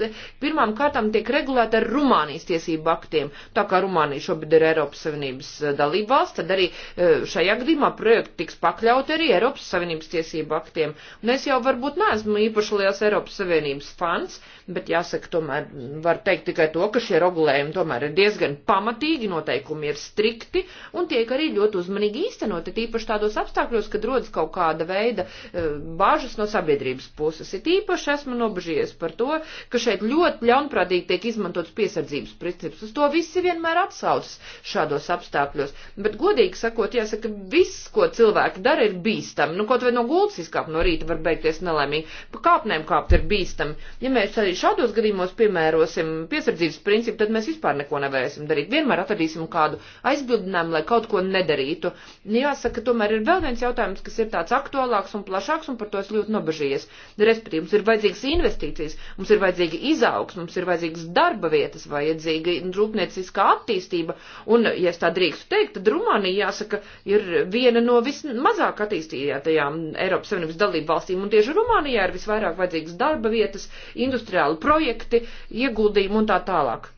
pirmām kārtām tiek regulēta ar Rumānijas tiesību aktiem. Tā kā Rumānija šobrīd ir Eiropas Savienības eh, dalība valsts, tad arī eh, šajā gadījumā projekti tiks pakļauti arī Eiropas Savienības tiesību aktiem. Un es jau varbūt neesmu īpaši liels Eiropas Savienības fans, bet jāsaka, tomēr mm, var teikt tikai to, ka šie regulējumi tomēr ir diezgan pamatīgi, noteikumi ir strikti un tiek arī ļoti uzmanīgi īstenoti, tīpaši tādos apstākļos, kad rodas kaut kāda veida veida e, bāžas no sabiedrības puses. It īpaši esmu nobežies par to, ka šeit ļoti ļaunprātīgi tiek izmantots piesardzības princips. Uz to visi vienmēr atsaucas šādos apstākļos. Bet godīgi sakot, jāsaka, viss, ko cilvēki dara, ir bīstami. Nu, kaut vai no gultas izkāpt no rīta var beigties nelēmīgi. Pa kāpnēm kāpt ir bīstami. Ja mēs arī šādos gadījumos piemērosim piesardzības principu, tad mēs vispār neko nevarēsim darīt. Vienmēr atradīsim kādu aizbildinājumu, lai kaut ko nedarītu. Jāsaka, tomēr ir vēl viens jautājums, kas ir tāds aktuālāks lielāks un plašāks, un par to es ļoti nobežījies. Respektīvi, mums ir vajadzīgas investīcijas, mums ir vajadzīga izaugsme, mums ir vajadzīgas darba vietas, vajadzīga rūpnieciskā attīstība, un, ja es tā drīkstu teikt, tad Rumānija, jāsaka, ir viena no vismazāk attīstītajām Eiropas Savienības dalību valstīm, un tieši Rumānijā ir visvairāk vajadzīgas darba vietas, industriāli projekti, ieguldījumi un tā tālāk.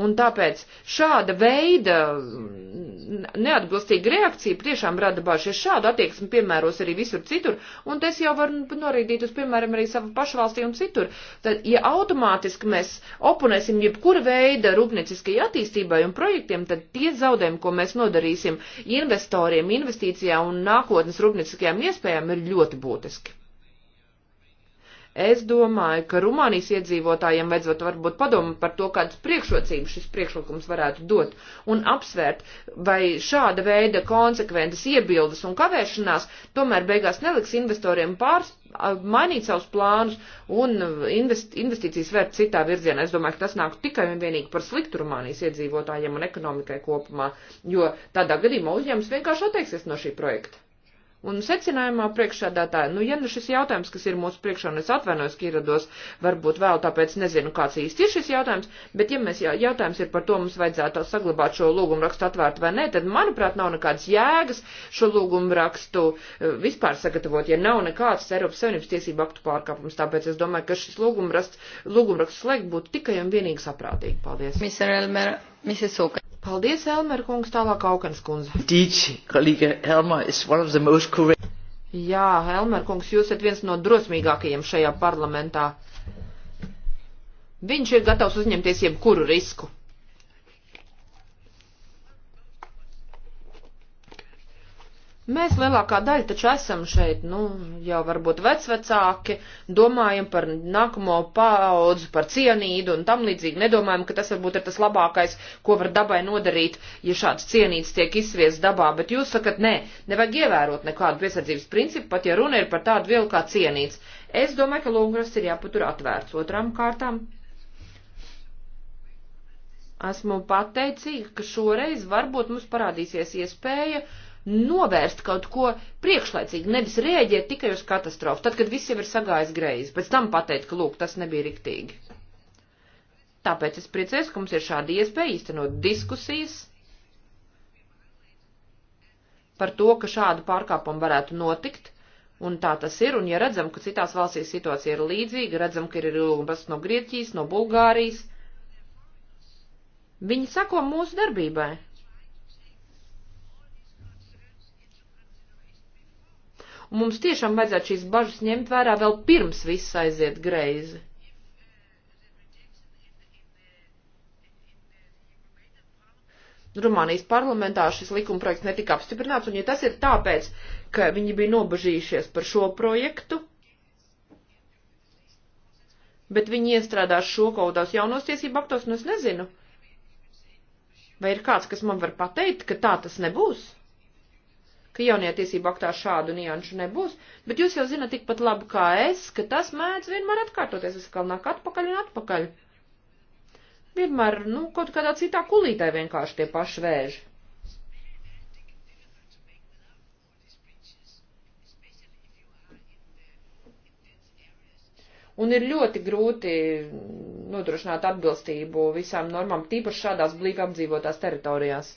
Un tāpēc šāda veida mm, neatbilstīga reakcija tiešām rada bažas. Ja šādu attieksmi piemēros arī visur citur, un es jau varu norīdīt uz, piemēram, arī savu pašvalstī un citur, tad, ja automātiski mēs oponēsim jebkura veida rūpnieciskajai attīstībai un projektiem, tad tie zaudējumi, ko mēs nodarīsim investoriem, investīcijā un nākotnes rūpnieciskajām iespējām, ir ļoti būtiski. Es domāju, ka Rumānijas iedzīvotājiem vajadzētu varbūt padomāt par to, kādas priekšrocības šis priekšlikums varētu dot un apsvērt, vai šāda veida konsekventas iebildes un kavēšanās tomēr beigās neliks investoriem pārs, mainīt savus plānus un invest, investīcijas vērt citā virzienā. Es domāju, ka tas nāk tikai un vienīgi par sliktu Rumānijas iedzīvotājiem un ekonomikai kopumā, jo tādā gadījumā uzņēmums vienkārši atteiksies no šī projekta. Un secinājumā priekšsēdētāji, nu, ja nu šis jautājums, kas ir mūsu priekšā, un es atvainojos, ka ierados, varbūt vēl tāpēc nezinu, kāds īsti ir šis jautājums, bet ja mēs jautājums ir par to, mums vajadzētu saglabāt šo lūgumu rakstu atvērtu vai nē, tad, manuprāt, nav nekādas jēgas šo lūgumu rakstu eh, vispār sagatavot, ja nav nekāds Eiropas Savienības tiesību aktu pārkāpums. Tāpēc es domāju, ka šis lūgumu raksts, lūgumu raksts slēgt būtu tikai un vienīgi saprātīgi. Paldies. Mr. Elmer, Mrs. Soka. Paldies, Elmer kungs, tālāk Aukens kundze. Tīči, kolīga Elmer is one of the most correct. Jā, Elmer kungs, jūs esat viens no drosmīgākajiem šajā parlamentā. Viņš ir gatavs uzņemties jebkuru risku. Mēs lielākā daļa taču esam šeit, nu, jau varbūt vecvecāki, domājam par nākamo paudzi, par cienīdu un tam līdzīgi. Nedomājam, ka tas varbūt ir tas labākais, ko var dabai nodarīt, ja šāds cienīts tiek izsvies dabā, bet jūs sakat, nē, nevajag ievērot nekādu piesardzības principu, pat ja runa ir par tādu vielu kā cienīts. Es domāju, ka lūgras ir jāpatur atvērts otrām kārtām. Esmu pateicīga, ka šoreiz varbūt mums parādīsies iespēja. Ja novērst kaut ko priekšlaicīgi, nevis rēģēt tikai uz katastrofu, tad, kad viss jau ir sagājis greizi, pēc tam pateikt, ka, lūk, tas nebija riktīgi. Tāpēc es priecājos, ka mums ir šāda iespēja īstenot diskusijas par to, ka šādu pārkāpumu varētu notikt, un tā tas ir, un ja redzam, ka citās valstīs situācija ir līdzīga, redzam, ka ir ilgumas no Grieķijas, no Bulgārijas, viņi sako mūsu darbībai. Un mums tiešām vajadzētu šīs bažas ņemt vērā vēl pirms viss aiziet greizi. Rumānijas parlamentā šis likumprojekts netika apstiprināts, un ja tas ir tāpēc, ka viņi bija nobažījušies par šo projektu, bet viņi iestrādās šo kaut kādās jaunos tiesību aktos, nu es nezinu. Vai ir kāds, kas man var pateikt, ka tā tas nebūs? ka jaunie tiesību aktā šādu nianšu nebūs, bet jūs jau zinat tikpat labi kā es, ka tas mēdz vienmēr atkārtoties, es atkal nāk atpakaļ un atpakaļ. Vienmēr, nu, kaut kādā citā kulītē vienkārši tie paši vēži. un ir ļoti grūti nodrošināt atbilstību visām normām, tīpaši šādās blīgi apdzīvotās teritorijās.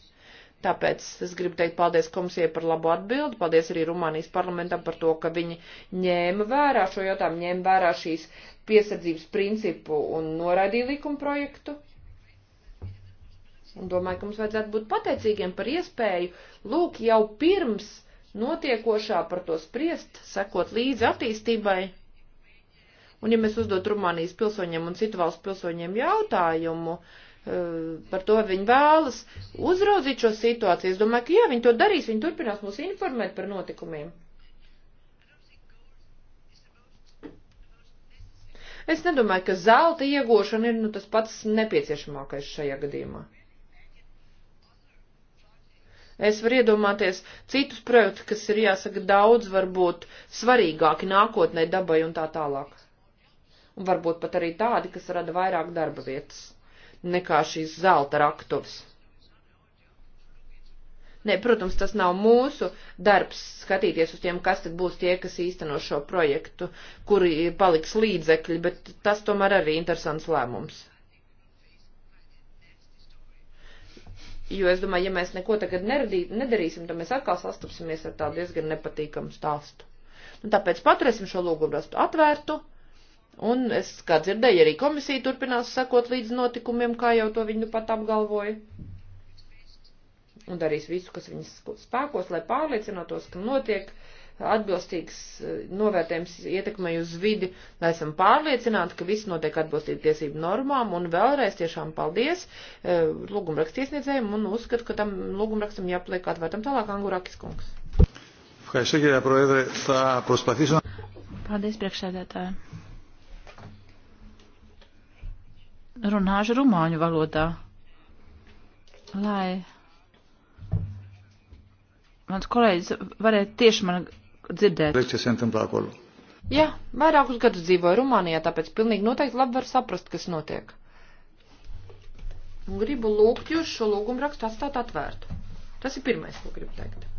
Tāpēc es gribu teikt paldies komisijai par labu atbildi, paldies arī Rumānijas parlamentam par to, ka viņi ņēma vērā šo jautājumu, ņēma vērā šīs piesardzības principu un noraidīja likuma projektu. Un domāju, ka mums vajadzētu būt pateicīgiem par iespēju, lūk, jau pirms notiekošā par to spriest, sekot līdzi attīstībai. Un ja mēs uzdot Rumānijas pilsoņiem un citu valstu pilsoņiem jautājumu, uh, Eh, par to viņi vēlas uzraudzīt šo situāciju. Es domāju, ka jā, viņi to darīs, viņi turpinās mūs informēt par notikumiem. Es nedomāju, ka zelta iegūšana ir nu, tas pats nepieciešamākais šajā gadījumā. Es varu iedomāties citus projektus, kas ir jāsaka daudz varbūt svarīgāki nākotnē dabai un tā tālāk. Un varbūt pat arī tādi, kas rada vairāk darba vietas nekā šīs zelta raktuves. Nē, protams, tas nav mūsu darbs skatīties uz tiem, kas tad būs tie, kas īsteno šo projektu, kuri paliks līdzekļi, bet tas tomēr arī interesants lēmums. Jo es domāju, ja mēs neko tagad neradī, nedarīsim, tad mēs atkal sastapsimies ar tādu diezgan nepatīkamu stāstu. Un nu, tāpēc paturēsim šo lūgumu rastu atvērtu Un es, kā dzirdēju, arī komisija turpinās sakot līdz notikumiem, kā jau to viņi nu pat apgalvoja. Un darīs visu, kas viņas spēkos, lai pārliecinātos, ka notiek atbilstīgs e, novērtējums ietekmei uz vidi, lai esam pārliecināti, ka viss notiek atbilstīgi tiesību normām. Un vēlreiz tiešām paldies e, lūgumrakstiesniedzējiem un uzskatu, ka tam lūgumrakstam jāpliek atvērtam tālāk Angurakis kungs. Paldies, priekšsēdētāji. runāšu rumāņu valodā, lai mans kolēģis varētu tieši man dzirdēt. Jā, vairākus gadus dzīvoju Rumānijā, tāpēc pilnīgi noteikti labi var saprast, kas notiek. Gribu lūgt jūs šo lūgumu rakstu atstāt atvērtu. Tas ir pirmais, ko gribu teikt.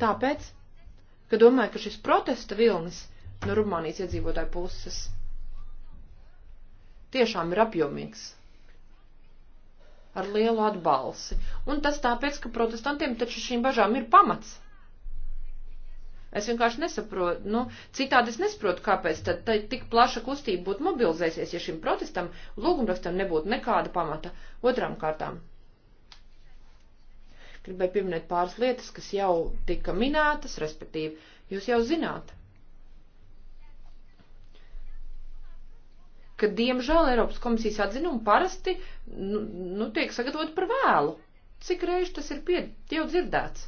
Tāpēc, ka domāju, ka šis protesta vilnis no Rumānijas iedzīvotāju puses tiešām ir apjomīgs ar lielu atbalsi. Un tas tāpēc, ka protestantiem taču šīm bažām ir pamats. Es vienkārši nesaprotu, nu, citādi es nesaprotu, kāpēc tad tā, tik plaša kustība būtu mobilizēsies, ja šim protestam lūgumrakstam nebūtu nekāda pamata. Otram kārtām gribēju pieminēt pāris lietas, kas jau tika minētas, respektīvi, jūs jau zināt, ka, diemžēl, Eiropas komisijas atzinumi parasti, nu, nu tiek sagatavot par vēlu. Cik reizi tas ir pie, jau dzirdēts?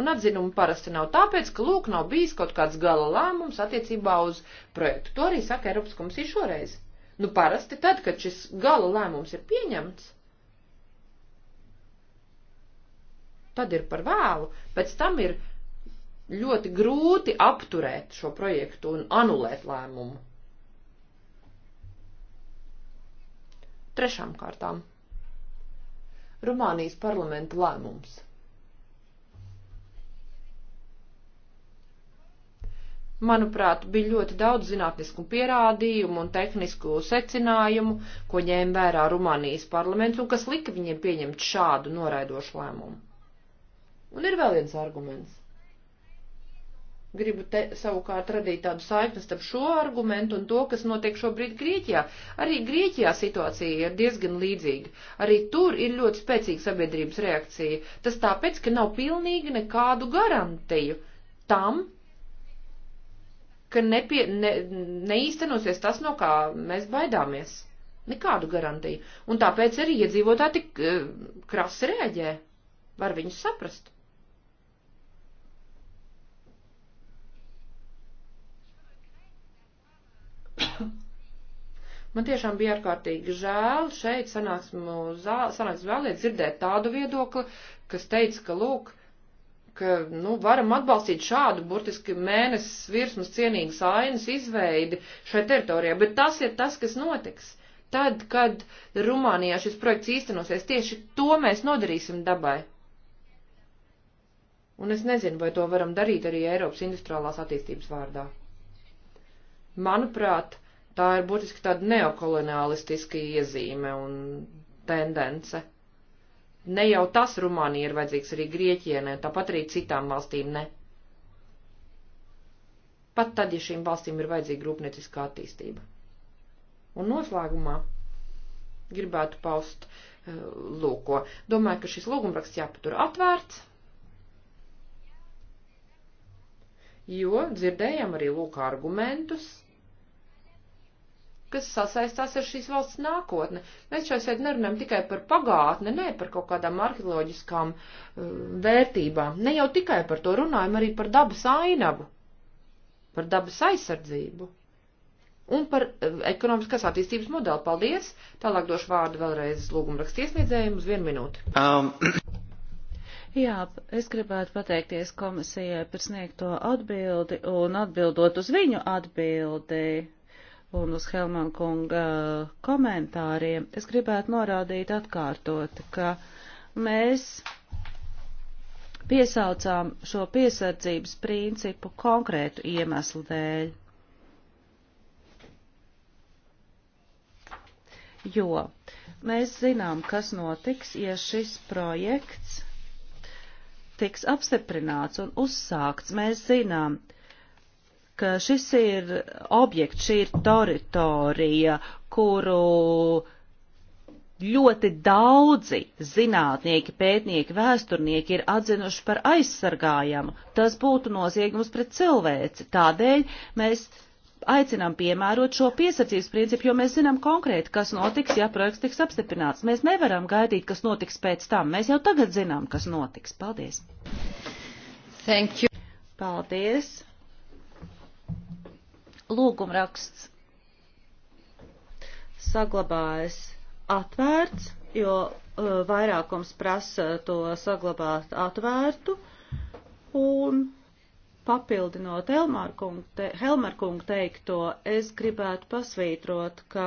Un atzinumi parasti nav tāpēc, ka, lūk, nav bijis kaut kāds gala lēmums attiecībā uz projektu. To arī saka Eiropas komisija šoreiz. Nu, parasti tad, kad šis gala lēmums ir pieņemts, tad ir par vēlu. Pēc tam ir ļoti grūti apturēt šo projektu un anulēt lēmumu. Trešām kārtām. Rumānijas parlamenta lēmums. Manuprāt, bija ļoti daudz zinātnisku pierādījumu un tehnisku secinājumu, ko ņēma vērā Rumānijas parlaments un kas lika viņiem pieņemt šādu noraidošu lēmumu. Un ir vēl viens arguments. Gribu te savukārt radīt tādu saikni starp šo argumentu un to, kas notiek šobrīd Grieķijā. Arī Grieķijā situācija ir diezgan līdzīga. Arī tur ir ļoti spēcīga sabiedrības reakcija. Tas tāpēc, ka nav pilnīgi nekādu garantiju tam, ka nepie, ne, neīstenosies tas, no kā mēs baidāmies. Nekādu garantiju. Un tāpēc arī iedzīvotāji tik eh, krasi rēģē. Var viņus saprast. Man tiešām bija ārkārtīgi žēl šeit sanāksmu zālē dzirdēt tādu viedokli, kas teica, ka, lūk, ka, nu, varam atbalstīt šādu burtiski mēnesis virsmas cienīgas ainas izveidi šai teritorijā, bet tas ir tas, kas notiks. Tad, kad Rumānijā šis projekts īstenosies, tieši to mēs nodarīsim dabai. Un es nezinu, vai to varam darīt arī Eiropas industriālās attīstības vārdā. Manuprāt, Tā ir būtiski tāda neokolonialistiska iezīme un tendence. Ne jau tas Rumānija ir vajadzīgs arī Grieķienē, tāpat arī citām valstīm ne. Pat tad, ja šīm valstīm ir vajadzīga rūpnieciskā attīstība. Un noslēgumā gribētu paust eh, lūko. Domāju, ka šis lūgumraksts jāpatur atvērts, jo dzirdējam arī lūk argumentus kas sasaistās ar šīs valsts nākotni. Mēs šeit šeit nerunājam tikai par pagātni, ne par kaut kādām arheoloģiskām uh, vērtībām. Ne jau tikai par to runājam, arī par dabas ainavu, par dabas aizsardzību un par uh, ekonomiskās attīstības modeli. Paldies! Tālāk došu vārdu vēlreiz lūgumrakstu iesniedzējiem uz vienu minūti. Um. Jā, es gribētu pateikties komisijai par sniegto atbildi un atbildot uz viņu atbildi un uz Helman kunga komentāriem, es gribētu norādīt atkārtot, ka mēs piesaucām šo piesardzības principu konkrētu iemeslu dēļ. Jo mēs zinām, kas notiks, ja šis projekts tiks apstiprināts un uzsākts. Mēs zinām, uh, ka šis ir objekts, šī ir teritorija, kuru ļoti daudzi zinātnieki, pētnieki, vēsturnieki ir atzinuši par aizsargājamu. Tas būtu noziegums pret cilvēci. Tādēļ mēs aicinām piemērot šo piesardzības principu, jo mēs zinām konkrēti, kas notiks, ja projekts tiks apstiprināts. Mēs nevaram gaidīt, kas notiks pēc tam. Mēs jau tagad zinām, kas notiks. Paldies! Thank you! Paldies! lūgumraksts saglabājas atvērts, jo uh, vairākums prasa to saglabāt atvērtu, un papildinot Helmarkungu te, Helmar teikto, es gribētu pasvītrot, ka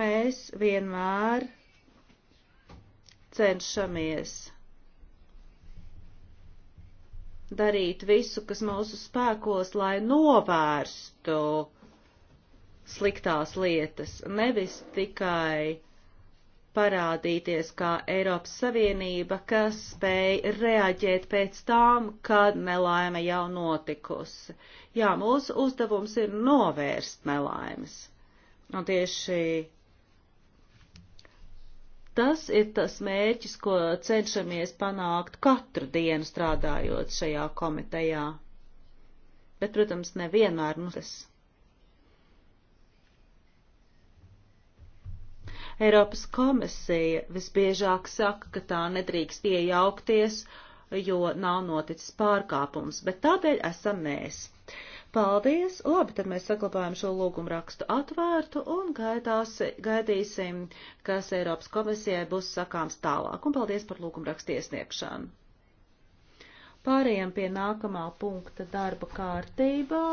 mēs vienmēr cenšamies darīt visu, kas mūsu spēkos, lai novērstu sliktās lietas, nevis tikai parādīties kā Eiropas Savienība, kas spēj reaģēt pēc tām, kad nelaime jau notikusi. Jā, mūsu uzdevums ir novērst nelaimes. Un tieši Tas ir tas mērķis, ko cenšamies panākt katru dienu strādājot šajā komitejā. Bet, protams, nevienmēr mums tas. Eiropas komisija visbiežāk saka, ka tā nedrīkst iejaukties, jo nav noticis pārkāpums, bet tādēļ esam mēs. Uh, Paldies! Labi, tad mēs saglabājam šo lūgumu rakstu atvērtu un gaidās, gaidīsim, kas Eiropas komisijai būs sakāms tālāk. Un paldies par lūgumu rakstu iesniegšanu. Pārējām pie nākamā punkta darba kārtībā.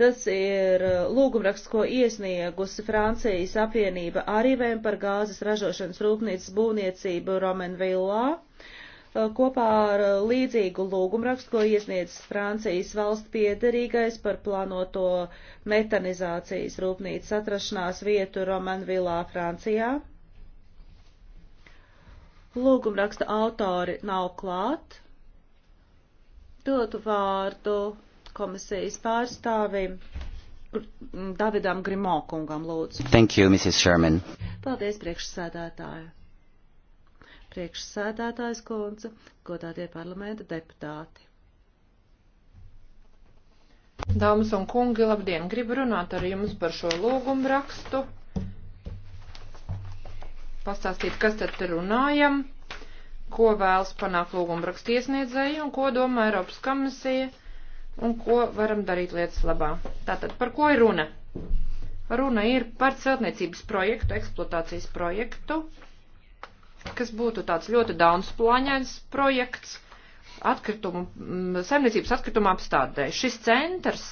Tas ir uh, lūgumraksts, ko iesniegusi Francijas apvienība Arīvēm par gāzes ražošanas rūpnīcas būvniecību Romanvillā uh, kopā ar uh, līdzīgu lūgumrakstu, ko iesniedz Francijas valsts piederīgais par plānoto metanizācijas rūpnīcas atrašanās vietu Romanvillā, Francijā. Lūgumraksta autori nav klāt. Dotu vārdu komisijas pārstāvim Davidam Grimokungam, lūdzu. Thank you, Mrs. Sherman. Paldies, priekšsēdētāja. Priekšsēdētājs kundze, godātie parlamenta deputāti. Dāmas un kungi, labdien! Gribu runāt ar jums par šo lūgumu rakstu. Pastāstīt, kas tad te runājam, ko vēlas panākt lūgumu rakstu iesniedzēji un ko domā Eiropas komisija un ko varam darīt lietas labā. Tātad, par ko ir runa? Runa ir par celtniecības projektu, eksploatācijas projektu, kas būtu tāds ļoti daudzplāņains projekts atkritumu, saimniecības atkritumu apstādē. Šis centrs,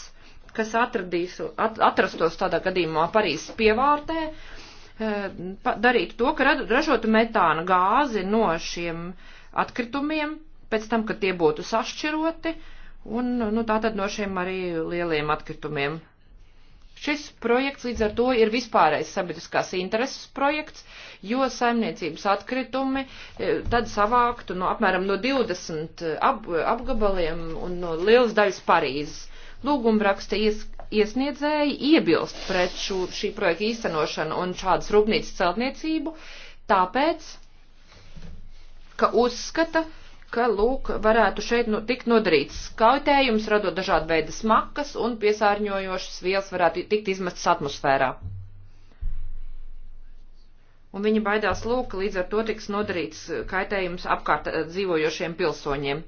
kas atradīs, at, atrastos tādā gadījumā Parīzes pievārtē, e, darītu to, ka ražotu metāna gāzi no šiem atkritumiem, pēc tam, kad tie būtu sašķiroti, uh, un, nu, tātad no šiem arī lieliem atkritumiem. Šis projekts līdz ar to ir vispārējais sabiedriskās intereses projekts, jo saimniecības atkritumi e, tad savāktu no apmēram no 20 e, ap, apgabaliem un no lielas daļas Parīzes. Lūguma raksta ies, iesniedzēji iebilst pret šo, šī projekta īstenošanu un šādas rūpnīcas celtniecību, tāpēc, ka uzskata, ka, lūk, varētu šeit nu, tikt nodarīts skautējums, radot dažādu veidu smakas un piesārņojošas vielas varētu tikt izmestas atmosfērā. Un viņi baidās, lūk, ka līdz ar to tiks nodarīts kaitējums apkārt eh, dzīvojošiem pilsoņiem.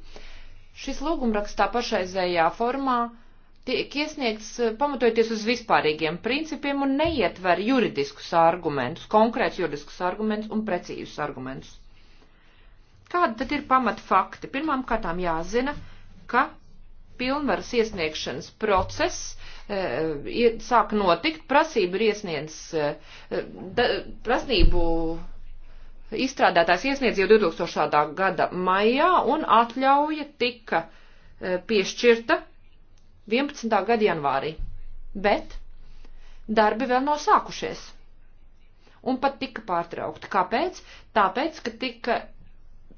Šis lūgumraksts tā pašreizējā formā tiek iesniegts eh, pamatojoties uz vispārīgiem principiem un neietver juridiskus argumentus, konkrēts juridiskus argumentus un precīzus argumentus. Kāda tad ir pamat fakti? Pirmām kārtām jāzina, ka pilnvaras iesniegšanas process e, sāk notikt, prasību ir iesniedz, e, da, prasību izstrādātājs iesniedz jau 2000. gada maijā un atļauja tika e, piešķirta 11. gada janvārī. Bet darbi vēl nav sākušies. Un pat tika pārtraukti. Kāpēc? Tāpēc, ka tika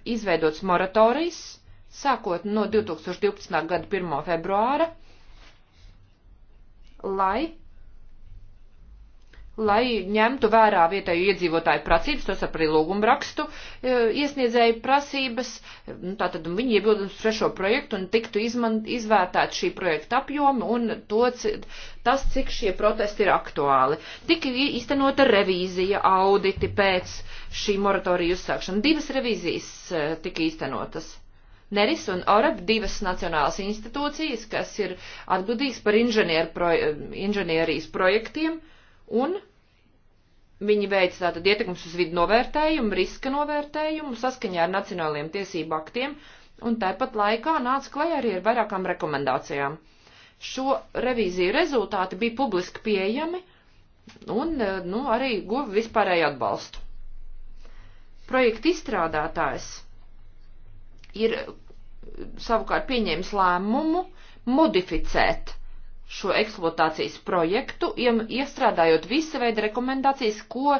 izveidots moratorijas, sākot no 2012. gada 1. februāra, lai, lai ņemtu vērā vietēju iedzīvotāju prasības, tos arī lūgumu rakstu e, iesniedzēju prasības, nu, tātad viņi iebildums trešo projektu un tiktu izmant, izvērtēt šī projekta apjomu un to, tas, cik šie protesti ir aktuāli. Tik iztenota revīzija, auditi pēc šī moratorija uzsākšana. Divas revizijas e, tika īstenotas. Neris un Orab divas nacionālas institūcijas, kas ir atbildīgs par proje, inženierijas projektiem, un viņi veic tātad ietekmes uz vidu novērtējumu, riska novērtējumu saskaņā ar nacionāliem tiesību aktiem, un tāpat laikā nāca klajā arī ar vairākām rekomendācijām. Šo revīziju rezultāti bija publiski pieejami un, e, nu, arī guva vispārēju atbalstu projekta izstrādātājs ir eh, savukārt pieņēmis lēmumu modificēt šo eksploatācijas projektu, iestrādājot visa veida rekomendācijas, ko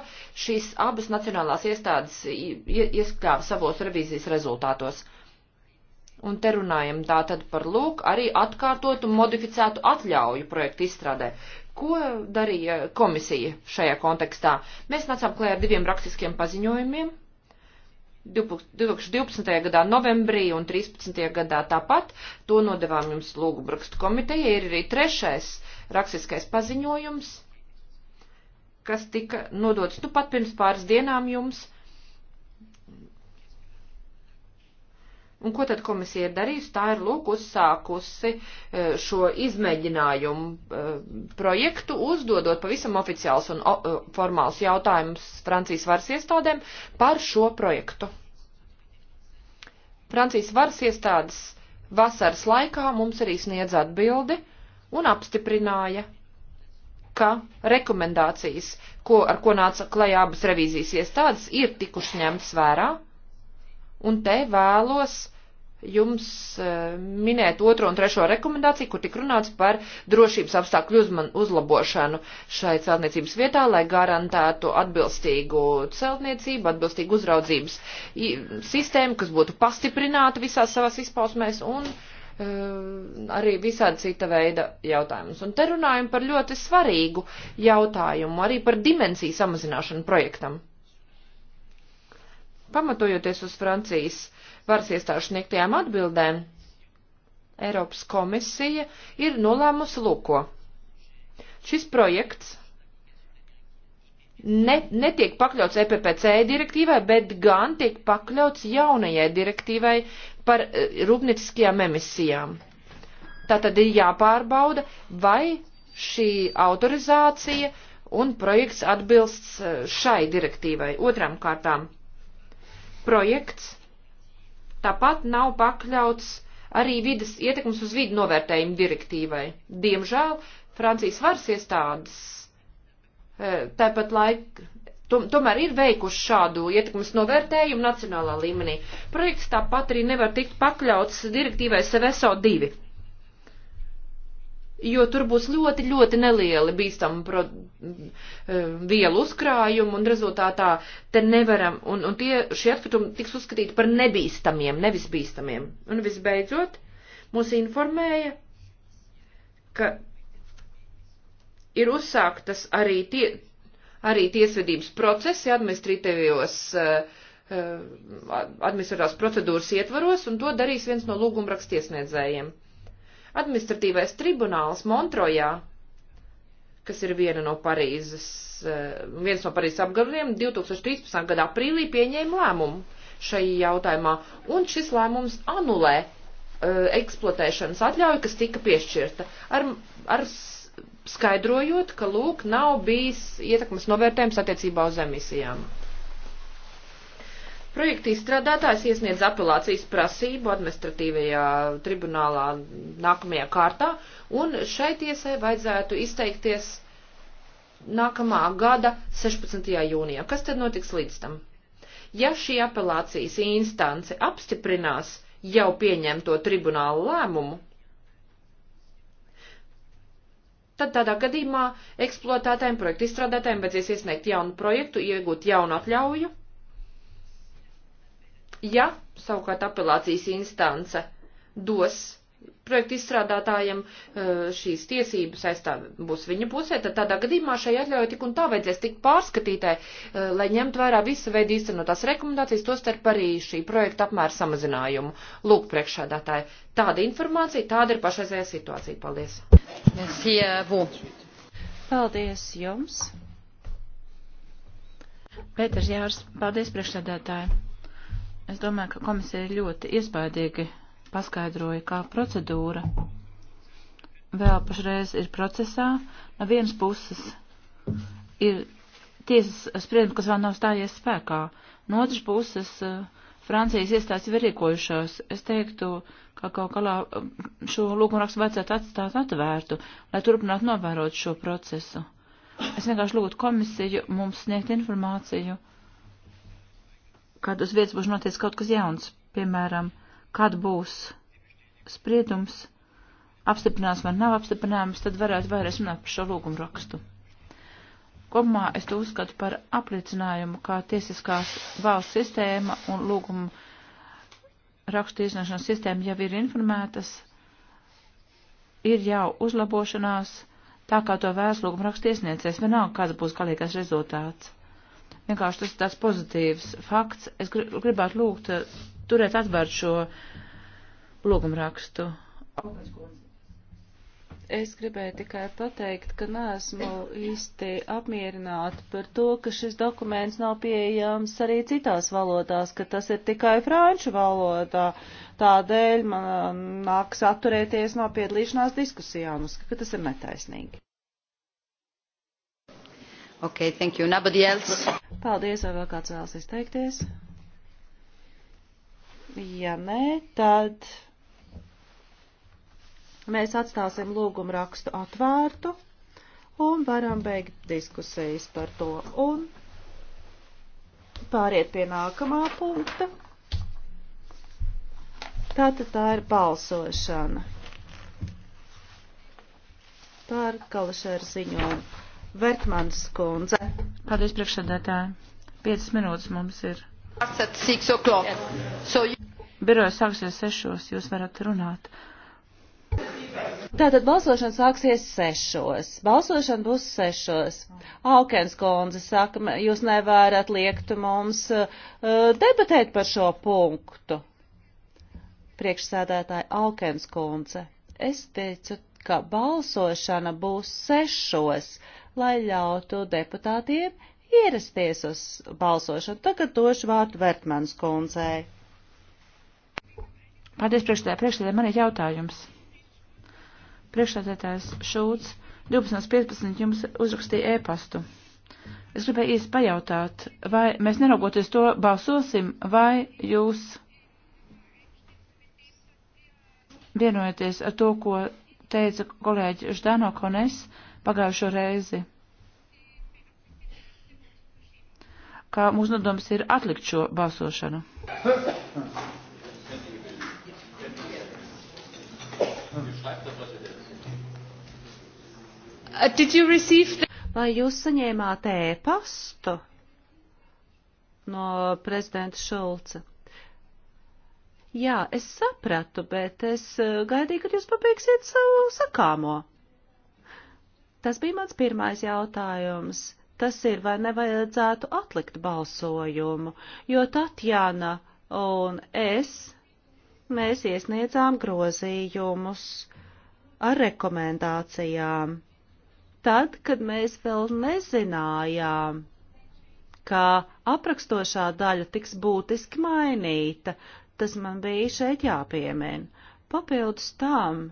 šīs abas nacionālās iestādes ieskļāva savos revīzijas rezultātos. Un te runājam tā tad par lūk arī atkārtotu modificētu atļauju projektu izstrādē. Ko darīja komisija šajā kontekstā? Mēs nācām klē ar diviem rakstiskiem paziņojumiem 2012. gadā novembrī un 13. gadā tāpat. To nodevām jums lūgubrakstu komiteja. Ir arī trešais rakstiskais paziņojums, kas tika nodots nu pat pirms pāris dienām jums. Un ko tad komisija ir darījusi? Tā ir lūk uzsākusi e, šo izmēģinājumu e, projektu, uzdodot pavisam oficiāls un e, formāls jautājums Francijas varas iestādēm par šo projektu. Francijas varas iestādes vasaras laikā mums arī sniedz atbildi un apstiprināja, ka rekomendācijas, ko, ar ko nāca klajā abas revīzijas iestādes, ir tikušas ņemtas vērā un te vēlos jums e, minēt otro un trešo rekomendāciju, kur tik runāts par drošības apstākļu uzlabošanu šai celtniecības vietā, lai garantētu atbilstīgu celtniecību, atbilstīgu uzraudzības sistēmu, kas būtu pastiprināta visās savās izpausmēs un e, arī visādi cita veida jautājumus. Un te runājam par ļoti svarīgu jautājumu, arī par dimensiju samazināšanu projektam. Pamatojoties uz Francijas varas iestāžu sniegtajām atbildēm, Eiropas komisija ir nolēmusi lūko. Šis projekts ne, netiek pakļauts EPPC direktīvai, bet gan tiek pakļauts jaunajai direktīvai par e, rūpnieciskajām emisijām. Tā tad ir jāpārbauda, vai šī autorizācija un projekts atbilst e, šai direktīvai. Otram kārtām projekts Tāpat nav pakļauts arī vidas ietekmes uz vidu novērtējumu direktīvai. Diemžēl Francijas varas iestādes eh, tāpat laik. Tomēr ir veikuši šādu ietekmes novērtējumu nacionālā līmenī. Projekts tāpat arī nevar tikt pakļauts direktīvai SVSO 2 jo tur būs ļoti, ļoti nelieli bīstami pro, eh, vielu uzkrājumi, un rezultātā te nevaram, un, un tie, šie atkritumi tiks uzskatīti par nebīstamiem, nevis bīstamiem. Un visbeidzot, mūs informēja, ka ir uzsāktas arī, tie, arī tiesvedības procesi administratīvajos uh, eh, eh, administratīvās procedūras ietvaros, un to darīs viens no lūgumrakstiesniedzējiem. Administratīvais tribunāls Montrojā, kas ir viena no Parīzes, eh, viens no Parīzes apgabaliem, 2013. gada aprīlī pieņēma lēmumu šai jautājumā, un šis lēmums anulē uh, eksploatēšanas atļauju, kas tika piešķirta, ar, ar skaidrojot, ka lūk nav bijis ietekmes novērtējums attiecībā uz emisijām. Projekta izstrādātājs iesniedz apelācijas prasību administratīvajā tribunālā nākamajā kārtā, un šai tiesai vajadzētu izteikties nākamā gada 16. jūnijā. Kas tad notiks līdz tam? Ja šī apelācijas instance apstiprinās jau pieņemto tribunālu lēmumu, tad tādā gadījumā eksploatētājiem, projektu izstrādātājiem vajadzēs iesniegt jaunu projektu, iegūt jaunu atļauju Ja savukārt apelācijas instance dos projektu izstrādātājiem eh, šīs tiesības aizstāv būs viņa pusē, tad tādā gadījumā šai atļauja tik un tā vajadzēs tikt pārskatītai, eh, lai ņemtu vērā visu veidu īstenotās rekomendācijas, to starp arī šī projekta apmēra samazinājumu. Lūk, priekšādātāji, tāda informācija, tāda ir pašreizējā situācija. Paldies! Merci, Paldies jums! Pēters Jārs, paldies priekšsēdētāji! Es domāju, ka komisija ļoti iespaidīgi paskaidroja, kā procedūra vēl pašreiz ir procesā. No vienas puses ir tiesas spriedums, kas vēl nav stājies spēkā. No otras puses, eh, Francijas iestādes ir rīkojušās. Es teiktu, ka kaut kādā eh, šo lūgumrakstu vajadzētu atstāt atvērtu, lai turpinātu novērot šo procesu. Es vienkārši lūgtu komisiju mums sniegt informāciju kad uz vietas būs noticis kaut kas jauns, piemēram, kad būs spriedums, apstiprinās vai nav apstiprinājums, tad varētu vairāk runāt par šo lūgumu rakstu. Kopumā es to uzskatu par apliecinājumu, kā tiesiskās valsts sistēma un lūgumu rakstu iesniegšanas sistēma jau ir informētas, ir jau uzlabošanās, tā kā to vēlas lūgumu rakstu iesniedzēs, vienalga, kāds būs galīgais rezultāts. Vienkārši tas ir tāds pozitīvs fakts. Es gribētu lūgt eh, turēt atvērt šo lūgumrakstu. Es gribēju tikai pateikt, ka neesmu īsti apmierināta par to, ka šis dokuments nav pieejams arī citās valodās, ka tas ir tikai franču valodā. Tādēļ man eh, nāks atturēties no piedalīšanās diskusijām, uzskatu, ka tas ir netaisnīgi. Okay, thank you. Nobody else? Paldies, vai vēl kāds vēlas izteikties? Ja nē, tad mēs atstāsim lūgumu rakstu atvērtu un varam beigt diskusijas par to. Un pāriet pie nākamā punkta. Tātad tā ir balsošana par Kalašēra ziņojumu. Vertmans kundze. Paldies, priekšsēdētāji. 5 minūtes mums ir. Biroja sāksies sešos, jūs varat runāt. Tātad balsošana sāksies sešos. Balsošana būs sešos. Aukens kundze saka, jūs nevarat liekt mums uh, debatēt par šo punktu. Priekšsēdētāja Aukens kundze, es teicu, ka balsošana būs sešos. Uh, lai ļautu deputātiem ierasties uz balsošanu. Tagad došu vārdu Vertmans kundzei. Paldies, priekšstādā. Priekšstādā man ir jautājums. Priekšstādātājs Šūts 12.15 jums uzrakstīja ēpastu. Es gribēju īsti pajautāt, vai mēs neraugoties to balsosim, vai jūs vienojaties ar to, ko teica kolēģi Ždano Kones, uh, pagājušo reizi, ka mūsu nodoms ir atlikt šo balsošanu. Uh, Vai jūs saņēmāt ēpastu no prezidenta Šulca? Jā, es sapratu, bet es uh, gaidīju, kad jūs pabeigsiet savu sakāmo. Tas bija mans pirmais jautājums. Tas ir, vai nevajadzētu atlikt balsojumu, jo Tatjana un es, mēs iesniedzām grozījumus ar rekomendācijām. Tad, kad mēs vēl nezinājām, ka aprakstošā daļa tiks būtiski mainīta, tas man bija šeit jāpiemina. Papildus tam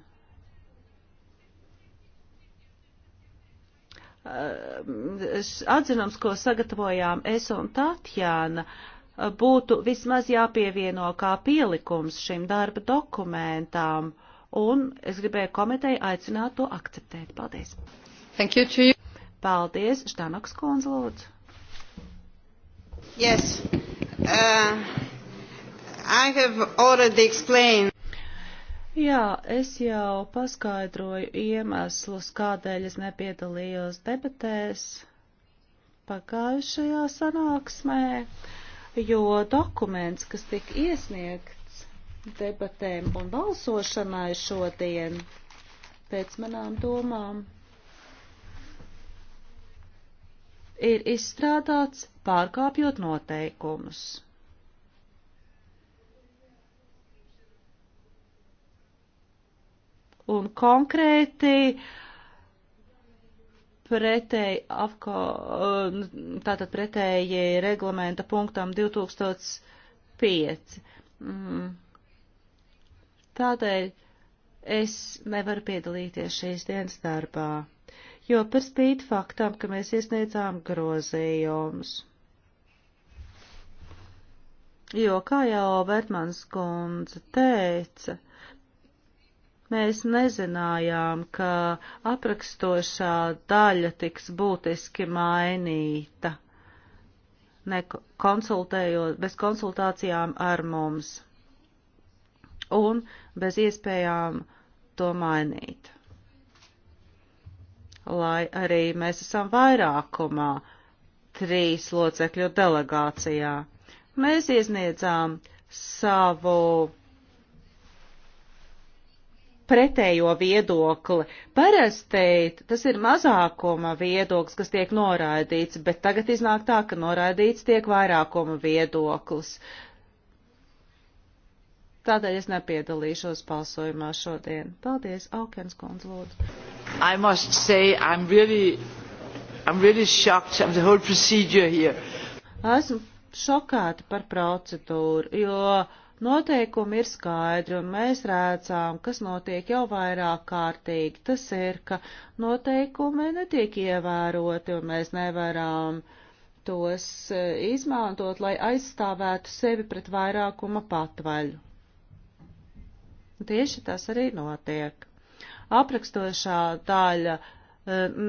Eh, atzinums, ko sagatavojām es un Tatjāna, būtu vismaz jāpievieno kā pielikums šim darba dokumentām, un es gribēju komiteju aicināt to akceptēt. Paldies! Thank you to you. Paldies, Štanoks Kons, lūdzu. Yes. Uh, I have already explained Jā, es jau paskaidroju iemeslus, kādēļ es nepiedalījos debatēs pagājušajā sanāksmē, jo dokuments, kas tika iesniegts debatēm un balsošanai šodien, pēc manām domām, ir izstrādāts pārkāpjot noteikumus. un konkrēti pretēji afko, uh, tātad pretēji reglamenta punktam 2005. Mm. Tādēļ es nevaru piedalīties šīs dienas darbā jo par spīti faktam, ka mēs iesniedzām grozījumus. Jo, kā jau Vērtmans kundze teica, Mēs nezinājām, ka aprakstošā daļa tiks būtiski mainīta, ne konsultējot, bez konsultācijām ar mums un bez iespējām to mainīt. Lai arī mēs esam vairākumā trīs locekļu delegācijā, mēs iesniedzām savu pretējo viedokli. Parasti tas ir mazākuma viedoklis, kas tiek noraidīts, bet tagad iznāk tā, ka noraidīts tiek vairākuma viedoklis. Tādēļ es nepiedalīšos balsojumā šodien. Paldies, Aukens kundze, lūdzu. I must say, I'm really, I'm really shocked of the whole procedure here. Esmu šokāta par procedūru, jo Noteikumi ir skaidri, un mēs redzām, kas notiek jau vairāk kārtīgi. Tas ir, ka noteikumi netiek ievēroti, un mēs nevaram tos eh, izmantot, lai aizstāvētu sevi pret vairākuma patvaļu. Tieši tas arī notiek. Aprakstošā daļa eh,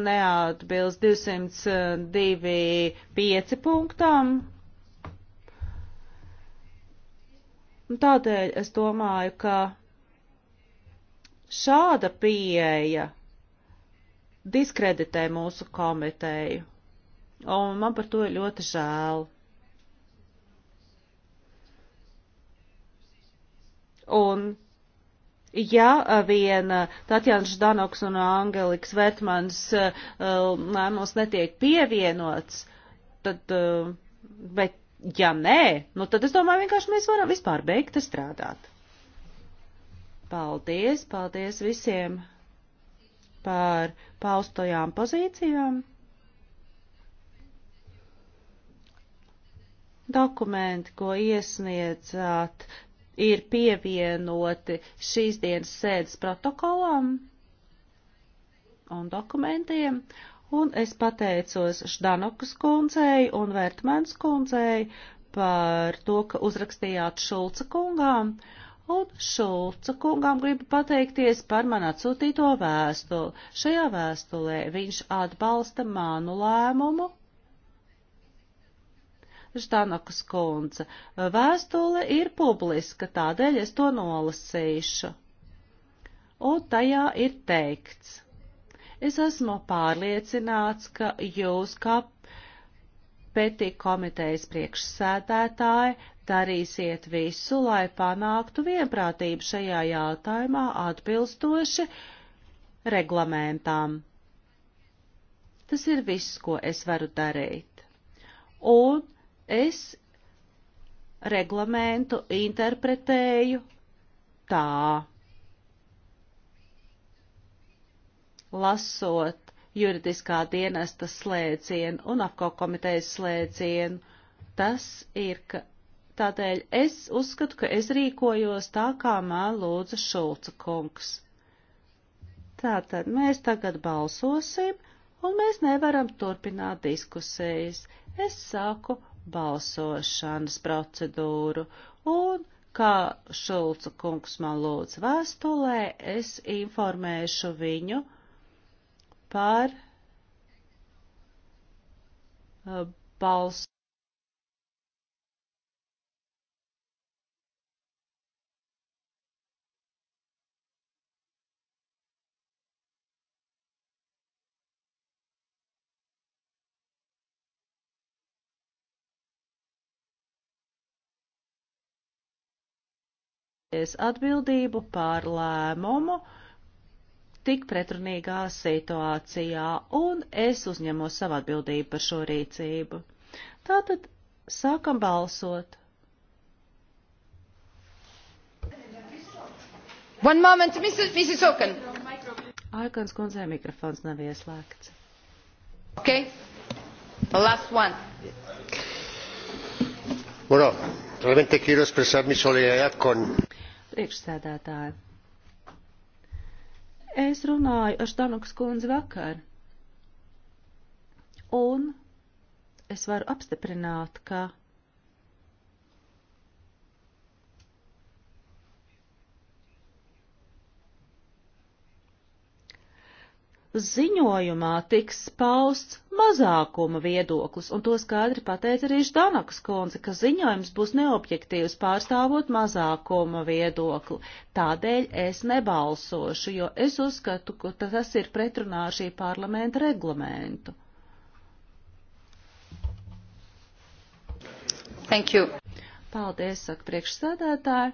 neatbilst 202.5 punktam, Un nu, tādēļ es domāju, ka šāda pieeja diskreditē mūsu komiteju, un man par to ir ļoti žēl. Un Ja vien Tatjana Ždanoks un Angeliks Vetmans uh, lēmums netiek pievienots, tad, uh, bet Ja nē, nu tad es domāju, vienkārši mēs varam vispār beigt strādāt. Paldies, paldies visiem par paustajām pozīcijām. Dokumenti, ko iesniedzāt, ir pievienoti šīs dienas sēdes protokolam un dokumentiem, un es pateicos Ždanokas kundzei un Vērtmens kundzei par to, ka uzrakstījāt Šulca kungām, un Šulca kungām gribu pateikties par man atsūtīto vēstuli. Šajā vēstulē viņš atbalsta manu lēmumu. Ždanokas kundze, vēstule ir publiska, tādēļ es to nolasīšu. Un tajā ir teikts. Es esmu pārliecināts, ka jūs kā pētī komitejas priekšsēdētāji darīsiet visu, lai panāktu vienprātību šajā jautājumā atbilstoši reglamentām. Tas ir viss, ko es varu darīt. Un es reglamentu interpretēju tā, lasot juridiskā dienesta slēdzienu un apko komitejas slēdzienu. Tas ir, ka tādēļ es uzskatu, ka es rīkojos tā, kā man lūdza Šulca kungs. Tātad mēs tagad balsosim, un mēs nevaram turpināt diskusijas. Es sāku balsošanas procedūru, un, kā Šulca kungs man lūdz vēstulē, es informēšu viņu, par uh, balsu. atbildību pār lēmumu, tik pretrunīgā situācijā, un es uzņemos savu atbildību par šo rīcību. Tātad sākam balsot. One moment, Mrs. Mrs. Oken. Aikons kundzē mikrofons nav ieslēgts. Ok. Last one. Bueno, realmente quiero expresar mi solidaridad con. Priekšsēdētāji. Es runāju ar Štanukas kundzi vakar, un es varu apstiprināt, ka ziņojumā tiks pausts mazākuma viedoklis, un to skaidri pateica arī Ždanakas konce, ka ziņojums būs neobjektīvs pārstāvot mazākuma viedokli. Tādēļ es nebalsošu, jo es uzskatu, ka tas ir pretrunā ar šī parlamenta reglamentu. Thank you. Paldies, saka priekšsēdētāji.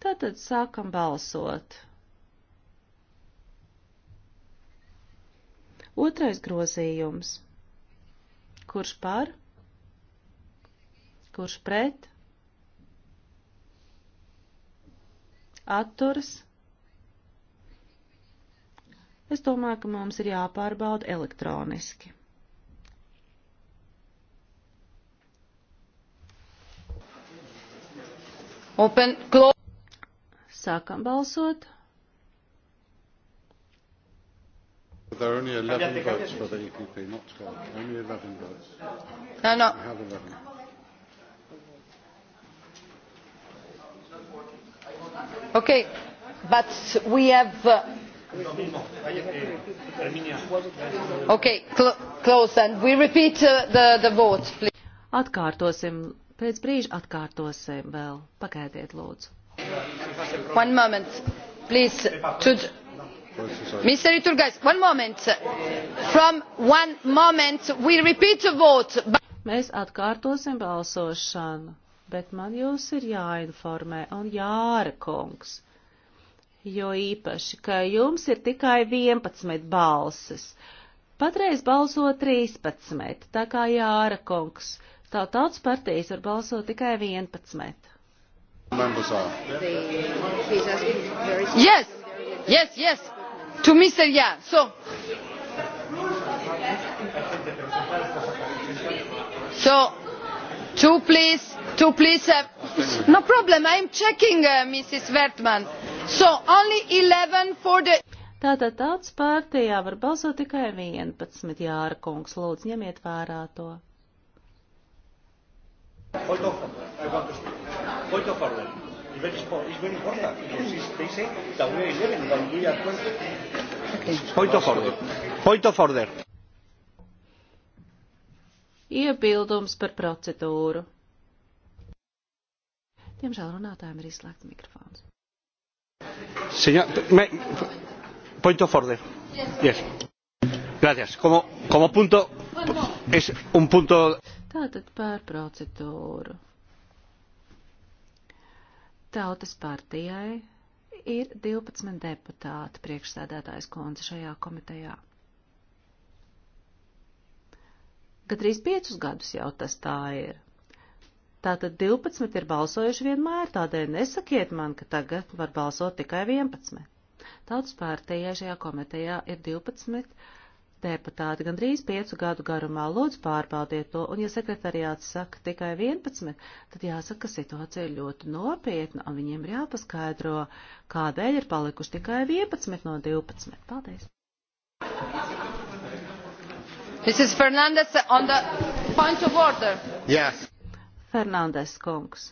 Tātad sākam balsot. Otrais grozījums. Kurš par? Kurš pret? Atturs? Es domāju, ka mums ir jāpārbauda elektroniski. Open, close. Sākam balsot. there are only 11 votes for the EPP, not 12. Only 11 votes. No, no. I have 11. Okay, but we have. Uh, okay, cl close and we repeat uh, the, the vote, please. Atkārtosim, pēc brīža atkārtosim vēl. Pagaidiet, lūdzu. One moment, please. To, mr iturgaiz one moment from one moment we repeat the vote but... mēs atkārtosim balsošanu bet man jūs ir jāinformē un jāra kungs jo īpaši ka jums ir tikai 11 balsis patreiz balso 13 tā kā jāra kungs tā tautas partijas var balsot tikai 11 yes Yes, yes, to Mr. Yeah. So, so two please, two please. Uh, no problem. I'm checking, uh, Mrs. Wertmann. So only 11 for the. Tātad tautas pārtījā var balsot tikai 11, Jāra kungs, lūdzu, ņemiet vērā to. Hold on, I want to speak. Hold on for one very, it's very important because it's, they say that we are 11, but we are 20. Okay. Point of order. Point of order. Iebildums par procedūru. Diemžēl runātājiem ir izslēgts mikrofons. Señor, me, point of order. Yes. Gracias. Como, como punto, es un punto. Tātad par procedūru. Tautas partijai ir 12 deputāti priekšsēdētājs kundze šajā komitejā. Gadrīz 5 gadus jau tas tā ir. Tātad 12 ir balsojuši vienmēr, tādēļ nesakiet man, ka tagad var balsot tikai 11. Tautas partijai šajā komitejā ir 12 deputāti gandrīz piecu gadu garumā. Lūdzu, pārbaudiet to, un ja sekretariāts saka tikai 11, tad jāsaka, ka situācija ir ļoti nopietna, un viņiem ir jāpaskaidro, kādēļ ir palikuši tikai 11 no 12. Paldies! Mrs. Fernandez on the point of order. Yes. Fernandez kungs.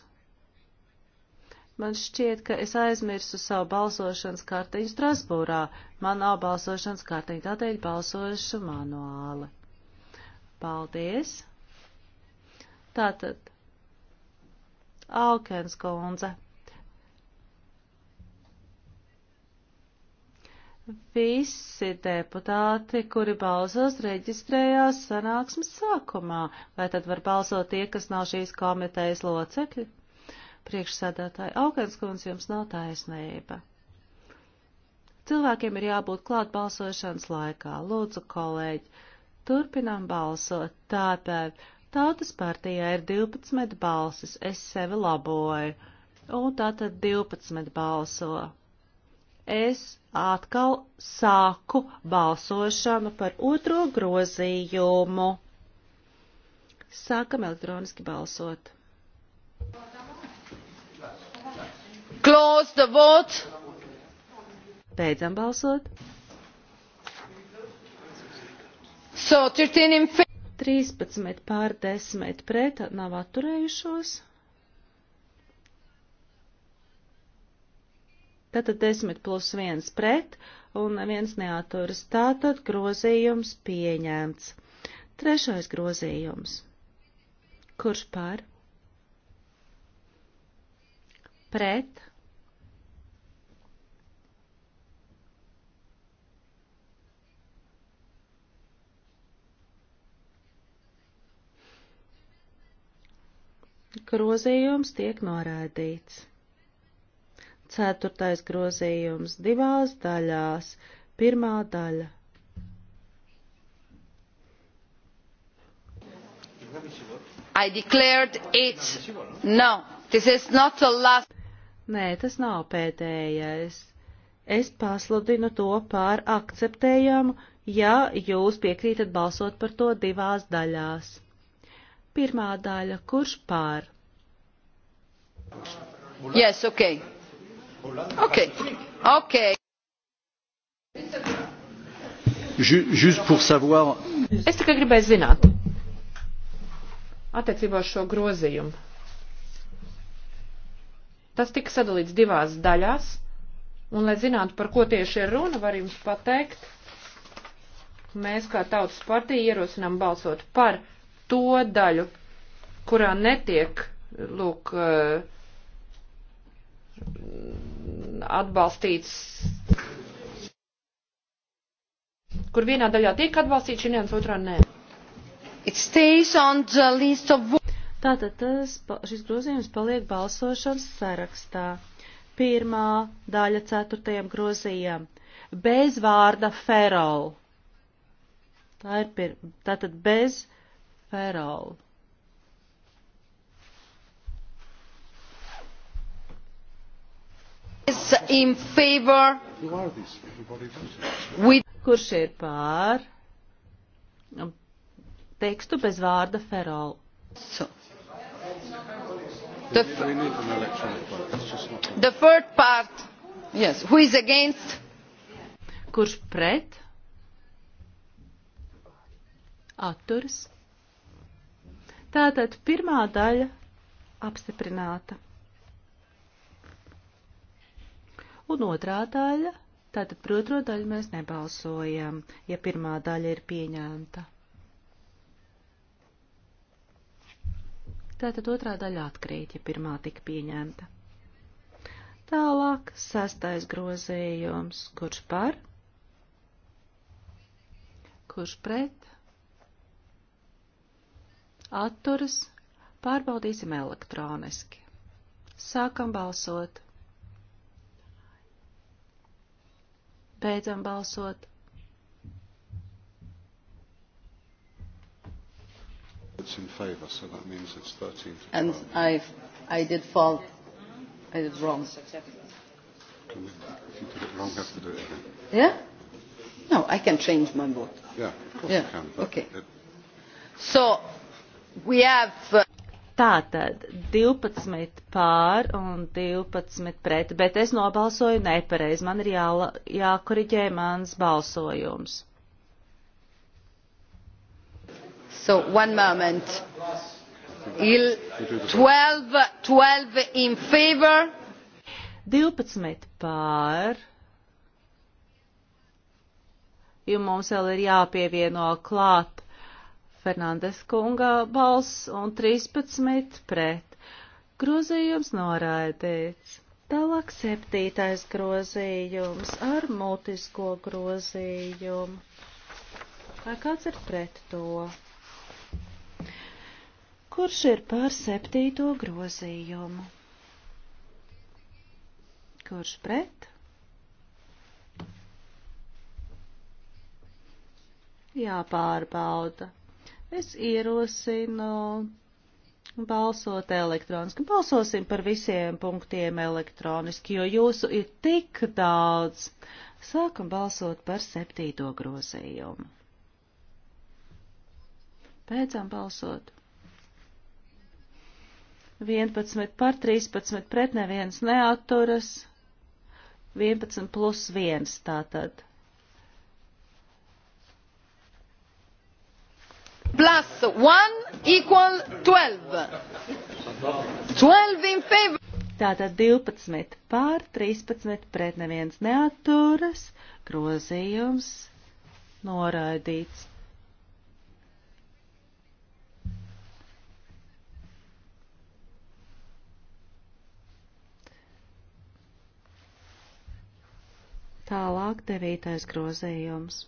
Man šķiet, ka es aizmirsu savu balsošanas kartiņu Strasbūrā. Man nav balsošanas kartiņa, tādēļ balsošu manuāli. Paldies! Tātad, Alkens kundze. Visi deputāti, kuri balsos, reģistrējās sanāksmes sākumā, vai tad var balsot tie, kas nav šīs komitejas locekļi? Priekšsēdētāji, Augenskundze, jums nav taisnība. Cilvēkiem ir jābūt klāt balsošanas laikā. Lūdzu, kolēģi, turpinām balsot. Tāpēc Tautas partijā ir 12 balsis, es sevi laboju. Un tātad 12 balso. Es atkal sāku balsošanu par otro grozījumu. Sākam elektroniski balsot. Close the vote. Beidzam balsot. So 13 in favor. 13 pār 10 pret nav atturējušos. Tātad 10 plus 1 pret un neviens neaturas. Tātad grozījums pieņemts. Trešais grozījums. Kurš pār? Pret. grozījums tiek noraidīts. Ceturtais grozījums divās daļās. Pirmā daļa. I declared it. No, this is not the last. Nē, tas nav pēdējais. Es pasludinu to par akceptējumu, ja jūs piekrītat balsot par to divās daļās. Pirmā daļa, kurš pār? Yes, ok. Ok. Ok. Just pour savoir. Es tikai gribēju zināt attiecībā uz šo grozījumu. Tas tika sadalīts divās daļās, un, lai zinātu, par ko tieši ir runa, var jums pateikt, mēs kā tautas partija ierosinām balsot par to daļu, kurā netiek, lūk, eh, atbalstīts, kur vienā daļā tiek atbalstīts šī viens otrā nē. Of... Tātad tas, šis grozījums paliek balsošanas sarakstā. Pirmā daļa ceturtajam grozījam. Bez vārda ferol. Tā ir pir... Tātad bez Ferolu. Kurš ir pār tekstu bez vārda Ferolu? So. The, the third part, yes, who is against? Kurš pret? Atturs. Tātad pirmā daļa apstiprināta. Un otrā daļa, tātad par otro daļu mēs nebalsojam, ja pirmā daļa ir pieņemta. Tātad otrā daļa atkrīt, ja pirmā tika pieņemta. Tālāk sastais grozījums, kurš par, kurš pret, atturas, pārbaudīsim elektroniski. Sākam balsot. Beidzam balsot. It's in favour, so that means it's 13 to And I, I did fall. I did wrong. Can we, if you did it wrong, have to do it again. Yeah? No, I can change my vote. Yeah, of course yeah. you can. But okay. It, so Have... Uh, Tātad 12 pār un 12 pret, bet es nobalsoju nepareizi. Man ir jā, jākoriģē mans balsojums. So, one moment. Il 12, 12 in favor. 12 pār. Jo mums vēl ir jāpievieno klāt Fernandes kungā balss un 13 pret. Grozījums noraidīts. Tālāk septītais grozījums ar mutisko grozījumu. Vai kāds ir pret to? Kurš ir par septīto grozījumu? Kurš pret? Jāpārbauda. Es ierosinu balsot elektroniski. Balsosim par visiem punktiem elektroniski, jo jūsu ir tik daudz. Sākam balsot par septīto grozījumu. Beidzam balsot. 11 par 13 pret neviens neaturas. 11 plus 1 tātad. Plus 1 equal 12. 12 in favor. Tātad 12 pār, 13 pret neviens neaturas, grozījums noraidīts. Tālāk devītais grozījums.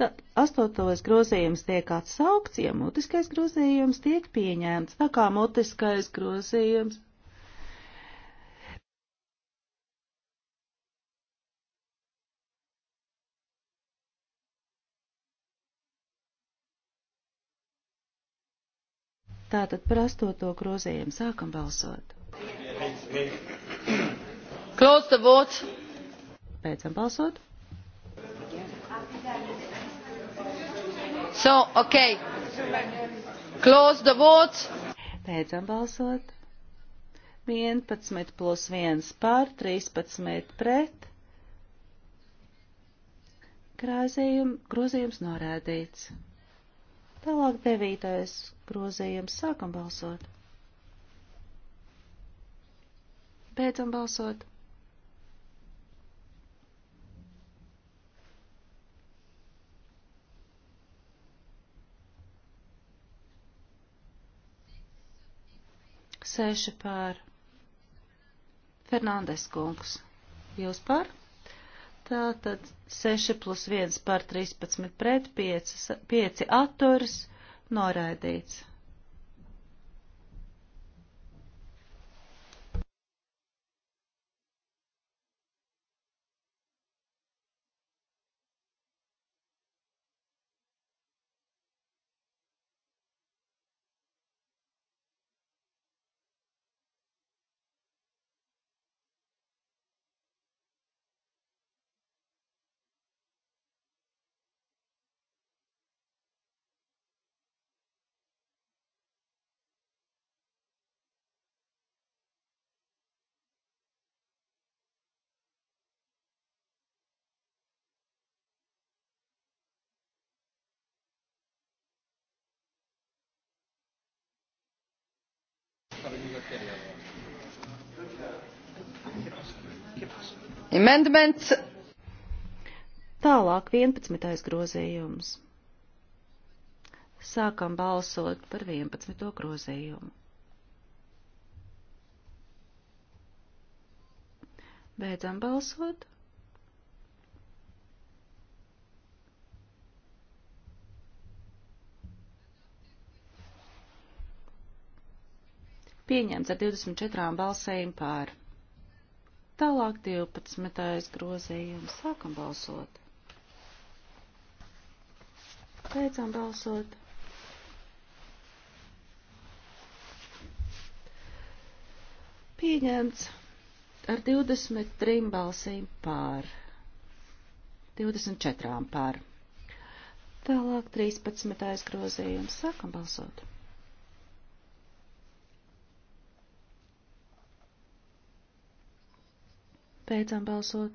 Tad astotais grozījums tiek atsaukts, ja mutiskais grozījums tiek pieņemts. Tā kā mutiskais grozījums Tātad par astoto grozījumu sākam balsot. Close the vote. Beidzam balsot. So, ok. Close the vote. Beidzam balsot. 11 plus 1 pār, 13 pret. Krāzējum, grozījums norādīts. Tālāk devītais grozījums. Sākam balsot. Beidzam balsot. 6 pār. Fernandes kungs, jūs par? Tā tad 6 plus 1 pār 13 pret 5, 5 atturs noraidīts. Amendments. Tālāk 11. grozījums. Sākam balsot par 11. grozījumu. Beidzam balsot. Pieņemts ar 24 balsēm pār. Tālāk 12. grozījums. Sākam balsot. Beidzam balsot. Pieņemts ar 23 balsīm pār. 24 pār. Tālāk 13. grozījums. Sākam balsot. Beidzam balsot.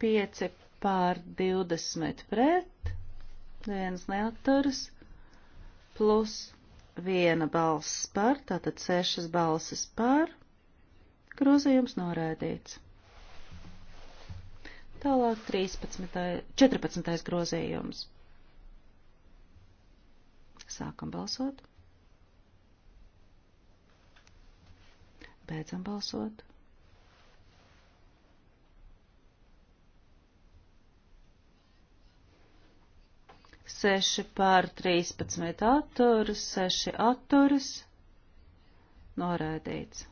Pieci pār 20 pret, neviens neatturas, plus viena balss par, tātad sešas balsis par. Grozījums norēdīts. Tālāk 13. 14. grozījums. Sākam balsot. Beidzam balsot. Seši pār 13 atturas, seši atturas. Norēdīts.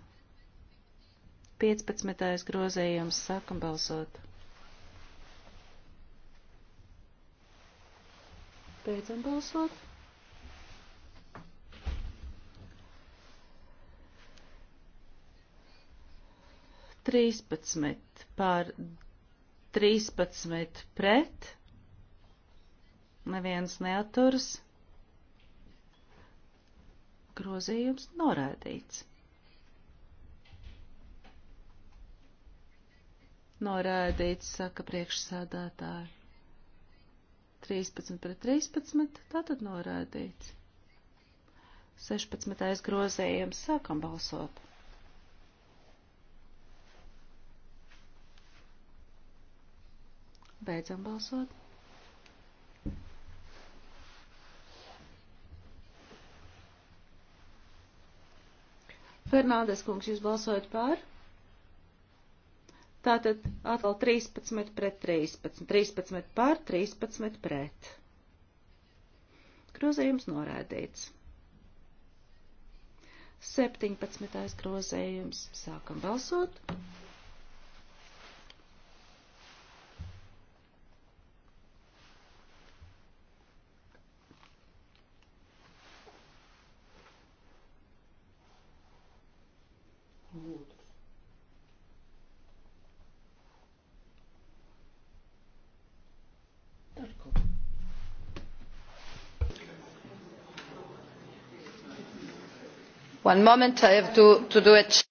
15. grozījums. Sākam balsot. Beidzam balsot. Trīspadsmit pār trīspadsmit pret. Neviens neaturas. Grozījums norādīts. Noraidīts, saka priekšsēdētāji. 13 pret 13, tātad noraidīts. 16. grozējums, sākam balsot. Beidzam balsot. Fernandes kungs, jūs balsojat par? Tātad atkal 13 pret 13, 13 pār, 13 pret. Grozījums norādīts. 17. grozējums. Sākam balsot. one moment i have to, to do it.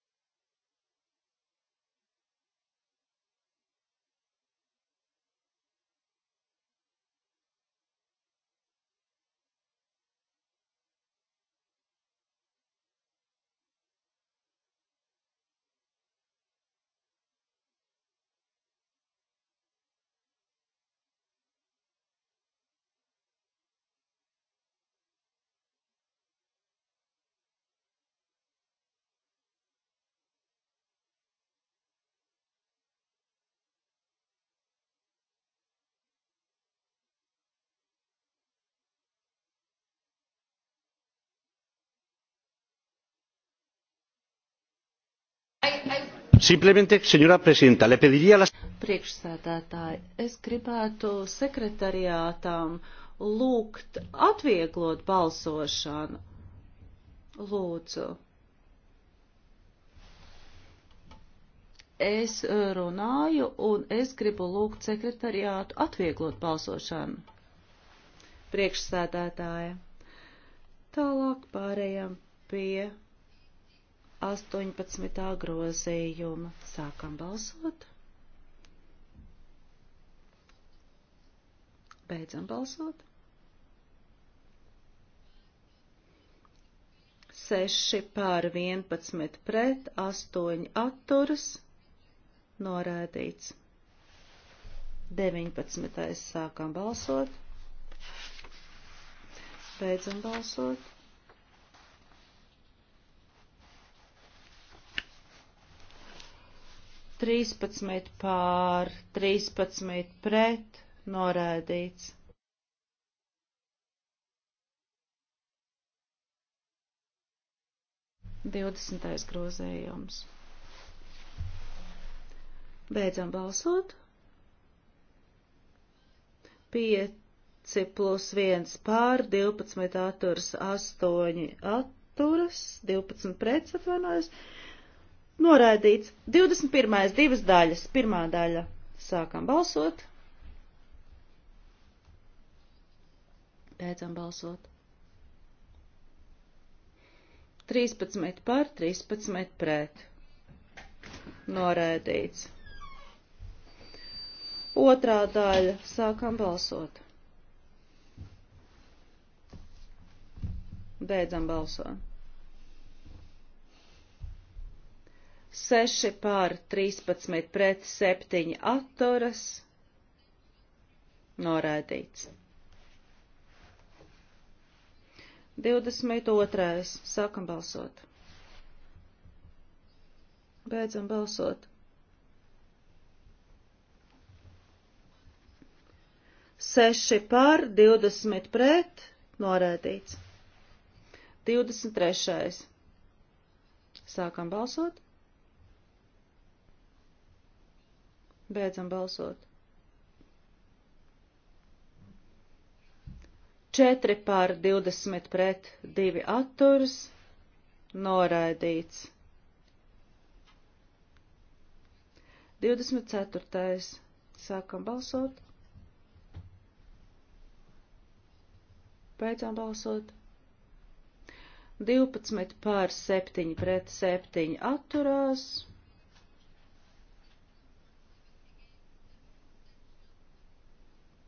Simplemente, señora presidenta, le pediría las. Priekšsēdētāji, es gribētu sekretariātām lūgt atvieglot balsošanu. Lūdzu. Es runāju un es gribu lūgt sekretariātu atvieglot balsošanu. Priekšsēdētāja. Tālāk pārējām pie 18. grozījuma. Sākam balsot. Beidzam balsot. 6 pār 11 pret, 8 atturas, norādīts. 19. sākam balsot. Beidzam balsot. 13 pār 13 pret norēdīts. Divdesmitais grozējums. Beidzam balsot. 5 plus 1 pār, 12 atturas, 8 atturas, 12 pret atvainojas. Noraidīts. 21. divas daļas. Pirmā daļa. Sākam balsot. Beidzam balsot. 13 par, 13 pret. Noraidīts. Otrā daļa. Sākam balsot. Beidzam balsot. 6 pār 13 pret 7 atturas norādīts. 22. Sākam balsot. Beidzam balsot. Seši par, 20 pret, norādīts. 23. Sākam balsot. Beidzam balsot. Četri pār 20 pret, divi atturs, noraidīts. 24. Sākam balsot. Beidzam balsot. 12 pār 7 pret 7 atturās.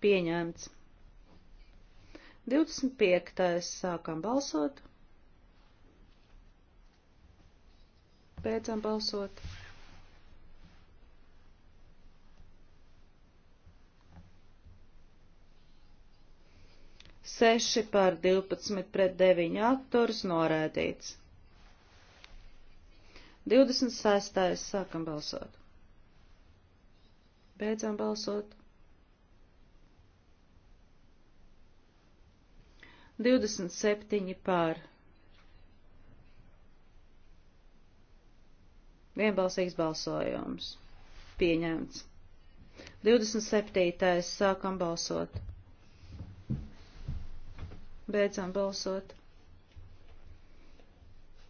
pieņemts. 25. sākam balsot. Beidzam balsot. Seši pār 12 pret 9 aktorus norēdīts. 26. sākam balsot. Beidzam balsot. 27 pār. Vienbalsīgs balsojums. Pieņemts. 27. sākam balsot. Beidzam balsot.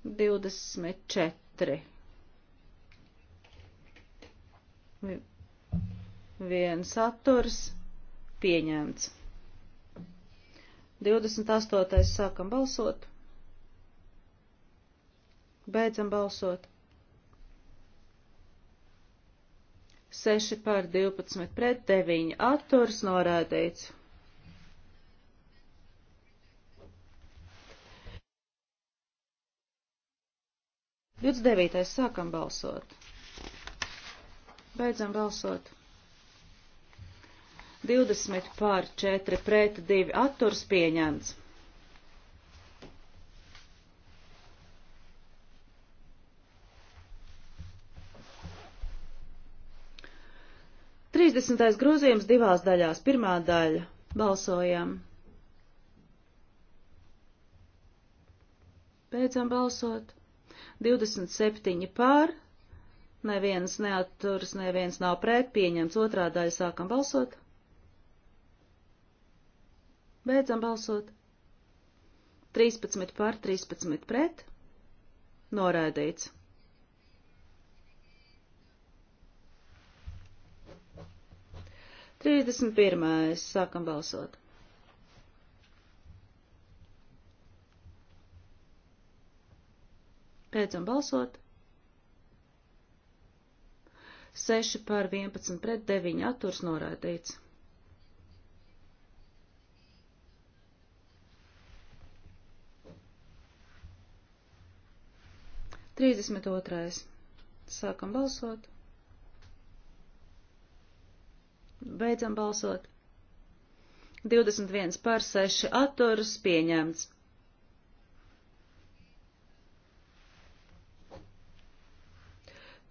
24. Viens saturs pieņemts. 28. sākam balsot. Beidzam balsot. 6 pār 12 pret 9 atturs norādīts. Jūtas devītais sākam balsot. Beidzam balsot. 20 pār 4 pret 2 atturs pieņemts. Trīsdesmitais grozījums divās daļās. Pirmā daļa - balsojam. Beidzam balsot. 27 pār, neviens neaturas, neviens nav pret, pieņemts otrā daļa, sākam balsot. Beidzam balsot. 13 par, 13 pret. Noraidīts. Trīsdesmit pirmais. Sākam balsot. Beidzam balsot. 6 par 11 pret 9 atturs noraidīts. 32. Sākam balsot. Beidzam balsot. 21 pār 6 atturas pieņemts.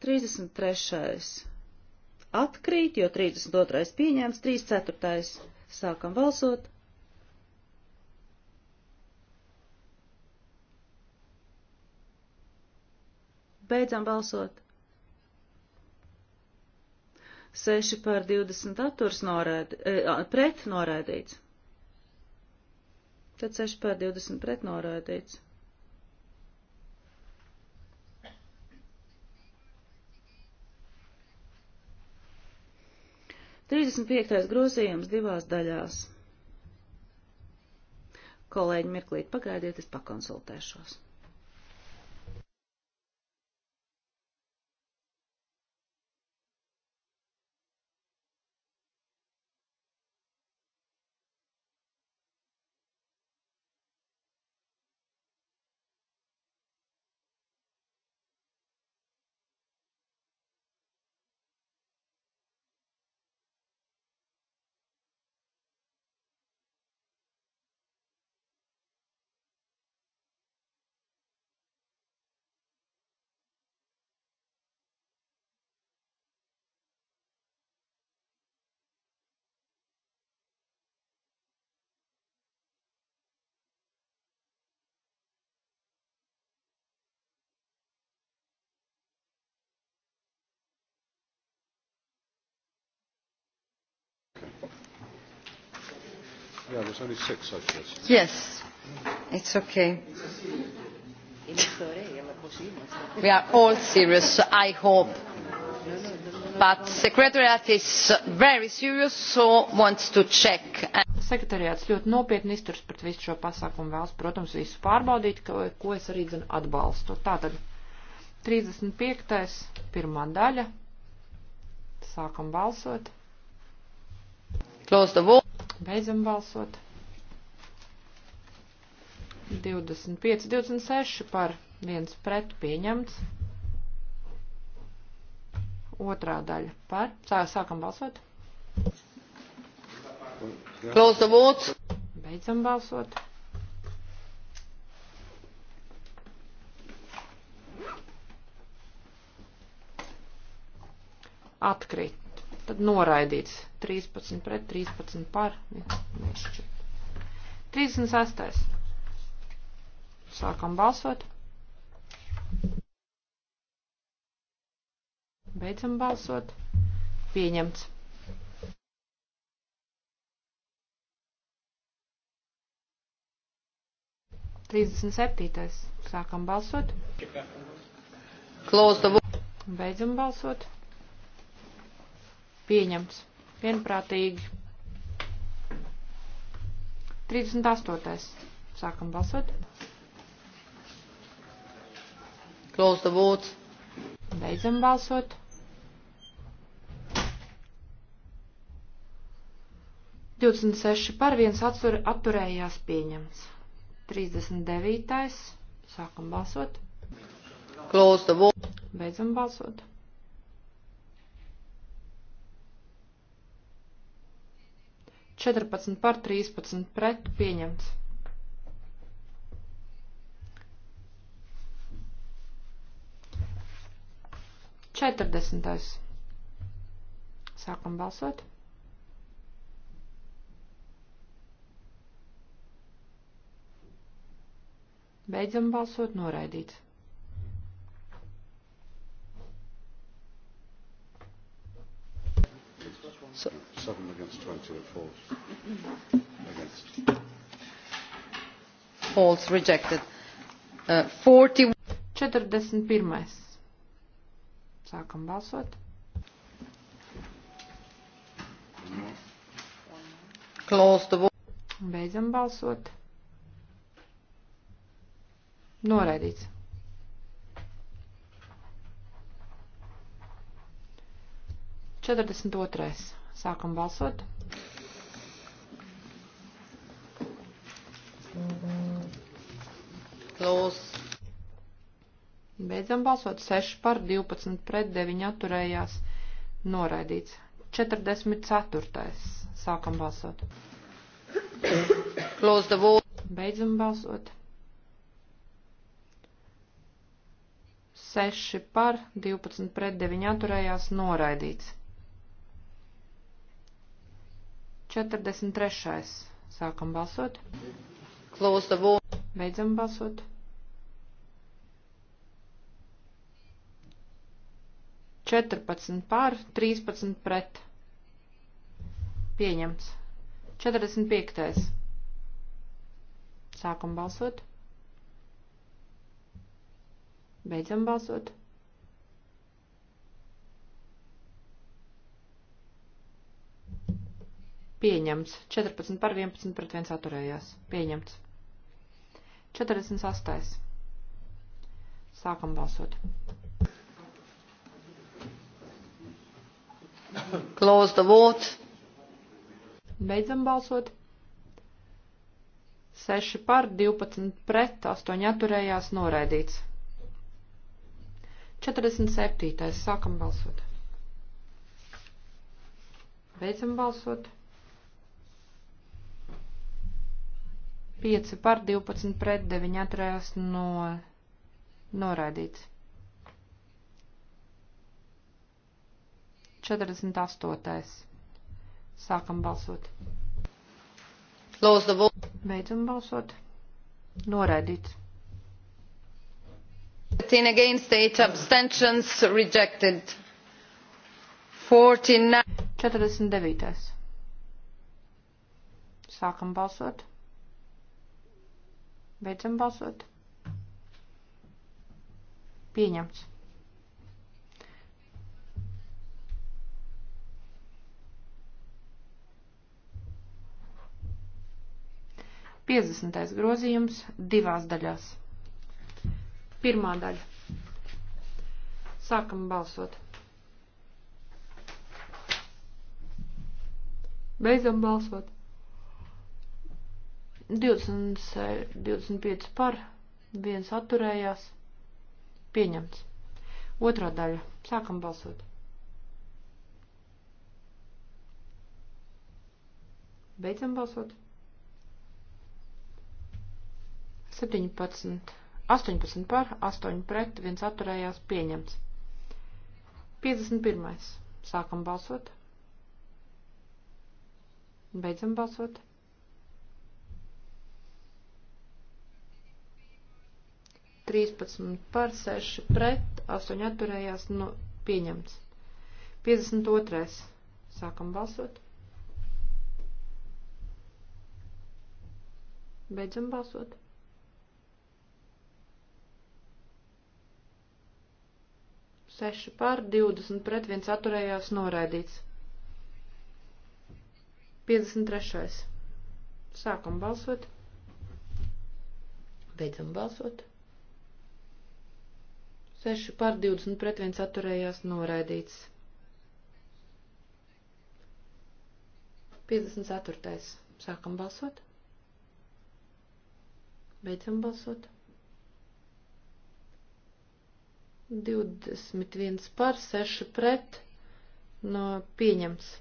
Trīsdesmit trešais atkrīt, jo 32. pieņēmts, 34. sākam valsot, Beidzam balsot. 6 par 20 atturs norēdi, e, pret norēdīts. Tad 6 par 20 pret norēdīts. Trīsdesmit piektais grozījums divās daļās. Kolēģi, mirklīt pagaidiet, es pakonsultēšos. Yeah, there's only six, I guess. Yes, it's okay. we are all serious, I hope. But Secretariat is very serious, so wants to check. Sekretariāts ļoti nopietni izturs pret visu šo pasākumu vēlas, protams, visu pārbaudīt, ko, ko es arī zinu atbalstu. Tātad 35. pirmā daļa. Sākam balsot. Close the vote. Beidzam balsot. 25, 26 par 1 pret pieņemts. Otrā daļa par. Sākam balsot. Klausa vots. Beidzam balsot. Atkrīt. Tātad noraidīts 13 pret 13 par. Nešķiet. 36. Sākam balsot. Beidzam balsot. Pieņemts. Trīsdesmit septītais. Sākam balsot. Klausa. Beidzam balsot. Pieņemts. Vienprātīgi. 38. Sākam balsot. Close the votes. Beidzam balsot. Divdesmit seši par viens atsur, atturējās pieņemts. Trīsdesmit devītais. Sākam balsot. Close the vote. Beidzam balsot. 14 par 13 pret pieņemts. Četrdesmitais. Sākam balsot. Beidzam balsot noraidīts. So, Seven against 20, it falls. Against. False, rejected. Uh, 40. 41. Sākam balsot. Close the vote. Beidzam balsot. Noraidīts. Četrdesmit otrais. Sākam balsot. Close. Beidzam balsot 6 par 12 pret 9 atturējās noraidīts. 44. Sākam balsot. Close the vote. Beidzam balsot. 6 par 12 pret 9 atturējās noraidīts. 43. Sākam balsot. Klausa būs. Beidzam balsot. Četrpadsmit pār, trīspadsmit pret. Pieņemts. Četrdesmit piektais. Sākam balsot. Beidzam balsot. Pieņemts. 14 par 11 pret 1 atturējās. Pieņemts. 48. Sākam balsot. Close the vote. Beidzam balsot. 6 par 12 pret 8 atturējās noraidīts. 47. Sākam balsot. Beidzam balsot. 5 par 12 pret 9 atturējās no noraidīts. 48. Sākam balsot. Beidzam balsot. Noraidīts. 13 against 8 abstentions rejected. 49. 49. Sākam balsot. Beidzam balsot. Pieņemts. Piecdesmitais grozījums divās daļās. Pirmā daļa. Sākam balsot. Beidzam balsot. 20, 25 par, viens atturējās, pieņemts. Otrā daļa. Sākam balsot. Beidzam balsot. 17, 18 par, 8 pret, 1 atturējās, pieņemts. 51. Sākam balsot. Beidzam balsot. 13 par 6 pret 8 atturējās no nu, pieņemts. 52. Sākam balsot. Beidzam balsot. Seši pār 20 pret 1 atturējās noraidīts. 53. Sākam balsot. Beidzam balsot. 6 pār 20 pret 1 atturējās noraidīts. 54. Sākam balsot. Beidzam balsot. 21 par 6 pret no pieņems.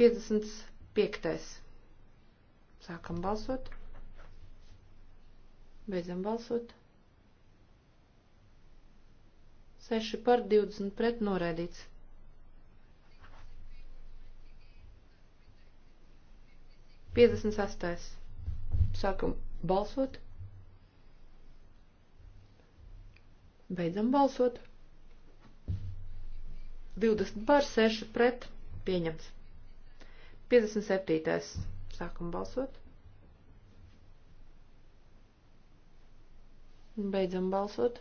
55. Sākam balsot. Beidzam balsot. 21. 6 par 20 pret noraidīts. Piecdesmit sastais. Sākam balsot. Beidzam balsot. 20 par 6 pret pieņemts. 57. Sākam balsot. Beidzam balsot.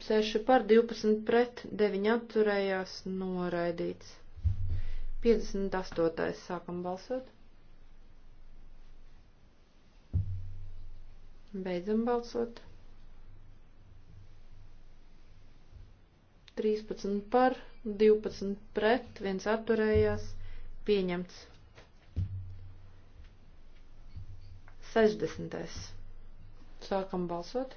6 par 12 pret 9 atturējās noraidīts. 58. sākam balsot. Beidzam balsot. 13 par, 12 pret, 1 atturējās, pieņemts. 60. Sākam balsot.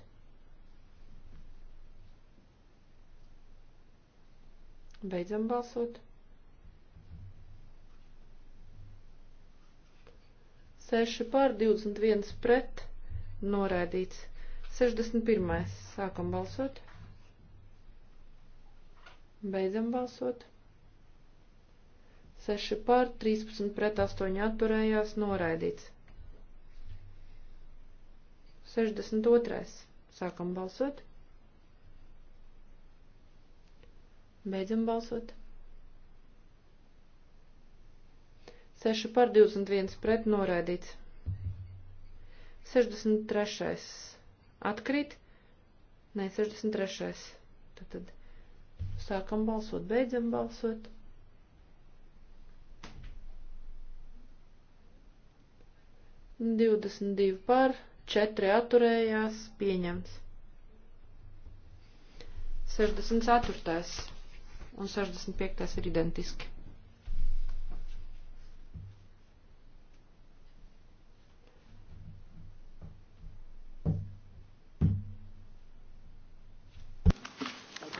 Beidzam balsot. 6 pār 21 pret noraidīts. 61. Sākam balsot. Beidzam balsot. 6 pār 13 pret 8 atturējās noraidīts. 62. Sākam balsot. Beidzam balsot. 6 par 21 pret noraidīts. 63. Atkrīt. Nē, 63. Tad, tad sākam balsot, beidzam balsot. Divdesmit divi par, četri atturējās, pieņemts. Sešdesmit ceturtais un 65. ir identiski.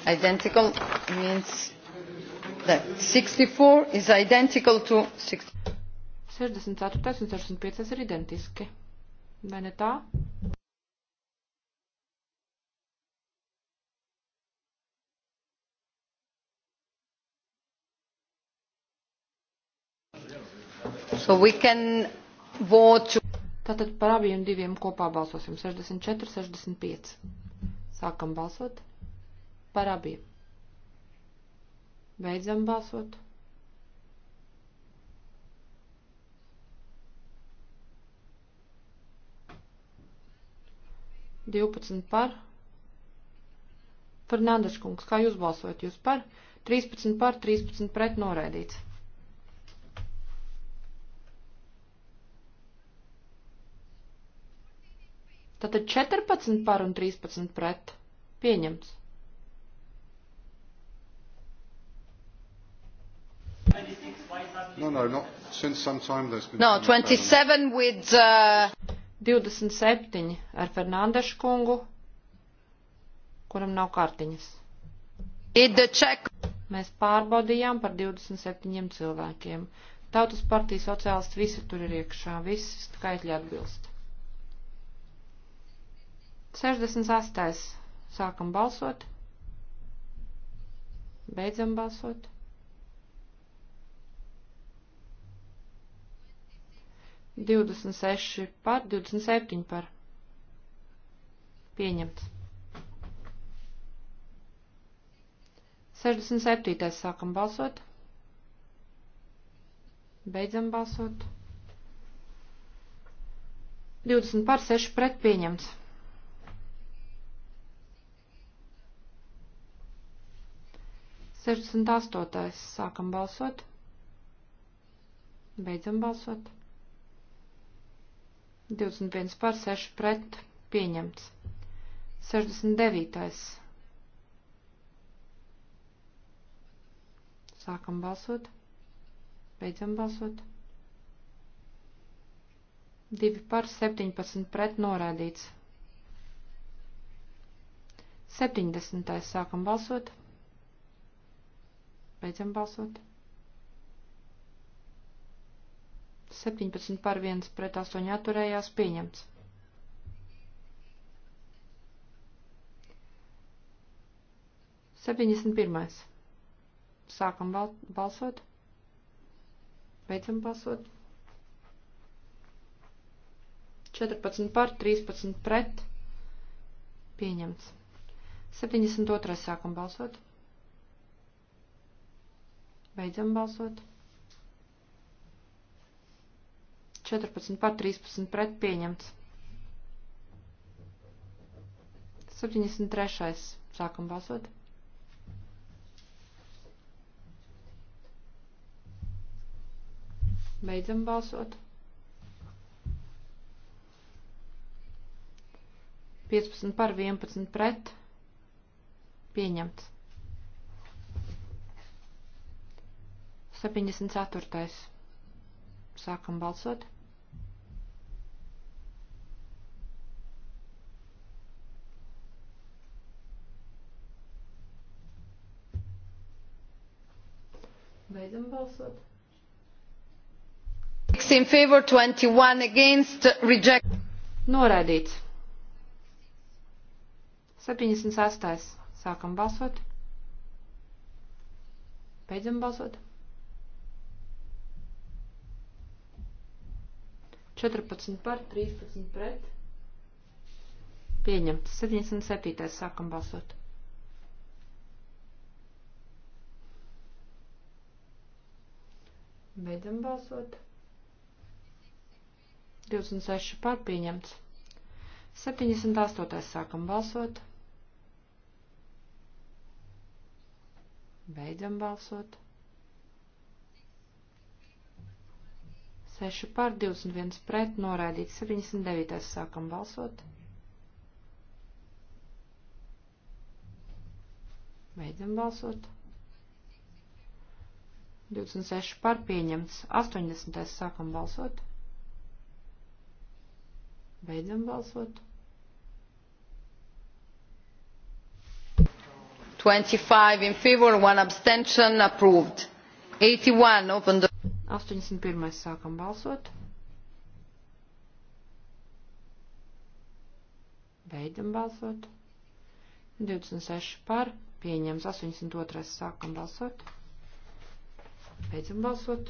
Identical means that 64 is identical to 60. 64. un 65. ir identiski. Vai ne tā? So we can vote. Tātad par abiem diviem kopā balsosim. 64, 65. Sākam balsot par abiem. Beidzam balsot. Divpadsmit par. Fernandes kungs, kā jūs balsojat? Jūs par? Trīspadsmit par, trīspadsmit pret noraidīts. Tātad 14 par un 13 pret. Pieņemts. No, no, not since some time there's been... No, 27 with... Uh... 27 ar Fernandešu kungu, kuram nav kārtiņas. Did the check... Mēs pārbaudījām par 27 cilvēkiem. Tautas partijas sociālisti visi tur ir iekšā, visi skaitļi atbilst. 68. Sākam balsot. Beidzam balsot. Divdesmit seši par, divdesmit septiņi par. Pieņemts. 67. sākam balsot. Beidzam balsot. 20 par 6 pret pieņemts. 68. Sākam balsot. Beidzam balsot. 21 par 6 pret pieņemts. 69. Sākam balsot. Beidzam balsot. 2 par 17 pret norādīts. 70. Sākam balsot. Beidzam balsot. 17 par 1 pret 8 atturējās pieņemts. Septiņdesmit pirmais. Sākam bal balsot. Beidzam balsot. 14 par, 13 pret. Pieņemts. 72. Sākam balsot. Beidzam balsot. 14 par 13 pret pieņemts. 73. Sākam balsot. Beidzam balsot. 15 par 11 pret pieņemts. 74. Sākam balsot. Beidzam balsot. 6 in favor, 21 against, reject. Noraidīts. 78. Sākam balsot. Beidzam balsot. 14 par, 13 pret. Pieņemts. 77. sākam balsot. Beidzam balsot. 26 par pieņemts. 78. sākam balsot. Beidzam balsot. 26 pār 21 pret noraidīts 79. sākam balsot. Beidzam balsot. 26 par pieņemts 80. sākam balsot. Beidzam balsot. 25 in favor, one abstention approved. 81 open the 81. sākam balsot. Beidzam balsot. 26 par. Pieņems 82. sākam balsot. Beidzam balsot.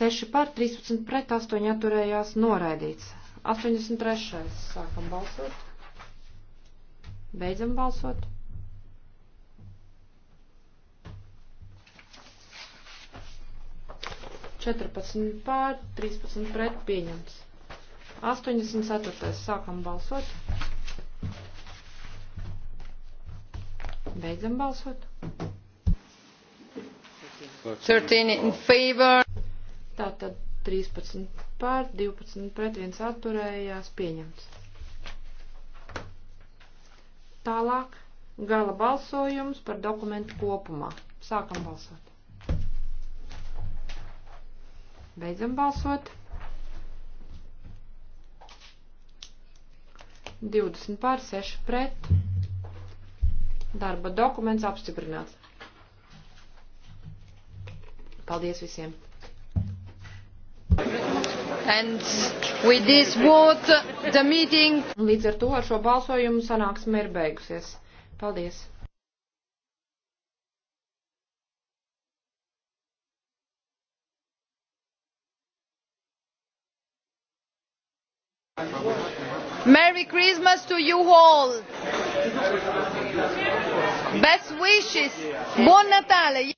6 par, 13 pret, 8 atturējās, noraidīts. 83. sākam balsot. Beidzam balsot. 14 pār, 13 pret pieņemts. 84. Sākam balsot. Beidzam balsot. 13 in favor. Tātad 13 pār, 12 pret 1 atturējās pieņemts. Tālāk gala balsojums par dokumentu kopumā. Sākam balsot. Beidzam balsot. 20 pār 6 pret. Darba dokuments apstiprināts. Paldies visiem. And with this vote, the meeting... Līdz ar to ar šo balsojumu sanāksme ir beigusies. Paldies. Merry Christmas to you all. Best wishes. Buon Natale.